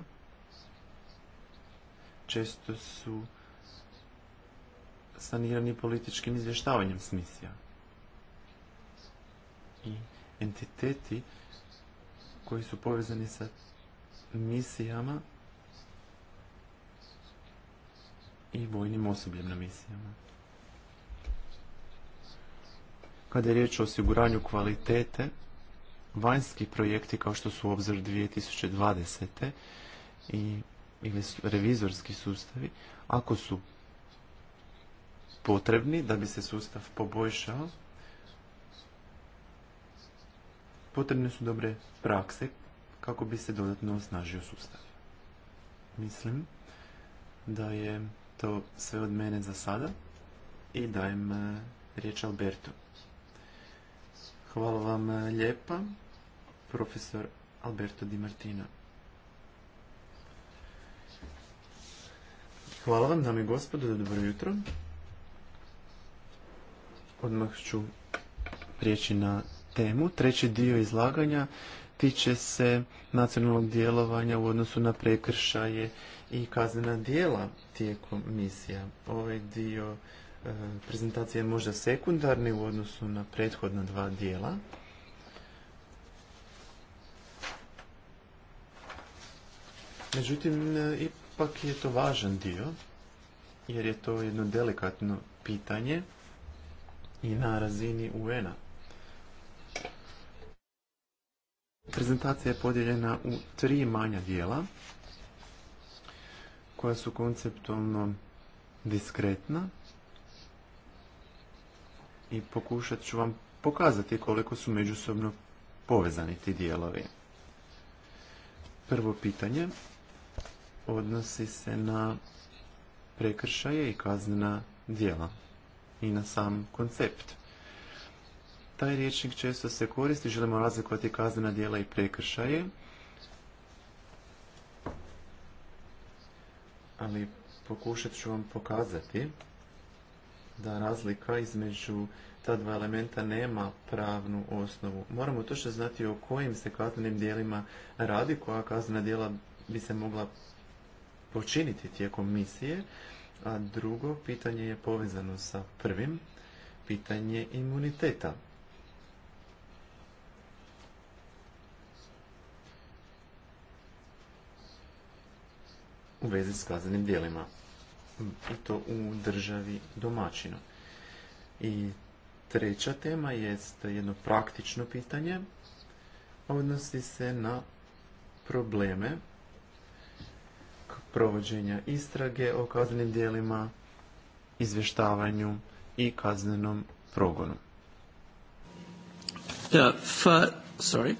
često su sanirani političkim izvještavanjem smisija. I entiteti koji su povezani sa misijama i vojnim osobljem na misijama. Kada je riječ o osiguranju kvalitete, vanjski projekti kao što su obzir 2020. i ili revizorski sustavi, ako su potrebni da bi se sustav poboljšao, potrebne su dobre prakse kako bi se dodatno osnažio sustav. Mislim da je to sve od mene za sada i dajem e, riječ Albertu. Hvala vam e, lijepa, profesor Alberto Di Martino. Hvala vam, dame i gospodo, dobro jutro. Odmah ću prijeći na temu. Treći dio izlaganja tiče se nacionalnog djelovanja u odnosu na prekršaje i kaznena dijela tijekom misija. Ovaj dio e, prezentacije je možda sekundarni u odnosu na prethodna dva dijela. Međutim, e, ipak je to važan dio, jer je to jedno delikatno pitanje i na razini UN-a. Prezentacija je podijeljena u tri manja dijela koja su konceptualno diskretna i pokušat ću vam pokazati koliko su međusobno povezani ti dijelovi. Prvo pitanje odnosi se na prekršaje i kaznena djela i na sam koncept. Taj riječnik često se koristi, želimo razlikovati kaznena djela i prekršaje ali pokušat ću vam pokazati da razlika između ta dva elementa nema pravnu osnovu. Moramo točno znati o kojim se kaznenim dijelima radi, koja kaznena djela bi se mogla počiniti tijekom misije, a drugo pitanje je povezano sa prvim, pitanje imuniteta. u vezi s kaznenim djelima i to u državi domaćinu. I treća tema jest jedno praktično pitanje. Odnosi se na probleme provođenja istrage o kaznenim djelima, izvještavanju i kaznenom progonu. The, sorry.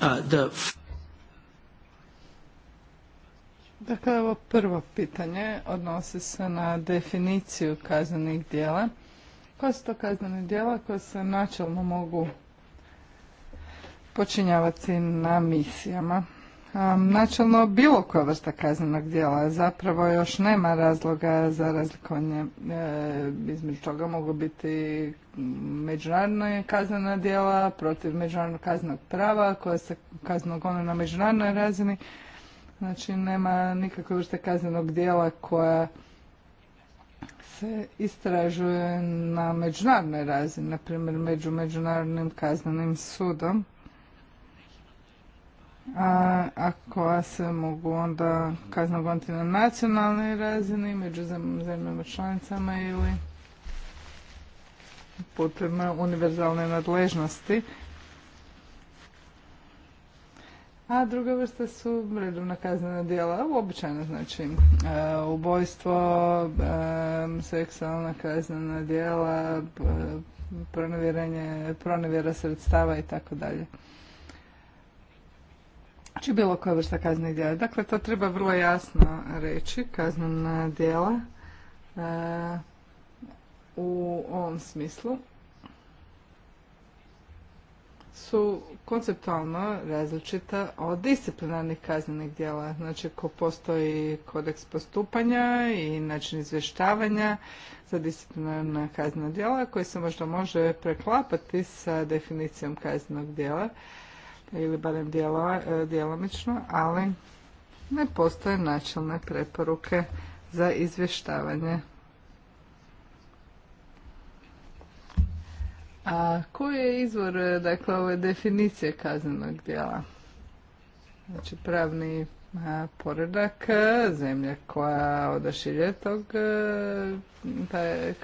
Uh, Dakle, ovo prvo pitanje odnosi se na definiciju kaznenih djela. Koja su to kaznene djela koja se načelno mogu počinjavati na misijama? Načelno bilo koja vrsta kaznenog dijela zapravo još nema razloga za razlikovanje. E, između toga mogu biti međunarodne kaznena djela protiv međunarodnog kaznenog prava koja se kazno ono na međunarodnoj razini Znači nema nikakve vrste kaznenog dijela koja se istražuje na međunarodnoj razini, na primjer među međunarodnim kaznenim sudom, a, a koja se mogu onda kaznogoniti na nacionalnoj razini, među zemljama članicama ili putem univerzalne nadležnosti a druga vrsta su redovna kaznena djela, uobičajeno. znači e, ubojstvo, e, seksualna kaznena djela, e, pronevjera sredstava i tako dalje. Znači bilo koja vrsta kaznenih djela. Dakle, to treba vrlo jasno reći, kaznena djela u ovom smislu su konceptualno različita od disciplinarnih kaznenih djela. Znači, ko postoji kodeks postupanja i način izvještavanja za disciplinarna kaznena djela koji se možda može preklapati sa definicijom kaznenog djela ili barem djela, e, djelomično, ali ne postoje načelne preporuke za izvještavanje A koji je izvor, e, dakle, ove definicije kaznenog djela? Znači, pravni e, poredak, e, zemlje koja odašilje tog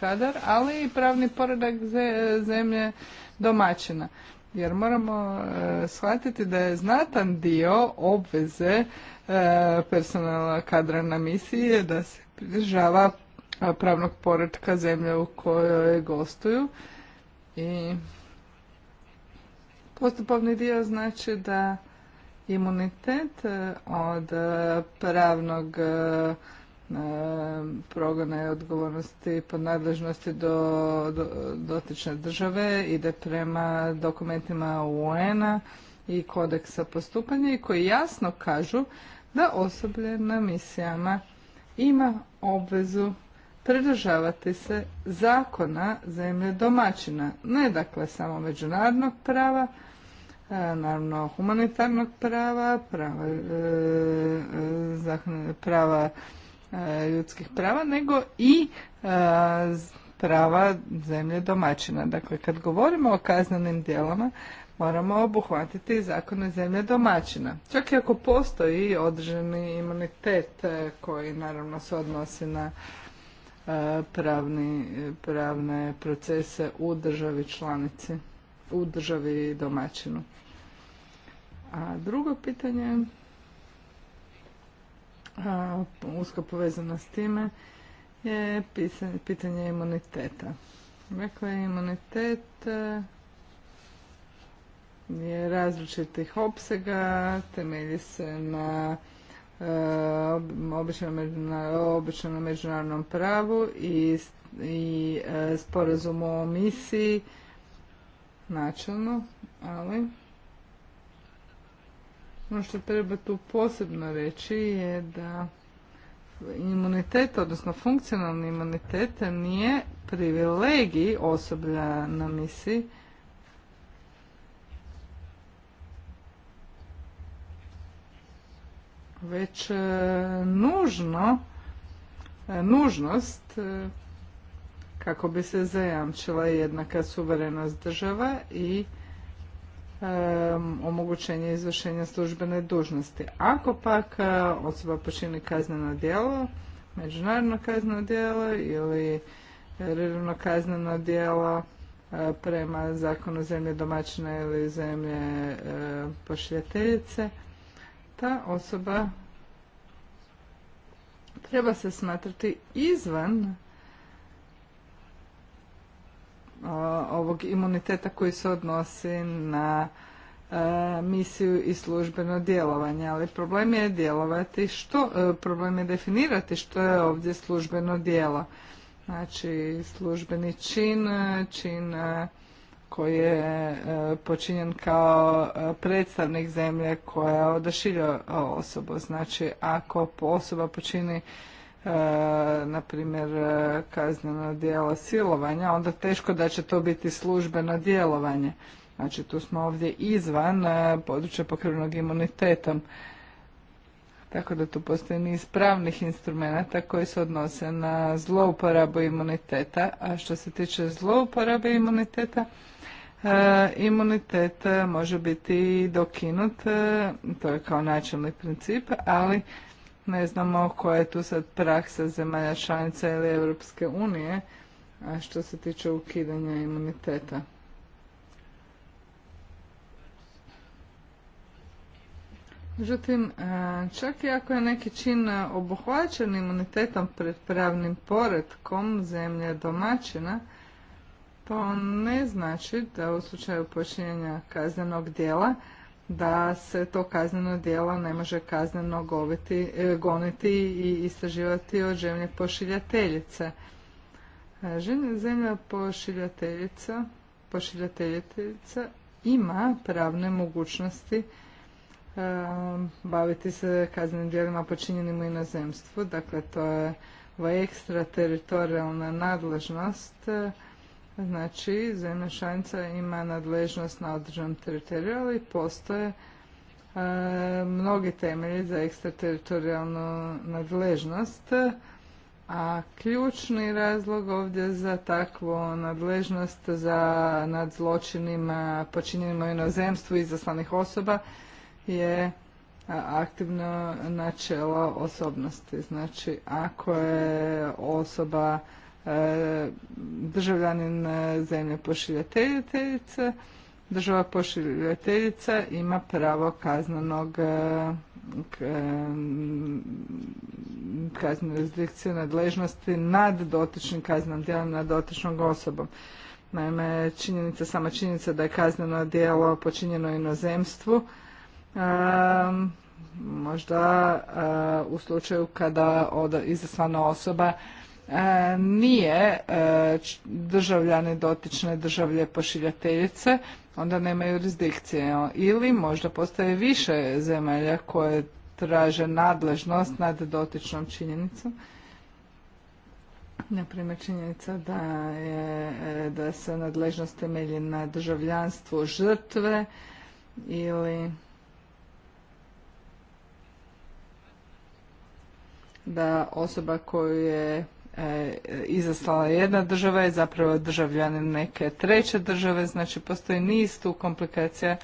kadar, ali i pravni poredak zemlje domaćina. Jer moramo shvatiti da je znatan dio obveze personala kadra na misiji da se pridržava pravnog poredka zemlje u kojoj gostuju, i postupovni dio znači da imunitet e, od e, pravnog e, progona i odgovornosti pod nadležnosti do, do dotične države ide prema dokumentima UN-a i kodeksa postupanja i koji jasno kažu da osoblje na misijama ima obvezu pridržavati se zakona zemlje domaćina, ne dakle samo međunarodnog prava, e, naravno humanitarnog prava, prava, e, e, prava ljudskih prava, nego i prava zemlje domaćina. Dakle, kad govorimo o kaznenim dijelama, moramo obuhvatiti zakone zemlje domaćina. Čak i ako postoji određeni imunitet koji naravno se odnosi na E, pravne procese u državi članici, u državi domaćinu. A drugo pitanje, e, usko povezano s time, je pitanje imuniteta. Dakle, imunitet e, je različitih opsega, temelji se na E, obično na međunarodnom pravu i, i e, o misiji načelno, ali ono što treba tu posebno reći je da imunitet, odnosno funkcionalni imunitet nije privilegij osoblja na misiji, već e, nužno, e, nužnost e, kako bi se zajamčila jednaka suverenost država i omogućenje izvršenja službene dužnosti. Ako pak osoba počini kazneno djelo, međunarodno kazneno djelo ili redovno kazneno djelo prema zakonu zemlje domaćine ili zemlje pošljateljice, ta osoba treba se smatrati izvan ovog imuniteta koji se odnosi na e, misiju i službeno djelovanje, ali problem je djelovati što, e, problem je definirati što je ovdje službeno djelo. Znači službeni čin, čin koji je e, počinjen kao e, predstavnik zemlje koja odašilja e, osobu. Znači, ako osoba počini na primjer kazneno djelo silovanja, onda teško da će to biti službeno djelovanje. Znači, tu smo ovdje izvan područja pokrivnog imunitetom. Tako da tu postoji niz pravnih instrumenta koji se odnose na zlouporabu imuniteta. A što se tiče zlouporabe imuniteta, E, imunitet e, može biti dokinut, e, to je kao načelni princip, ali ne znamo koja je tu sad praksa zemalja članica ili Europske unije što se tiče ukidanja imuniteta. Međutim, čak i ako je neki čin obuhvaćen imunitetom pred pravnim poredkom zemlje domaćina, to ne znači da u slučaju počinjenja kaznenog djela da se to kazneno djelo ne može kazneno goviti, e, goniti i istraživati od žemlje pošiljateljice. E, zemlja pošiljateljica, pošiljateljica ima pravne mogućnosti e, baviti se kaznenim djelima počinjenim u inozemstvu. Dakle, to je ova ekstra teritorijalna nadležnost Znači, zemlja članica ima nadležnost na određenom teritoriju, ali postoje e, mnogi temelji za ekstrateritorijalnu nadležnost, a ključni razlog ovdje za takvu nadležnost za nad zločinima počinjenima u inozemstvu izaslanih osoba je e, aktivno načelo osobnosti. Znači, ako je osoba državljanin e, zemlje pošiljateljice, država pošiljateljica ima pravo kaznenog e, e, kaznene jurisdikcije nadležnosti nad dotičnim kaznenom djelom, nad dotičnom osobom. Naime, činjenica, sama činjenica da je kazneno djelo počinjeno inozemstvu, možda u slučaju kada izaslana osoba E, nije e, državljane dotične državlje pošiljateljice, onda nema jurisdikcije. Ili možda postoje više zemalja koje traže nadležnost nad dotičnom činjenicom. Naprimjer, činjenica da, je, e, da se nadležnost temelji na državljanstvu žrtve ili da osoba koju je izaslala jedna država je zapravo državljanin neke treće države, znači postoji niz tu komplikacija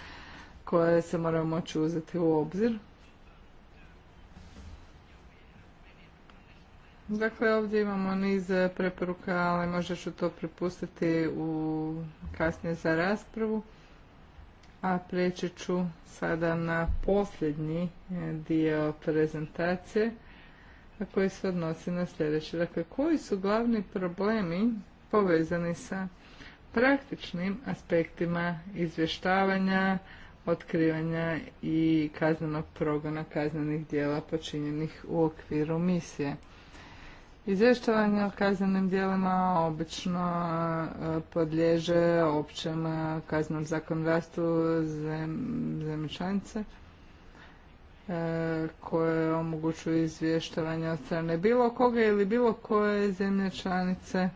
koje se moramo moći uzeti u obzir. Dakle, ovdje imamo niz preporuka, ali možda ću to prepustiti u kasnije za raspravu. A prijeći ću sada na posljednji dio prezentacije a koji se odnosi na sljedeće. Dakle, koji su glavni problemi povezani sa praktičnim aspektima izvještavanja, otkrivanja i kaznenog progona kaznenih dijela počinjenih u okviru misije. Izvještavanje o kaznenim djelima obično e, podliježe općem e, kaznenom zakonodavstvu zemlje članice, E, koje omogućuju izvještavanje od strane bilo koga ili bilo koje zemlje članice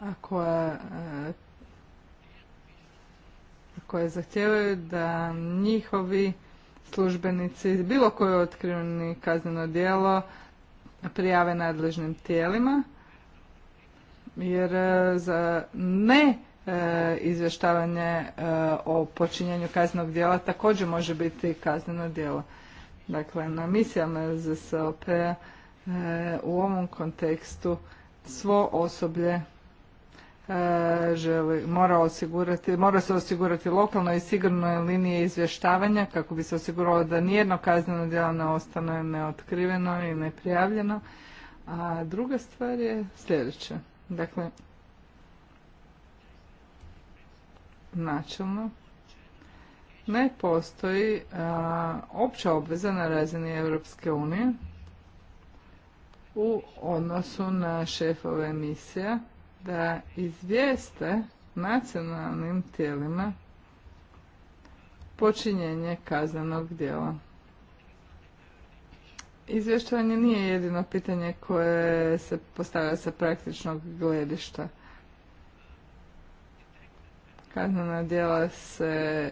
a koja e, koje zahtijevaju da njihovi službenici bilo koje otkriveni kazneno djelo prijave nadležnim tijelima jer e, za ne E, izvještavanje e, o počinjenju kaznenog djela također može biti kazneno djelo. Dakle, na misijama ZSOP e, u ovom kontekstu svo osoblje želi, mora osigurati, mora se osigurati lokalno i sigurno linije izvještavanja kako bi se osiguralo da nijedno kazneno djelo ne ostane neotkriveno i neprijavljeno. A druga stvar je sljedeća. Dakle, načelno ne postoji opća obveza na razini Europske unije u odnosu na šefove emisija da izvijeste nacionalnim tijelima počinjenje kaznenog djela. Izvještavanje nije jedino pitanje koje se postavlja sa praktičnog gledišta kaznena djela se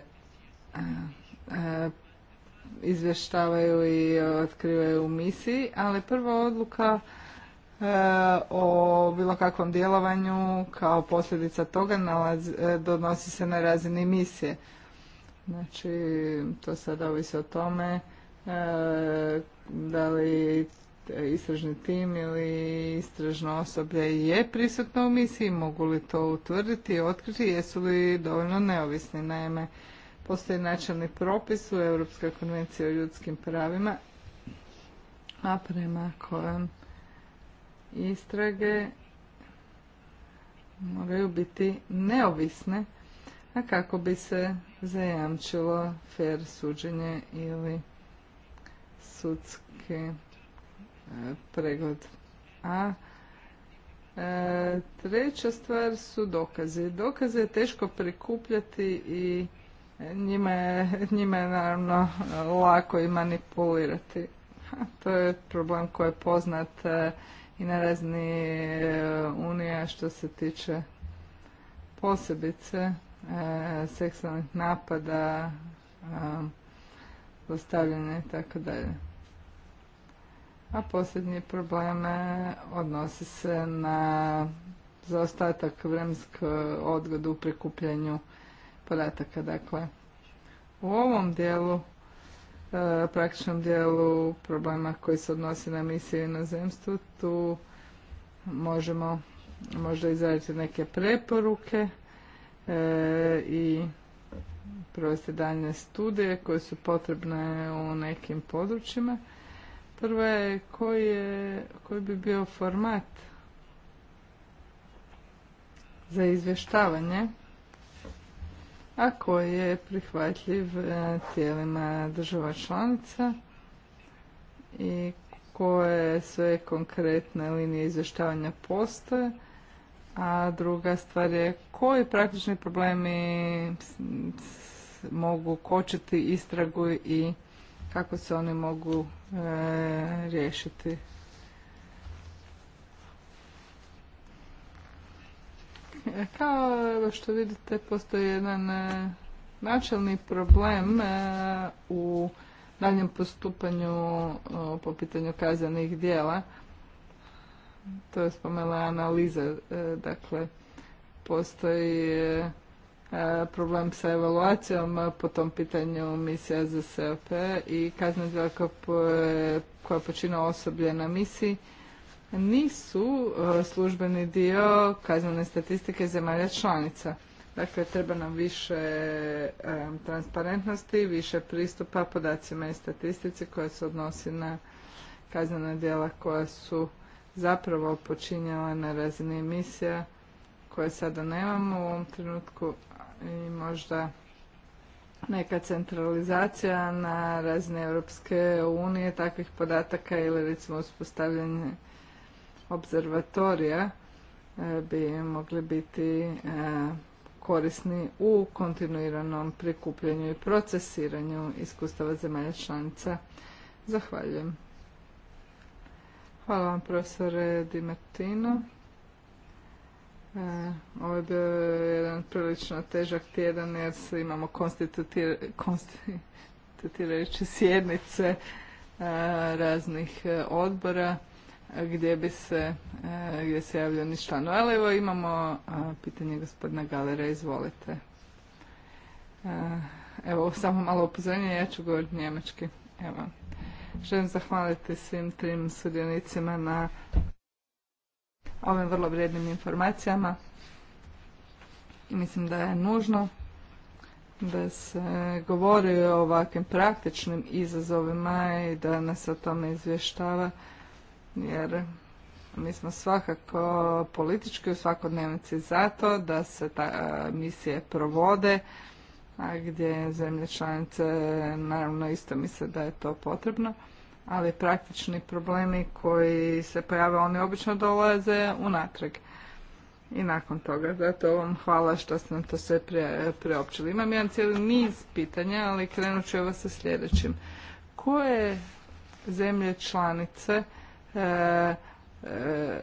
izvještavaju i otkrivaju u misiji, ali prva odluka e, o bilo kakvom djelovanju kao posljedica toga e, donosi se na razini misije. Znači, to sada ovisi o tome e, da li istražni tim ili istražno osoblje je prisutno u misiji, mogu li to utvrditi i otkriti, jesu li dovoljno neovisni. Naime, postoji načelni propis u Europskoj konvenciji o ljudskim pravima, a prema kojem istrage moraju biti neovisne, a kako bi se zajamčilo fair suđenje ili sudske pregled. A e, treća stvar su dokaze. Dokaze je teško prikupljati i njima je, je naravno lako i manipulirati. to je problem koji je poznat e, i na razni e, unija što se tiče posebice seksualnih napada, e, i tako dalje a posljednji problem odnosi se na zaostatak vremenskog odgodu u prikupljanju podataka. Dakle, u ovom dijelu, e, praktičnom dijelu problema koji se odnosi na misije u inozemstvu, tu možemo možda izraditi neke preporuke e, i provesti dalje studije koje su potrebne u nekim područjima. Prva je koji, je koji bi bio format za izvještavanje, a koji je prihvatljiv e, tijelima država članica i koje sve konkretne linije izvještavanja postoje, a druga stvar je koji praktični problemi mogu kočiti istragu i kako se oni mogu e, riješiti. E, kao što vidite, postoji jedan e, načelni problem e, u daljem postupanju po pitanju kazanih dijela. To je spomenula analiza. E, dakle, postoji E, problem sa evaluacijom po tom pitanju misija za SOP i kazne djela koja počina osoblje na misiji nisu e, službeni dio kaznene statistike zemalja članica. Dakle, treba nam više e, transparentnosti, više pristupa podacima i statistici koja se odnosi na kaznena djela koja su zapravo počinjala na razini emisija koje sada nemamo u ovom trenutku i možda neka centralizacija na razine Europske unije takvih podataka ili recimo uspostavljanje observatorija e, bi mogli biti e, korisni u kontinuiranom prikupljanju i procesiranju iskustava zemalja članica. Zahvaljujem. Hvala vam profesore Dimartino. Eh, ovo je jedan prilično težak tjedan jer imamo konstitutirajuće sjednice eh, raznih eh, odbora gdje bi se, gdje se javljaju ni Ali evo imamo pitanje gospodina Galera, izvolite. Evo, samo malo upozorenje, ja ću govoriti njemački. Evo. Želim zahvaliti svim trim sudionicima na ovim vrlo vrijednim informacijama. I mislim da je nužno da se govori o ovakvim praktičnim izazovima i da nas o tome izvještava, jer mi smo svakako politički u svakodnevnici zato da se ta misije provode, a gdje zemlje članice naravno isto misle da je to potrebno ali praktični problemi koji se pojave, oni obično dolaze unatrag i nakon toga. Zato vam hvala što ste nam to sve preopćili. Imam jedan cijeli niz pitanja, ali krenut ću evo sa sljedećim. Koje zemlje članice e, e,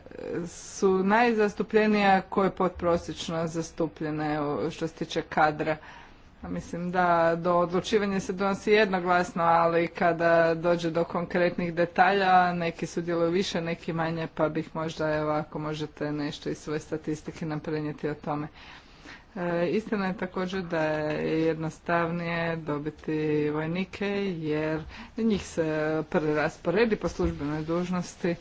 su najzastupljenija koje potprosječno zastupljene što se tiče kadra Mislim da do odlučivanja se donosi jednoglasno, ali kada dođe do konkretnih detalja, neki sudjeluju više, neki manje, pa bih možda, evo, ako možete nešto iz svoje statistike nam o tome. E, istina je također da je jednostavnije dobiti vojnike, jer njih se rasporedi po službenoj dužnosti e,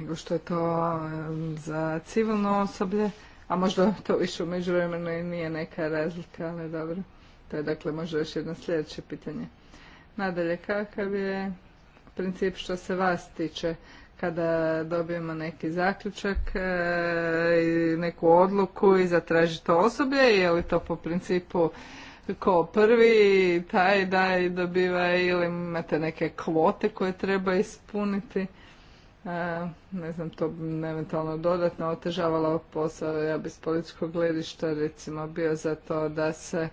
nego što je to e, za civilno osoblje a možda to više u međuvremenu i nije neka razlika, ali dobro. To je dakle možda još jedno sljedeće pitanje. Nadalje, kakav je princip što se vas tiče kada dobijemo neki zaključak e, i neku odluku i zatražite to osoblje, je li to po principu ko prvi, taj daj dobiva ili imate neke kvote koje treba ispuniti? E, ne znam, to eventualno dodatno otežavalo posao. Ja bi s političkog gledišta recimo bio za to da se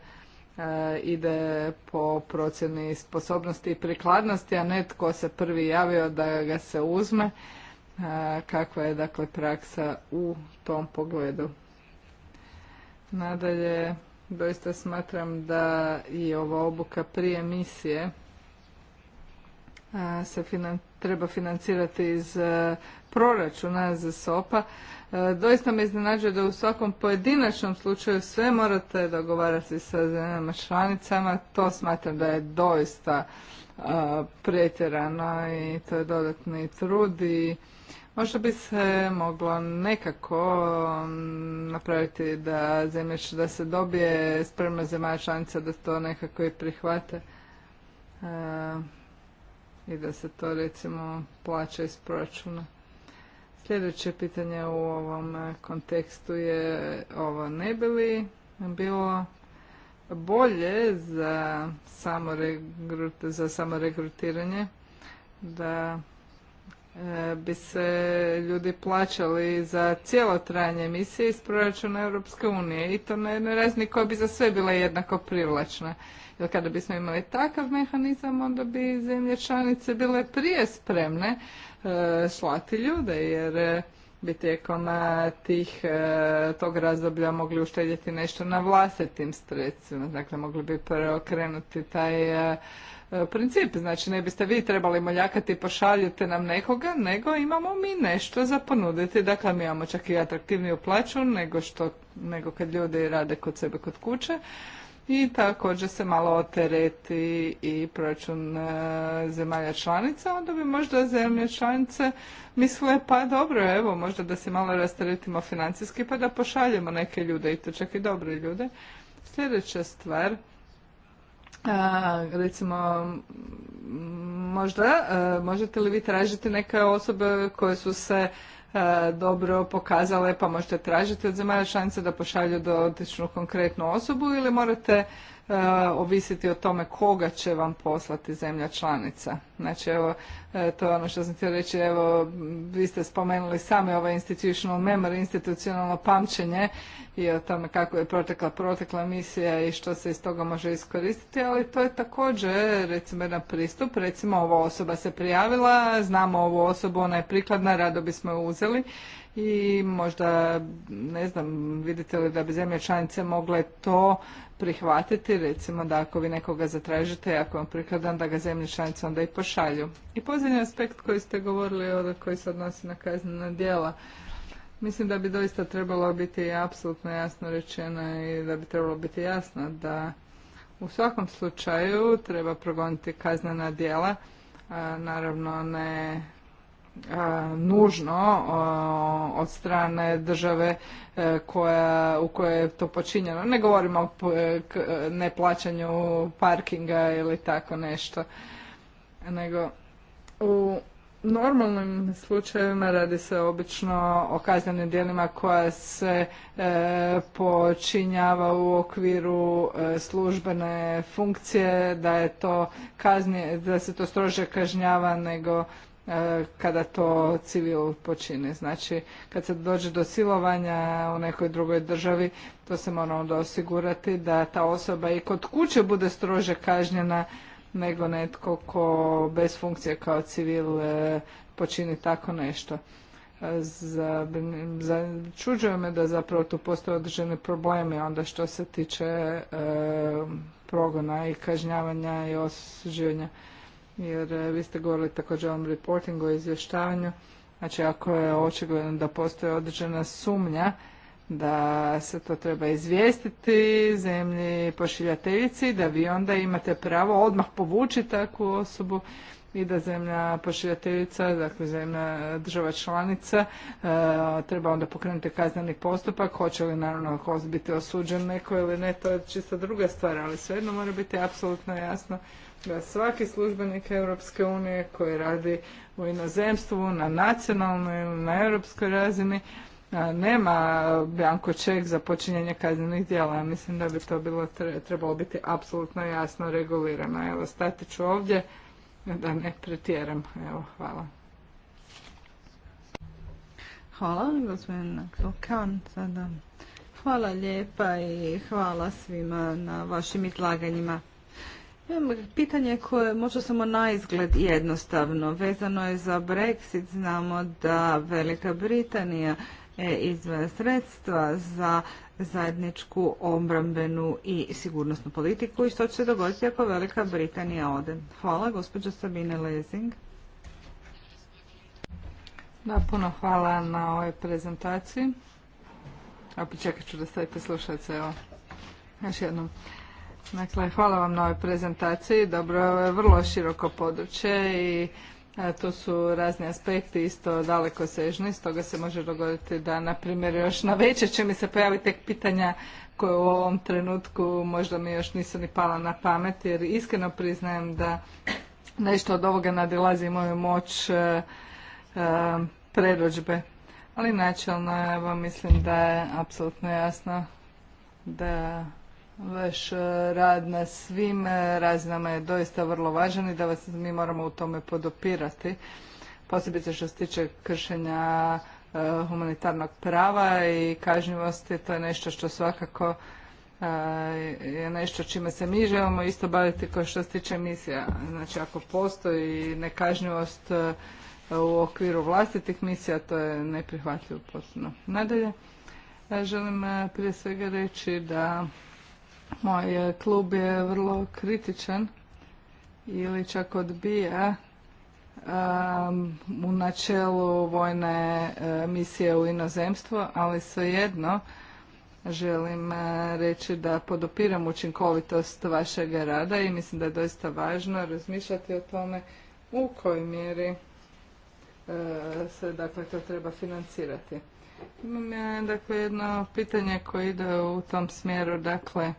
e, ide po procjeni sposobnosti i prikladnosti, a ne tko se prvi javio da ga se uzme. E, kakva je dakle praksa u tom pogledu. Nadalje, doista smatram da i ova obuka prije misije se financira treba financirati iz e, proračuna za SOPA. E, doista me iznenađuje da u svakom pojedinačnom slučaju sve morate dogovarati sa zemljama članicama. To smatram da je doista e, pretjerano i to je dodatni trud i možda bi se moglo nekako napraviti da zemlje, da se dobije spremna zemalja članica da to nekako i prihvate i da se to recimo plaća iz proračuna. Sljedeće pitanje u ovom e, kontekstu je ovo ne bi li bilo bolje za, za samoregrutiranje da e, bi se ljudi plaćali za cijelo trajanje emisije iz proračuna Europske unije i to na jednoj razini koja bi za sve bila jednako privlačna. Jer kada bismo imali takav mehanizam, onda bi zemlje članice bile prije spremne e, slati ljude, jer e, bi tijekom e, tih, tog razdoblja mogli uštedjeti nešto na vlastitim sredstvima. Dakle, mogli bi preokrenuti taj princip. Znači, ne biste vi trebali moljakati pošaljite nam nekoga, nego imamo mi nešto za ponuditi. Dakle, mi imamo čak i atraktivniju plaću nego, što, nego kad ljudi rade kod sebe kod kuće i također se malo otereti i proračun e, zemalja članica, onda bi možda zemlje članice misle pa dobro, evo možda da se malo rasteretimo financijski pa da pošaljemo neke ljude i to čak i dobre ljude. Sljedeća stvar, a, e, recimo, možda, a, e, možete li vi tražiti neke osobe koje su se E, dobro pokazale pa možete tražiti od zemalja članica da pošalju dotičnu konkretnu osobu ili morate E, ovisiti o tome koga će vam poslati zemlja članica. Znači evo, e, to je ono što sam htio reći, evo, vi ste spomenuli sami ovaj institutional memory, institucionalno pamćenje i o tome kako je protekla protekla misija i što se iz toga može iskoristiti, ali to je također recimo jedan pristup, recimo ova osoba se prijavila, znamo ovu osobu, ona je prikladna, rado bismo ju uzeli i možda ne znam vidite li da bi zemlje članice mogle to prihvatiti, recimo da ako vi nekoga zatražite, ako vam prikladan da ga zemlje članice onda i pošalju. I posljednji aspekt koji ste govorili koji se odnosi na kaznena djela, mislim da bi doista trebalo biti apsolutno jasno rečeno i da bi trebalo biti jasno da u svakom slučaju treba progoniti kaznena djela, naravno ne nužno od strane države e, koja, u kojoj je to počinjeno. Ne govorimo o neplaćanju parkinga ili tako nešto, nego u normalnim slučajevima radi se obično o kaznenim djelima koja se e, počinjava u okviru e, službene funkcije da je to kazni, da se to strože kažnjava nego E, kada to civil počini. Znači, kad se dođe do silovanja u nekoj drugoj državi, to se mora onda osigurati da ta osoba i kod kuće bude strože kažnjena nego netko ko bez funkcije kao civil e, počini tako nešto. E, čuđuje me da zapravo tu postoje određeni problemi onda što se tiče progona i kažnjavanja i osuđivanja jer e, vi ste govorili također o reportingu i izvještavanju. Znači ako je očigledno da postoje određena sumnja da se to treba izvijestiti zemlji pošiljateljici, da vi onda imate pravo odmah povući takvu osobu i da zemlja pošiljateljica, dakle zemlja država članica, e, treba onda pokrenuti kazneni postupak, hoće li naravno biti osuđen neko ili ne, to je čista druga stvar, ali svejedno mora biti apsolutno jasno da svaki službenik Europske unije koji radi u inozemstvu na nacionalnoj ili na europskoj razini nema bjanko ček za počinjenje kaznenih djela. Mislim da bi to bilo trebalo biti apsolutno jasno regulirano. Evo, stati ću ovdje da ne pretjeram. Evo, hvala. Hvala, gospodin Hvala lijepa i hvala svima na vašim izlaganjima. Imam pitanje koje možda samo na izgled jednostavno. Vezano je za Brexit. Znamo da Velika Britanija e, izvaja sredstva za zajedničku obrambenu i sigurnosnu politiku i što će se dogoditi ako Velika Britanija ode. Hvala, gospođa Sabine Lezing. Da, puno hvala na ovoj prezentaciji. A čekat ću da stavite slušajce, evo, još jednom. Dakle, hvala vam na ovoj prezentaciji. Dobro, ovo je vrlo široko područje i tu su razni aspekti isto daleko sežni, stoga se može dogoditi da, na primjer, još na večer će mi se pojaviti tek pitanja koje u ovom trenutku možda mi još nisu ni pala na pamet, jer iskreno priznajem da nešto od ovoga nadilazi moju moć e, e predođbe. Ali načelno, evo, mislim da je apsolutno jasno da Vaš e, rad na svim e, razinama je doista vrlo važan i da vas mi moramo u tome podopirati. Posebice što se tiče kršenja e, humanitarnog prava i kažnjivosti, to je nešto što svakako je nešto čime se mi želimo isto baviti kao što se tiče misija. Znači ako postoji nekažnjivost u okviru vlastitih misija, to je neprihvatljivo potpuno. Nadalje, želim prije svega reći da moj e, klub je vrlo kritičan ili čak odbija e, u načelu vojne e, misije u inozemstvo, ali svejedno želim reći da podopiram učinkovitost vašeg rada i mislim da je doista važno razmišljati o tome u kojoj mjeri se dakle to treba financirati. Imam dakle jedno pitanje koje ide u tom smjeru, dakle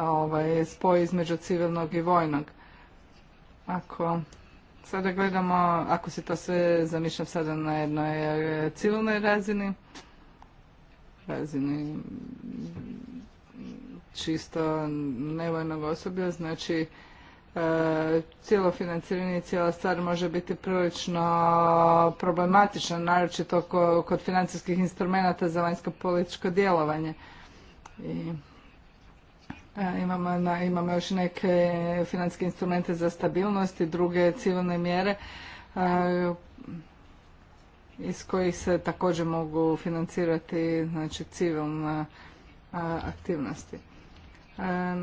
ovaj, spoj između civilnog i vojnog. Ako sada gledamo, ako se to sve zamišljam sada na jednoj e, civilnoj razini, razini čisto nevojnog osoblja, znači e, cijelo financiranje i cijela stvar može biti prilično problematična, naročito kod financijskih instrumenata za vanjsko političko djelovanje. I E, imamo, još neke financijske instrumente za stabilnost i druge civilne mjere e, iz kojih se također mogu financirati znači, civilne e, aktivnosti.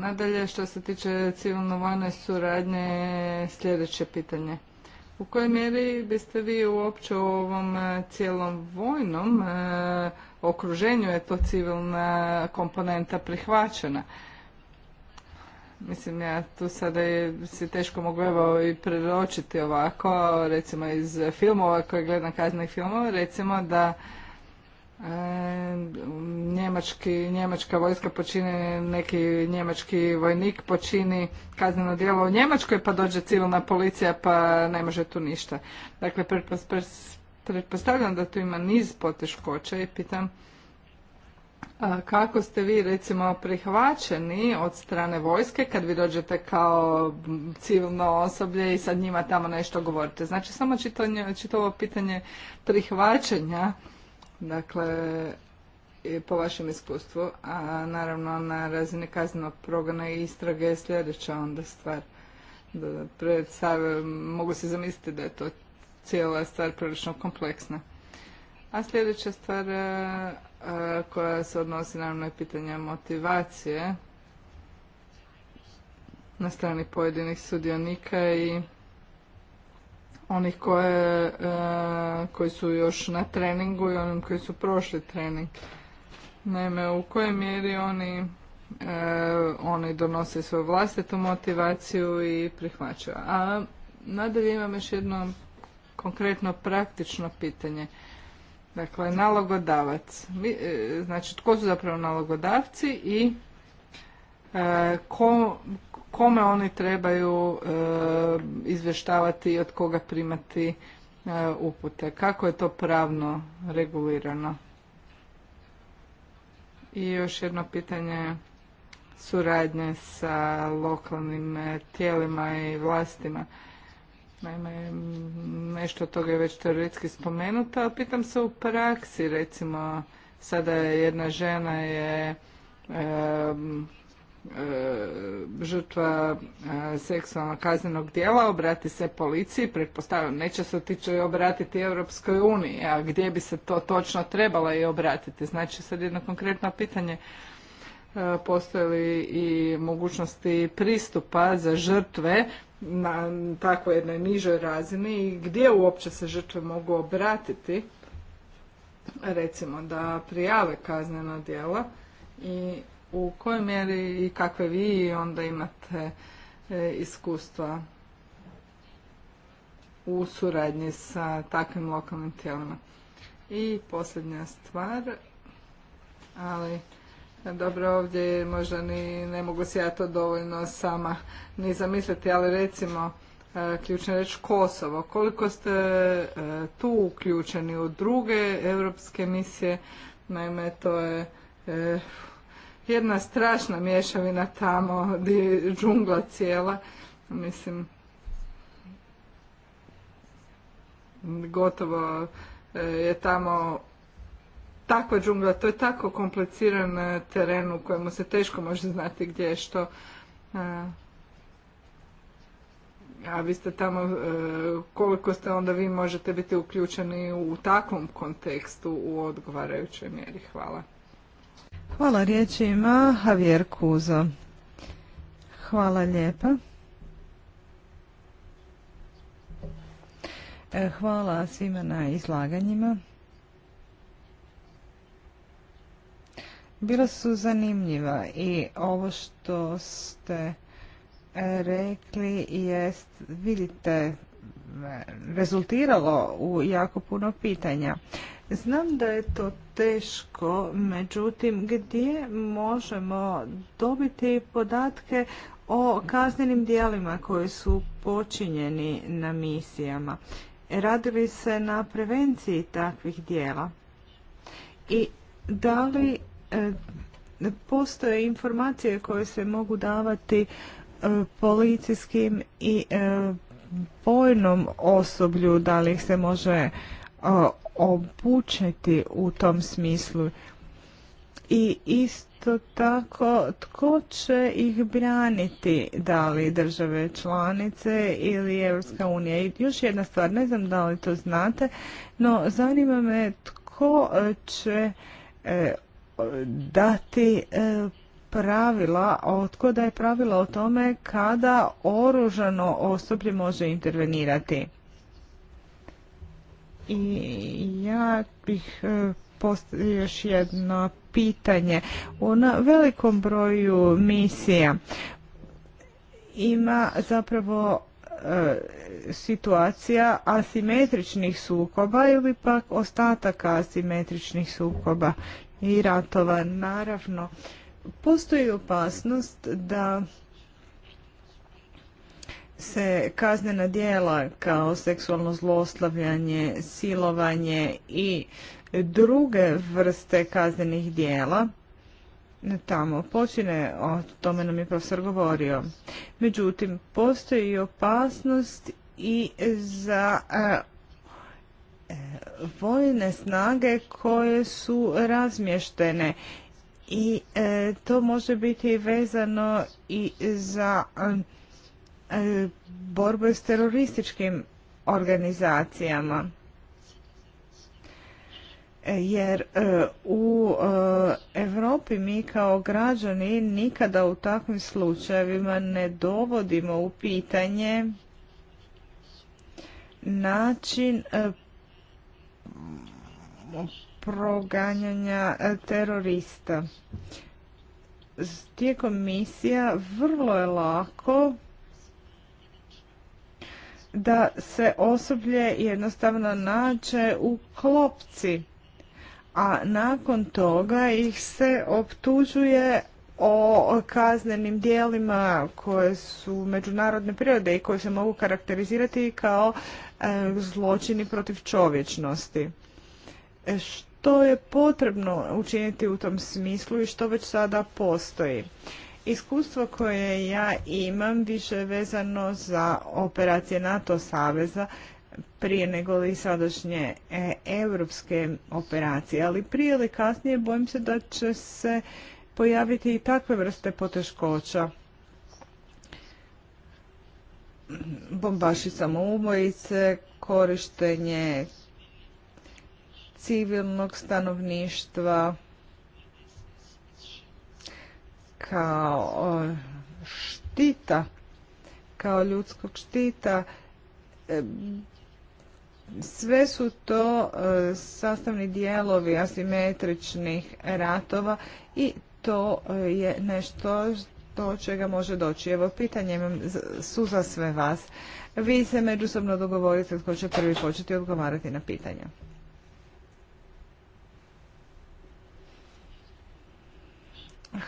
nadalje, što se tiče civilno-vojne suradnje, sljedeće pitanje. U kojoj mjeri biste vi uopće u ovom cijelom vojnom okruženju je to civilna komponenta prihvaćena? Mislim, ja tu sada si teško mogu evo i preročiti ovako, recimo iz filmova koje gledam kaznih filmova, recimo da njemački, njemačka vojska počini, neki njemački vojnik počini kazneno djelo u Njemačkoj pa dođe civilna policija pa ne može tu ništa. Dakle, pretpostavljam da tu ima niz poteškoća i pitam kako ste vi recimo prihvaćeni od strane vojske kad vi dođete kao civilno osoblje i sad njima tamo nešto govorite? Znači samo čitanje, ovo pitanje prihvaćanja, dakle po vašem iskustvu, a naravno na razini kaznenog progona i istrage je sljedeća onda stvar. Da mogu se zamisliti da je to cijela stvar prilično kompleksna. A sljedeća stvar koja se odnosi naravno na pitanje motivacije na strani pojedinih sudionika i onih koje, e, koji su još na treningu i onim koji su prošli trening. Naime, u kojoj mjeri oni, e, oni donose svoju vlastitu motivaciju i prihvaćaju. A nadalje imam još jedno konkretno praktično pitanje. Dakle, nalogodavac. E, znači, tko su zapravo nalogodavci i e, kome oni trebaju e, izvještavati i od koga primati upute. Kako je to pravno regulirano? I još jedno pitanje suradnje sa lokalnim tijelima i vlastima. Naime, nešto od toga je već teoretski spomenuto, a pitam se u praksi, recimo, sada je jedna žena je eh, žrtva eh, seksualnog kaznenog dijela, obrati se policiji, pretpostavljam, neće se otići obratiti Europskoj uniji, a gdje bi se to točno trebala i obratiti? Znači, sad jedno konkretno pitanje, eh, postoje li i mogućnosti pristupa za žrtve na takvoj jednoj nižoj razini i gdje uopće se žrtve mogu obratiti, recimo da prijave kaznena djela i u kojoj mjeri i kakve vi onda imate e, iskustva u suradnji sa takvim lokalnim tijelima. I posljednja stvar, ali dobro, ovdje možda ni ne mogu se ja to dovoljno sama ni zamisliti, ali recimo e, ključna reč Kosovo. Koliko ste e, tu uključeni u druge europske misije? Naime, to je e, jedna strašna mješavina tamo, džungla cijela. Mislim, gotovo je tamo takva džungla, to je tako kompliciran e, teren u kojemu se teško može znati gdje je što. E, a vi ste tamo, e, koliko ste onda vi možete biti uključeni u takvom kontekstu u odgovarajućoj mjeri. Hvala. Hvala riječ ima Javier Kuzo. Hvala lijepa. Hvala svima na izlaganjima. bila su zanimljiva i ovo što ste e, rekli jest, vidite, rezultiralo u jako puno pitanja. Znam da je to teško, međutim, gdje možemo dobiti podatke o kaznenim dijelima koji su počinjeni na misijama? Radili se na prevenciji takvih dijela? I da li E, postoje informacije koje se mogu davati e, policijskim i e, vojnom osoblju, da li ih se može obučiti u tom smislu. I isto tako, tko će ih braniti, da li države članice ili Evropska unija? I još jedna stvar, ne znam da li to znate, no zanima me tko će dati e, pravila, otkoda je pravila o tome kada oružano osoblje može intervenirati. I ja bih e, postavio još jedno pitanje. U velikom broju misija ima zapravo e, situacija asimetričnih sukoba ili pak ostataka asimetričnih sukoba i ratova. Naravno, postoji opasnost da se kaznena djela kao seksualno zlostavljanje, silovanje i druge vrste kaznenih djela tamo počine, o tome nam je profesor govorio. Međutim, postoji opasnost i za vojne snage koje su razmještene i e, to može biti vezano i za e, s terorističkim organizacijama e, jer e, u Europi mi kao građani nikada u takvim slučajevima ne dovodimo u pitanje način proganjanja e, terorista. Tijekom misija vrlo je lako da se osoblje jednostavno nađe u klopci, a nakon toga ih se optužuje o kaznenim dijelima koje su međunarodne prirode i koje se mogu karakterizirati kao e, zločini protiv čovječnosti. E, što je potrebno učiniti u tom smislu i što već sada postoji? Iskustvo koje ja imam više je vezano za operacije NATO saveza prije nego li sadašnje europske operacije, ali prije ili kasnije bojim se da će se pojaviti i takve vrste poteškoća. Bombaši samoubojice, korištenje civilnog stanovništva kao e, štita, kao ljudskog štita, e, sve su to e, sastavni dijelovi asimetričnih ratova i to e, je nešto do čega može doći. Evo, pitanje imam su za sve vas. Vi se međusobno dogovorite tko će prvi početi odgovarati na pitanja.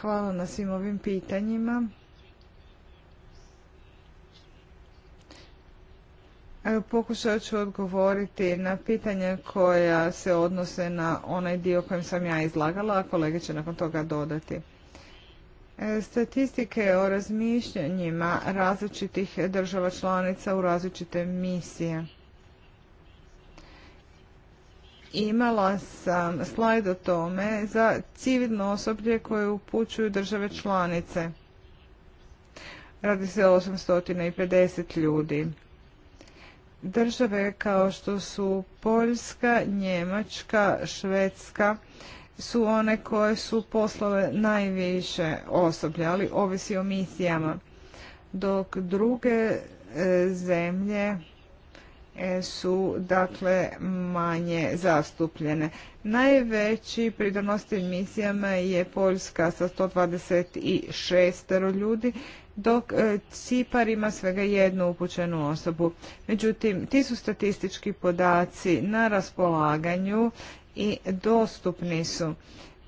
Hvala na svim ovim pitanjima. Pokušat ću odgovoriti na pitanja koja se odnose na onaj dio kojem sam ja izlagala, a kolege će nakon toga dodati. E, statistike o razmišljanjima različitih država članica u različite misije. Imala sam slajd o tome za civilno osoblje koje upućuju države članice. Radi se o 850 ljudi. Države kao što su Poljska, Njemačka, Švedska su one koje su poslove najviše osoblja, ali ovisi o misijama. Dok druge e, zemlje e, su dakle manje zastupljene. Najveći pridonositelj misijama je Poljska sa 126 ljudi, dok e, Cipar ima svega jednu upućenu osobu. Međutim, ti su statistički podaci na raspolaganju i dostupni su,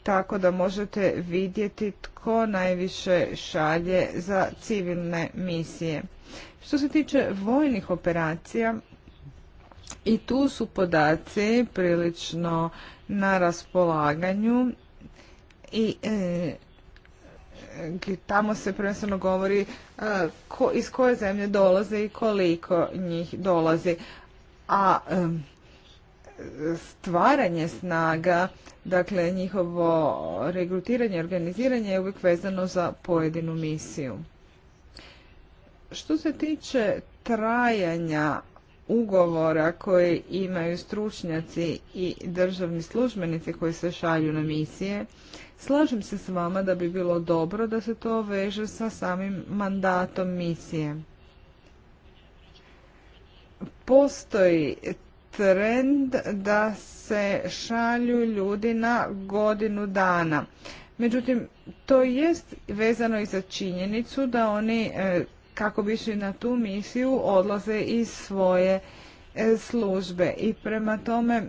tako da možete vidjeti tko najviše šalje za civilne misije. Što se tiče vojnih operacija, i tu su podaci prilično na raspolaganju i e, tamo se prvenstveno govori e, iz koje zemlje dolaze i koliko njih dolazi. A stvaranje snaga, dakle njihovo regrutiranje i organiziranje je uvijek vezano za pojedinu misiju. Što se tiče trajanja ugovora koje imaju stručnjaci i državni službenici koji se šalju na misije, Slažem se s vama da bi bilo dobro da se to veže sa samim mandatom misije. Postoji trend da se šalju ljudi na godinu dana. Međutim, to jest vezano i za činjenicu da oni e, kako bi išli na tu misiju odlaze iz svoje e, službe i prema tome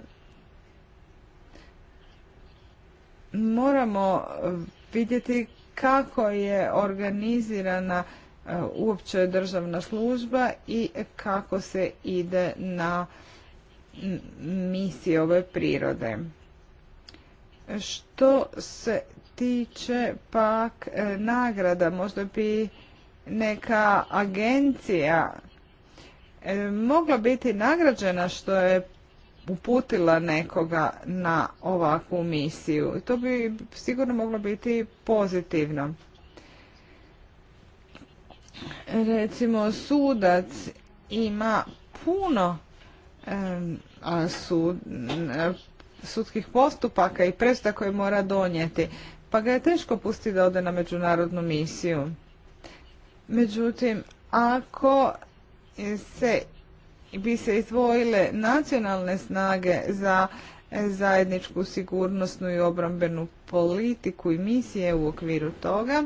moramo e, vidjeti kako je organizirana e, uopće državna služba i kako se ide na misije ove prirode. Što se tiče pak e, nagrada, možda bi neka agencija mogla biti nagrađena što je uputila nekoga na ovakvu misiju. to bi sigurno moglo biti pozitivno. Recimo, sudac ima puno e, sudskih postupaka i presta koje mora donijeti, pa ga je teško pustiti da ode na međunarodnu misiju. Međutim, ako se bi se izdvojile nacionalne snage za e, zajedničku sigurnosnu i obrambenu politiku i misije u okviru toga,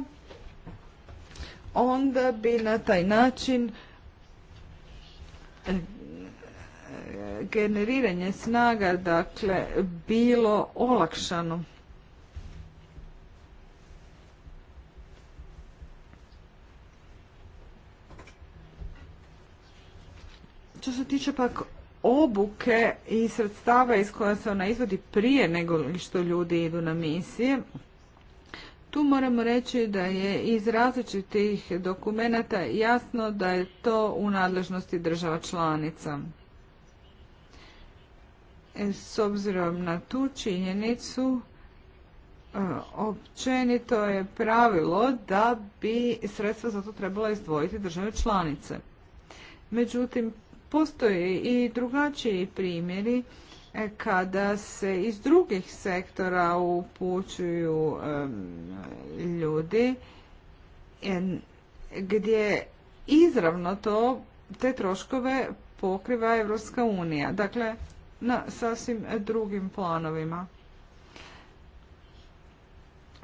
onda bi na taj način e, generiranje snaga dakle bilo olakšano. Što se tiče pak obuke i sredstava iz koja se ona izvodi prije nego što ljudi idu na misije, tu moramo reći da je iz različitih dokumenata jasno da je to u nadležnosti država članica. E, s obzirom na tu činjenicu, e, općenito je pravilo da bi sredstva za to trebala izdvojiti države članice. Međutim, Postoje i drugačiji primjeri e, kada se iz drugih sektora upućuju ljudi gdje izravno to te troškove pokriva Europska unija. Dakle, na sasvim drugim planovima.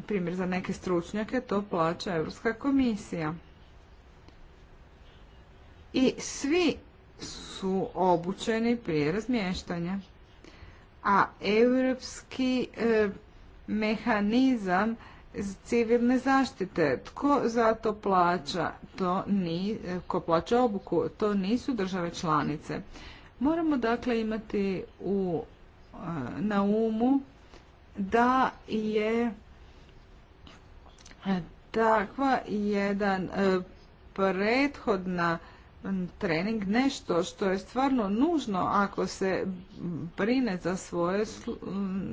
Primjer za neke stručnjake to plaća Europska komisija. I svi su obučeni prije razmještanja. A europski e, mehanizam civilne zaštite, tko za to plaća, to ni, e, ko plaća obuku, to nisu države članice. Moramo dakle imati u, e, na umu da je takva jedan prethodna trening nešto što je stvarno nužno ako se brine za svoje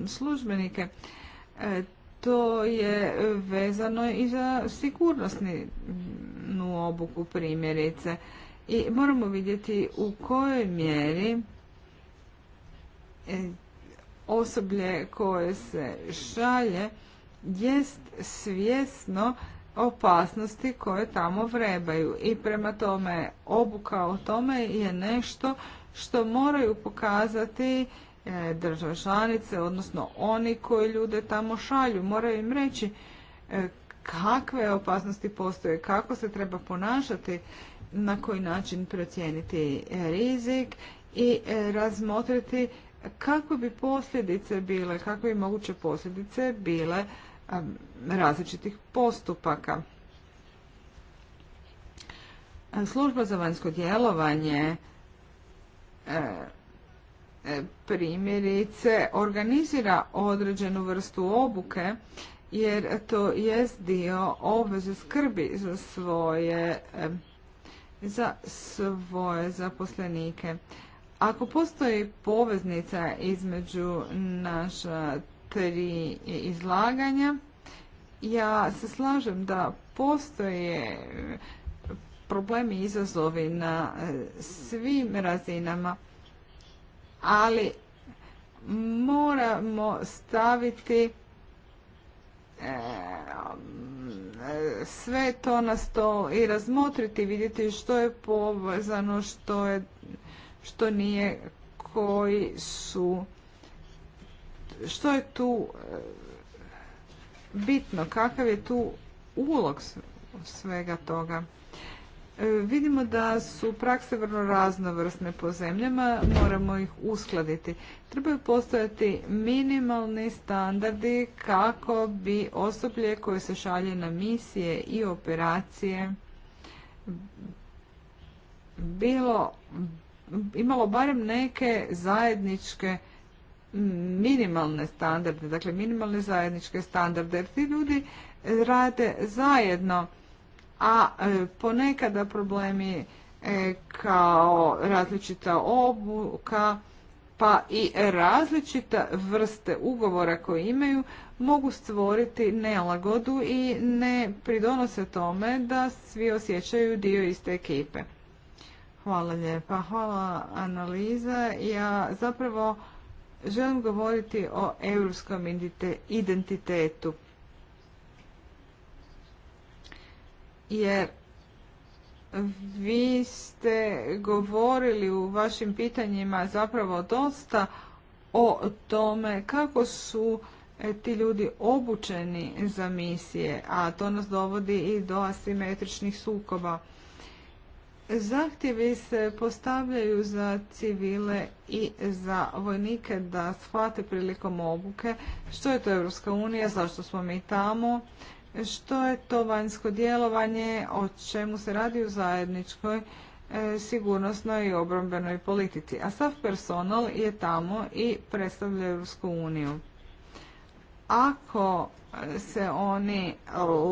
službenike. E, to je vezano i za sigurnosnu obuku primjerice. I moramo vidjeti u kojoj mjeri e, osoblje koje se šalje jest svjesno opasnosti koje tamo vrebaju i prema tome obuka o tome je nešto što moraju pokazati e, države članice, odnosno oni koji ljude tamo šalju, moraju im reći e, kakve opasnosti postoje, kako se treba ponašati, na koji način procijeniti e, rizik i razmotriti kakve bi posljedice bile, kakve bi moguće posljedice bile različitih postupaka. Služba za vanjsko djelovanje e, e, primjerice organizira određenu vrstu obuke jer to jest dio obveze skrbi za svoje e, za svoje zaposlenike. Ako postoji poveznica između naša tri izlaganja. Ja se slažem da postoje problemi i izazovi na e, svim razinama, ali moramo staviti e, sve to na sto i razmotriti, vidjeti što je povezano, što, što nije, koji su što je tu e, bitno, kakav je tu ulog svega toga. E, vidimo da su prakse vrlo raznovrsne po zemljama, moramo ih uskladiti. Trebaju postojati minimalni standardi kako bi osoblje koje se šalje na misije i operacije bilo imalo barem neke zajedničke minimalne standarde, dakle minimalne zajedničke standarde, jer ti ljudi e, rade zajedno, a e, ponekada problemi e, kao različita obuka, pa i različite vrste ugovora koje imaju mogu stvoriti nelagodu i ne pridonose tome da svi osjećaju dio iste ekipe. Hvala lijepa. Hvala analiza. Ja zapravo Želim govoriti o europskom identitetu. Jer vi ste govorili u vašim pitanjima zapravo dosta o tome kako su e, ti ljudi obučeni za misije, a to nas dovodi i do asimetričnih sukoba. Zahtjevi se postavljaju za civile i za vojnike da shvate prilikom obuke što je to Europska unija, zašto smo mi tamo, što je to vanjsko djelovanje, o čemu se radi u zajedničkoj e, sigurnosnoj i obrambenoj politici. A sav personal je tamo i predstavlja Europsku uniju. Ako se oni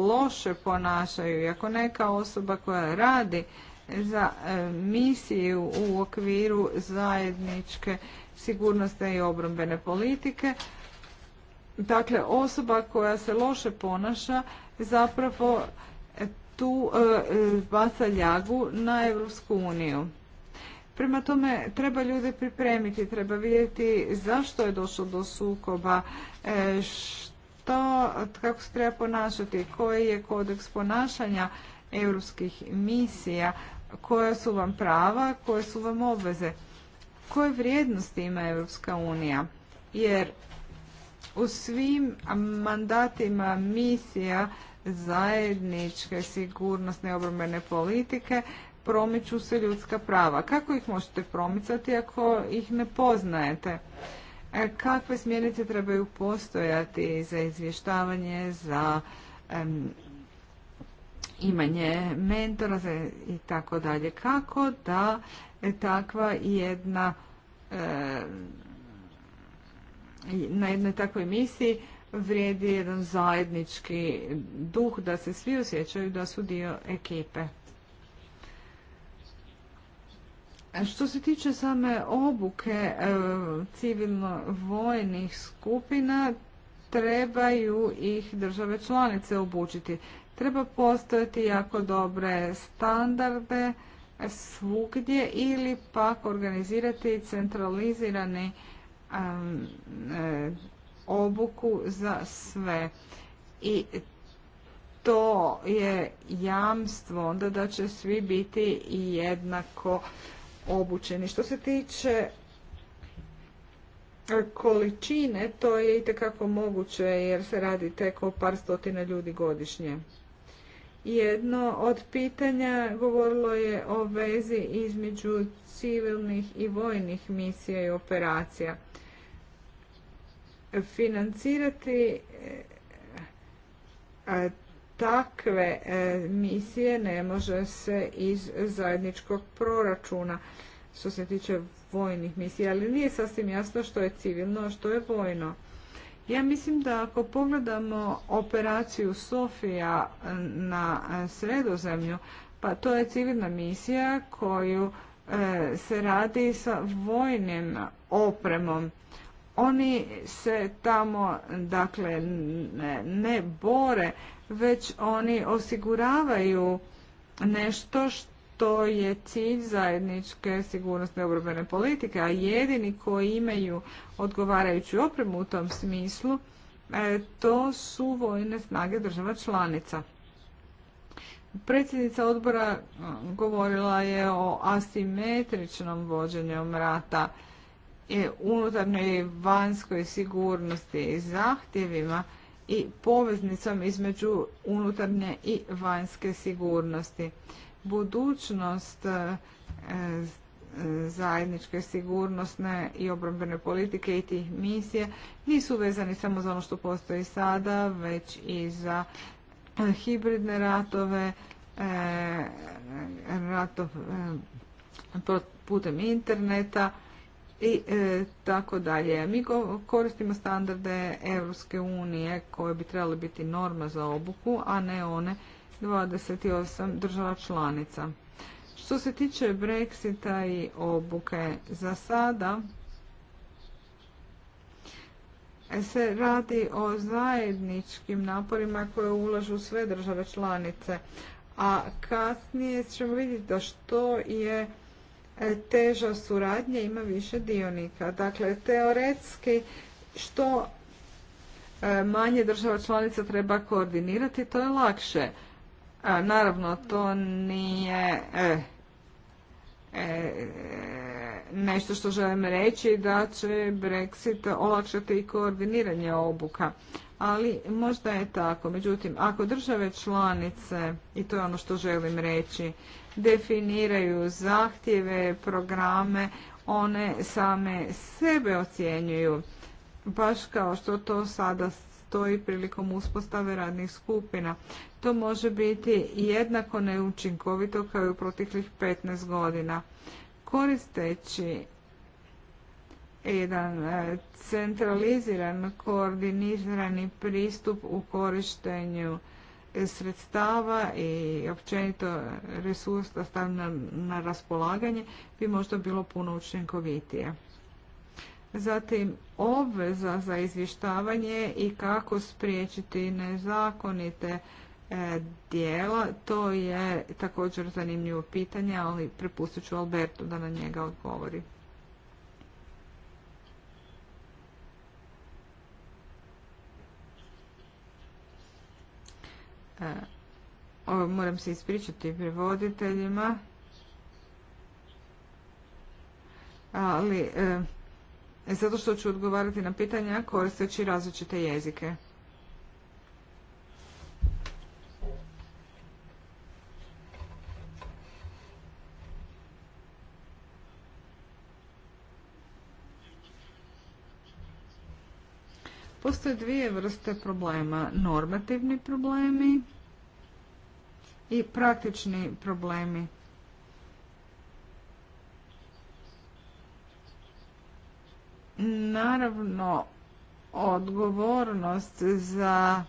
loše ponašaju i ako neka osoba koja radi za e, misiju u okviru zajedničke sigurnosne i obrambene politike. Dakle, osoba koja se loše ponaša zapravo tu e, baca ljagu na Europsku uniju. Prema tome, treba ljude pripremiti, treba vidjeti zašto je došlo do sukoba, e, što, kako se treba ponašati, koji je kodeks ponašanja europskih misija, koja su vam prava, koje su vam obveze, koje vrijednosti ima Europska unija. Jer u svim mandatima misija zajedničke sigurnosne obrambene politike promiču se ljudska prava. Kako ih možete promicati ako ih ne poznajete? E, kakve smjernice trebaju postojati za izvještavanje, za imanje mentora i tako dalje. Kako da takva jedna e, na jednoj takvoj misiji vrijedi jedan zajednički duh da se svi osjećaju da su dio ekipe. Što se tiče same obuke e, civilno-vojnih skupina, trebaju ih države članice obučiti. Treba postojati jako dobre standarde svugdje ili pak organizirati centralizirani e, obuku za sve. I to je jamstvo onda da će svi biti jednako obučeni. Što se tiče e, količine, to je itekako moguće jer se radi tek o par stotina ljudi godišnje. Jedno od pitanja govorilo je o vezi između civilnih i vojnih misija i operacija. Financirati e, takve e, misije ne može se iz zajedničkog proračuna što se tiče vojnih misija, ali nije sasvim jasno što je civilno, a što je vojno. Ja mislim da ako pogledamo operaciju Sofija eh, na eh, sredozemlju, pa to je civilna misija koju eh, se radi sa vojnim opremom. Oni se tamo dakle ne bore, već oni osiguravaju nešto što to je cilj zajedničke sigurnosne obrambene politike, a jedini koji imaju odgovarajuću opremu u tom smislu, e, to su vojne snage država članica. Predsjednica odbora govorila je o asimetričnom vođenju rata unutarnjoj i vanjskoj sigurnosti i zahtjevima i poveznicom između unutarnje i vanjske sigurnosti budućnost e, e, zajedničke sigurnosne i obrambene politike i tih misije nisu vezani samo za ono što postoji sada, već i za e, hibridne ratove, ratov putem interneta i tako dalje. Mi koristimo standarde Europske unije koje bi trebali biti norma za obuku, a ne one 28 država članica. Što se tiče Brexita i obuke, za sada se radi o zajedničkim naporima koje ulažu sve države članice, a kasnije ćemo vidjeti da što je teža suradnja ima više dionika. Dakle, teoretski što e, manje država članica treba koordinirati, to je lakše. Naravno, to nije e, e, nešto što želim reći da će Brexit olakšati i koordiniranje obuka. Ali možda je tako. Međutim, ako države članice, i to je ono što želim reći, definiraju zahtjeve, programe, one same sebe ocjenjuju, baš kao što to sada stoji prilikom uspostave radnih skupina. To može biti jednako neučinkovito kao i u proteklih 15 godina. Koristeći jedan e, centraliziran, koordinirani pristup u korištenju e, sredstava i općenito resursa stavljena na raspolaganje bi možda bilo puno učinkovitije. Zatim obveza za izvještavanje i kako spriječiti nezakonite E, dijela. To je također zanimljivo pitanje, ali prepustit ću Albertu da na njega odgovori. Ovo e, moram se ispričati prevoditeljima. Ali, e, zato što ću odgovarati na pitanja koristeći različite jezike. Postoje dvije vrste problema. Normativni problemi i praktični problemi. Naravno, odgovornost za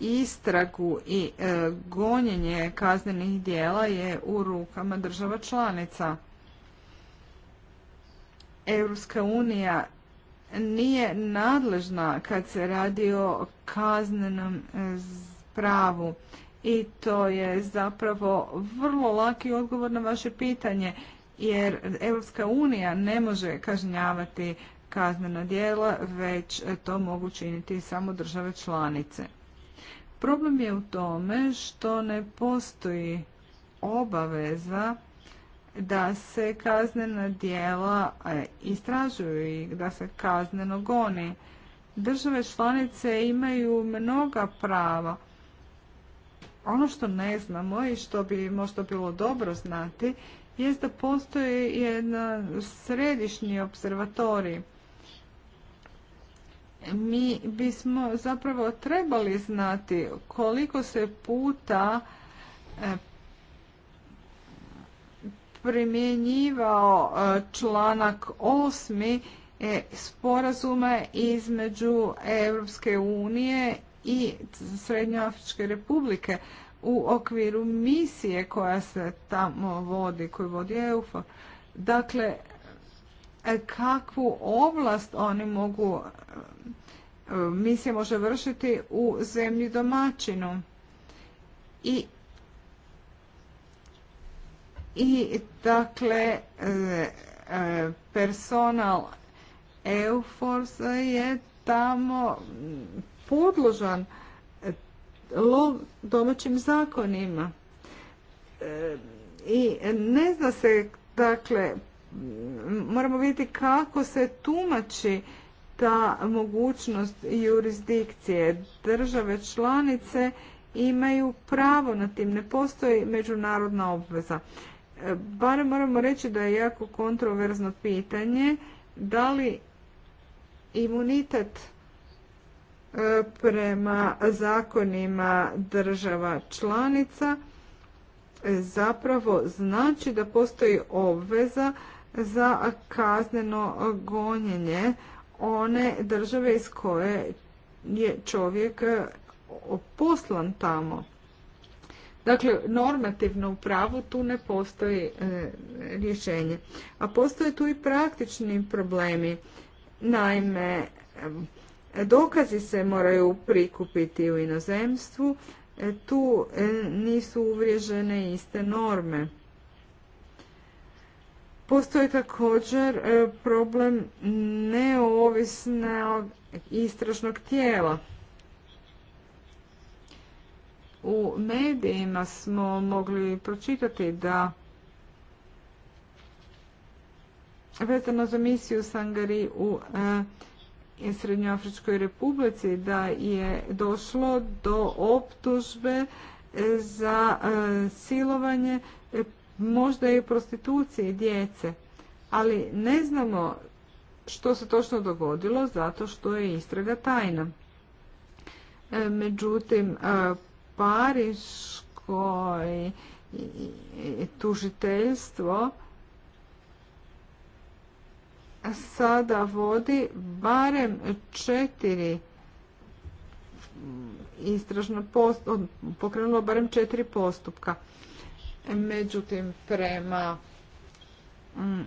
istragu i e, gonjenje kaznenih dijela je u rukama država članica. Europska unija nije nadležna kad se radi o kaznenom e, pravu. I to je zapravo vrlo laki odgovor na vaše pitanje, jer Europska unija ne može kažnjavati kaznena djela, već to mogu činiti samo države članice. Problem je u tome što ne postoji obaveza da se kaznena djela e, istražuju i da se kazneno goni. Države članice imaju mnoga prava. Ono što ne znamo i što bi možda bilo dobro znati je da postoji jedan središnji observatorij. Mi bismo zapravo trebali znati koliko se puta e, primjenjivao e, članak 8. E, sporazuma između Europske unije i Srednjoafričke republike u okviru misije koja se tamo vodi, koju vodi EUFO. Dakle, e, kakvu ovlast oni mogu, misija može vršiti u zemlji domaćinu. I i dakle, e, e, personal EUforsa je tamo podložan domaćim zakonima. E, I ne zna se, dakle, moramo vidjeti kako se tumači ta mogućnost jurisdikcije. Države članice imaju pravo na tim, ne postoji međunarodna obveza. Barem moramo reći da je jako kontroverzno pitanje da li imunitet e, prema zakonima država članica zapravo znači da postoji obveza za kazneno gonjenje one države iz koje je čovjek poslan tamo. Dakle, normativno u pravu tu ne postoji e, rješenje. A postoje tu i praktični problemi. Naime, e, dokazi se moraju prikupiti u inozemstvu, e, tu nisu uvriježene iste norme. Postoji također problem od istražnog tijela. U medijima smo mogli pročitati da vezano za misiju Sangari u eh, Srednjoafričkoj republici da je došlo do optužbe eh, za eh, silovanje možda i prostitucije djece. Ali ne znamo što se točno dogodilo zato što je istraga tajna. Međutim, Pariškoj tužiteljstvo sada vodi barem četiri istražna pokrenulo barem četiri postupka. Međutim, prema mm,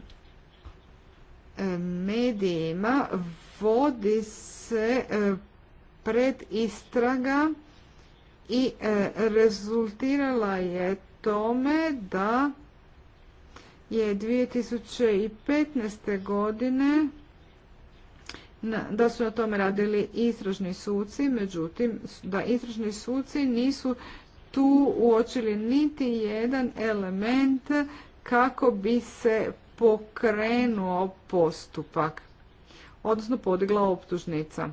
medijima vodi se e, pred istraga i e, rezultirala je tome da je 2015. godine da su na tome radili istražni suci, međutim da istražni suci nisu tu uočili niti jedan element kako bi se pokrenuo postupak, odnosno podigla optužnica.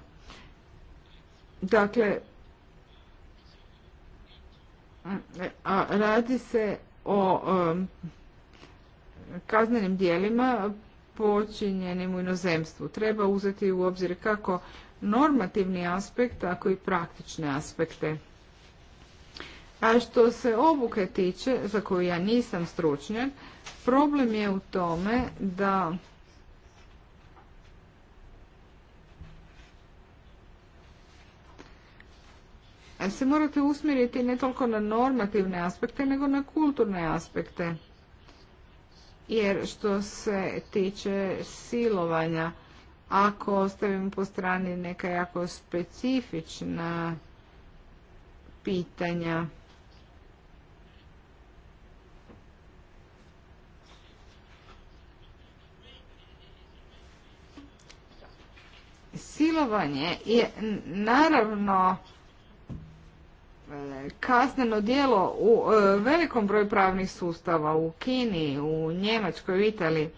Dakle, a radi se o kaznenim dijelima počinjenim u inozemstvu. Treba uzeti u obzir kako normativni aspekt, tako i praktične aspekte. A što se obuke tiče, za koju ja nisam stručnjak, problem je u tome da se morate usmjeriti ne toliko na normativne aspekte, nego na kulturne aspekte. Jer što se tiče silovanja, ako ostavimo po strani neka jako specifična pitanja, silovanje je naravno kazneno djelo u e, velikom broju pravnih sustava u Kini, u Njemačkoj, u Italiji.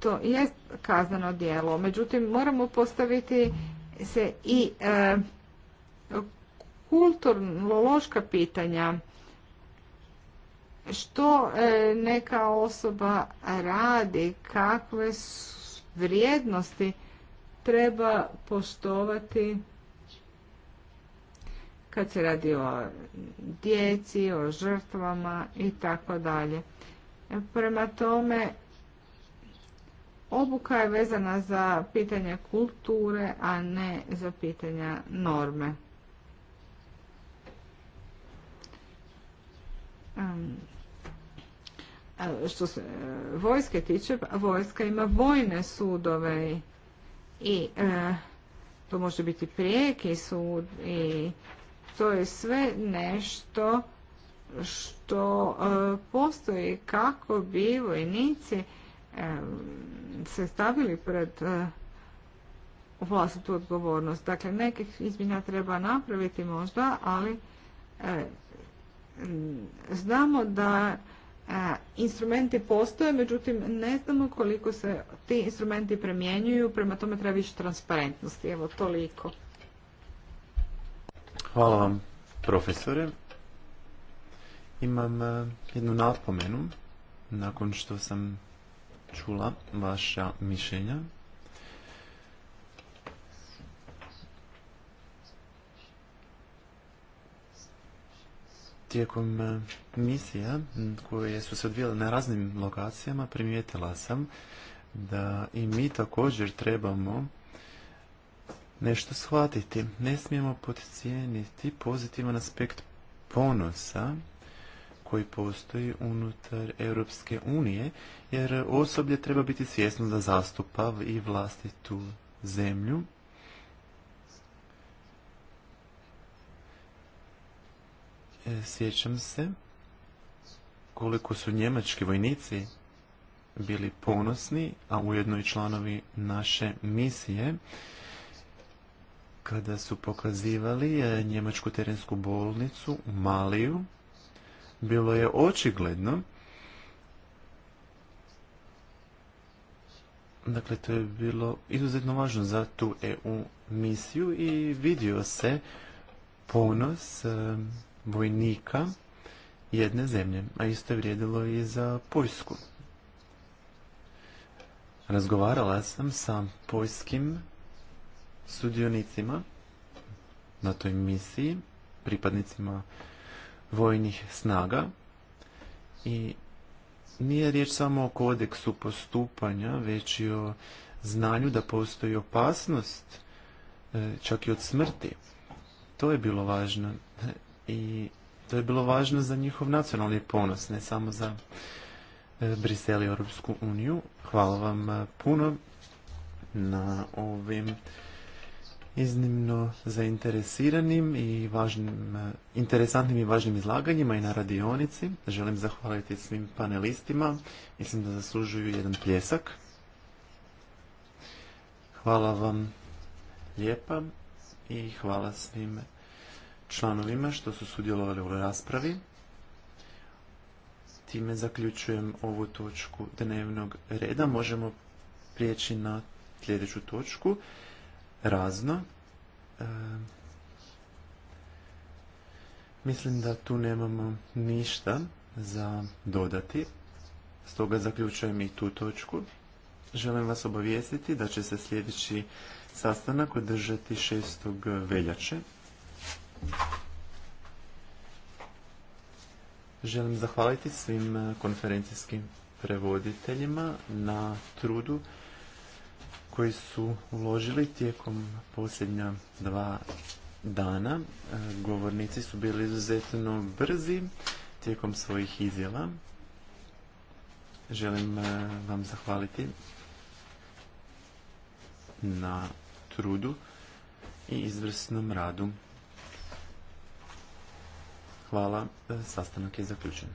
To je kazneno djelo. Međutim, moramo postaviti se i e, kulturološka pitanja. Što e, neka osoba radi, kakve vrijednosti treba poštovati kad se radi o djeci, o žrtvama i tako dalje. E, prema tome, obuka je vezana za pitanje kulture, a ne za pitanja norme. E, što se e, vojske tiče, pa, vojska ima vojne sudove i to može biti prijeki sud i to je sve nešto što e, postoji kako bi vojnici e, se stavili pred e, vlastitu odgovornost. Dakle, nekih izmjena treba napraviti možda, ali znamo da instrumenti postoje, međutim ne znamo koliko se ti instrumenti premjenjuju, prema tome treba više transparentnosti. Evo, toliko. Hvala vam, profesore. Imam eh, jednu napomenu nakon što sam čula vaša mišljenja. Tijekom eh, misija koje su se odvijale na raznim lokacijama primijetila sam da i mi također trebamo nešto shvatiti. Ne smijemo podcijeniti pozitivan aspekt ponosa koji postoji unutar Europske unije, jer osoblje treba biti svjesno da zastupa i vlastitu zemlju. E, sjećam se koliko su njemački vojnici bili ponosni, a ujedno i članovi naše misije, kada su pokazivali e, njemačku terensku bolnicu u Maliju, bilo je očigledno Dakle, to je bilo izuzetno važno za tu EU misiju i vidio se ponos e, vojnika jedne zemlje, a isto je vrijedilo i za Poljsku. Razgovarala sam sa poljskim sudionicima na toj misiji, pripadnicima vojnih snaga i nije riječ samo o kodeksu postupanja, već i o znanju da postoji opasnost e, čak i od smrti. To je bilo važno e, i to je bilo važno za njihov nacionalni ponos, ne samo za e, Brisel i Europsku uniju. Hvala vam puno na ovim iznimno zainteresiranim i važnim, interesantnim i važnim izlaganjima i na radionici. Želim zahvaliti svim panelistima. Mislim da zaslužuju jedan pljesak. Hvala vam lijepa i hvala svim članovima što su sudjelovali u raspravi. Time zaključujem ovu točku dnevnog reda. Možemo prijeći na sljedeću točku razno. E, mislim da tu nemamo ništa za dodati, stoga zaključujem i tu točku. Želim vas obavijestiti da će se sljedeći sastanak održati 6. veljače. Želim zahvaliti svim konferencijskim prevoditeljima na trudu koji su uložili tijekom posljednja dva dana. E, govornici su bili izuzetno brzi tijekom svojih izjela. Želim e, vam zahvaliti na trudu i izvrsnom radu. Hvala, e, sastanak je zaključen.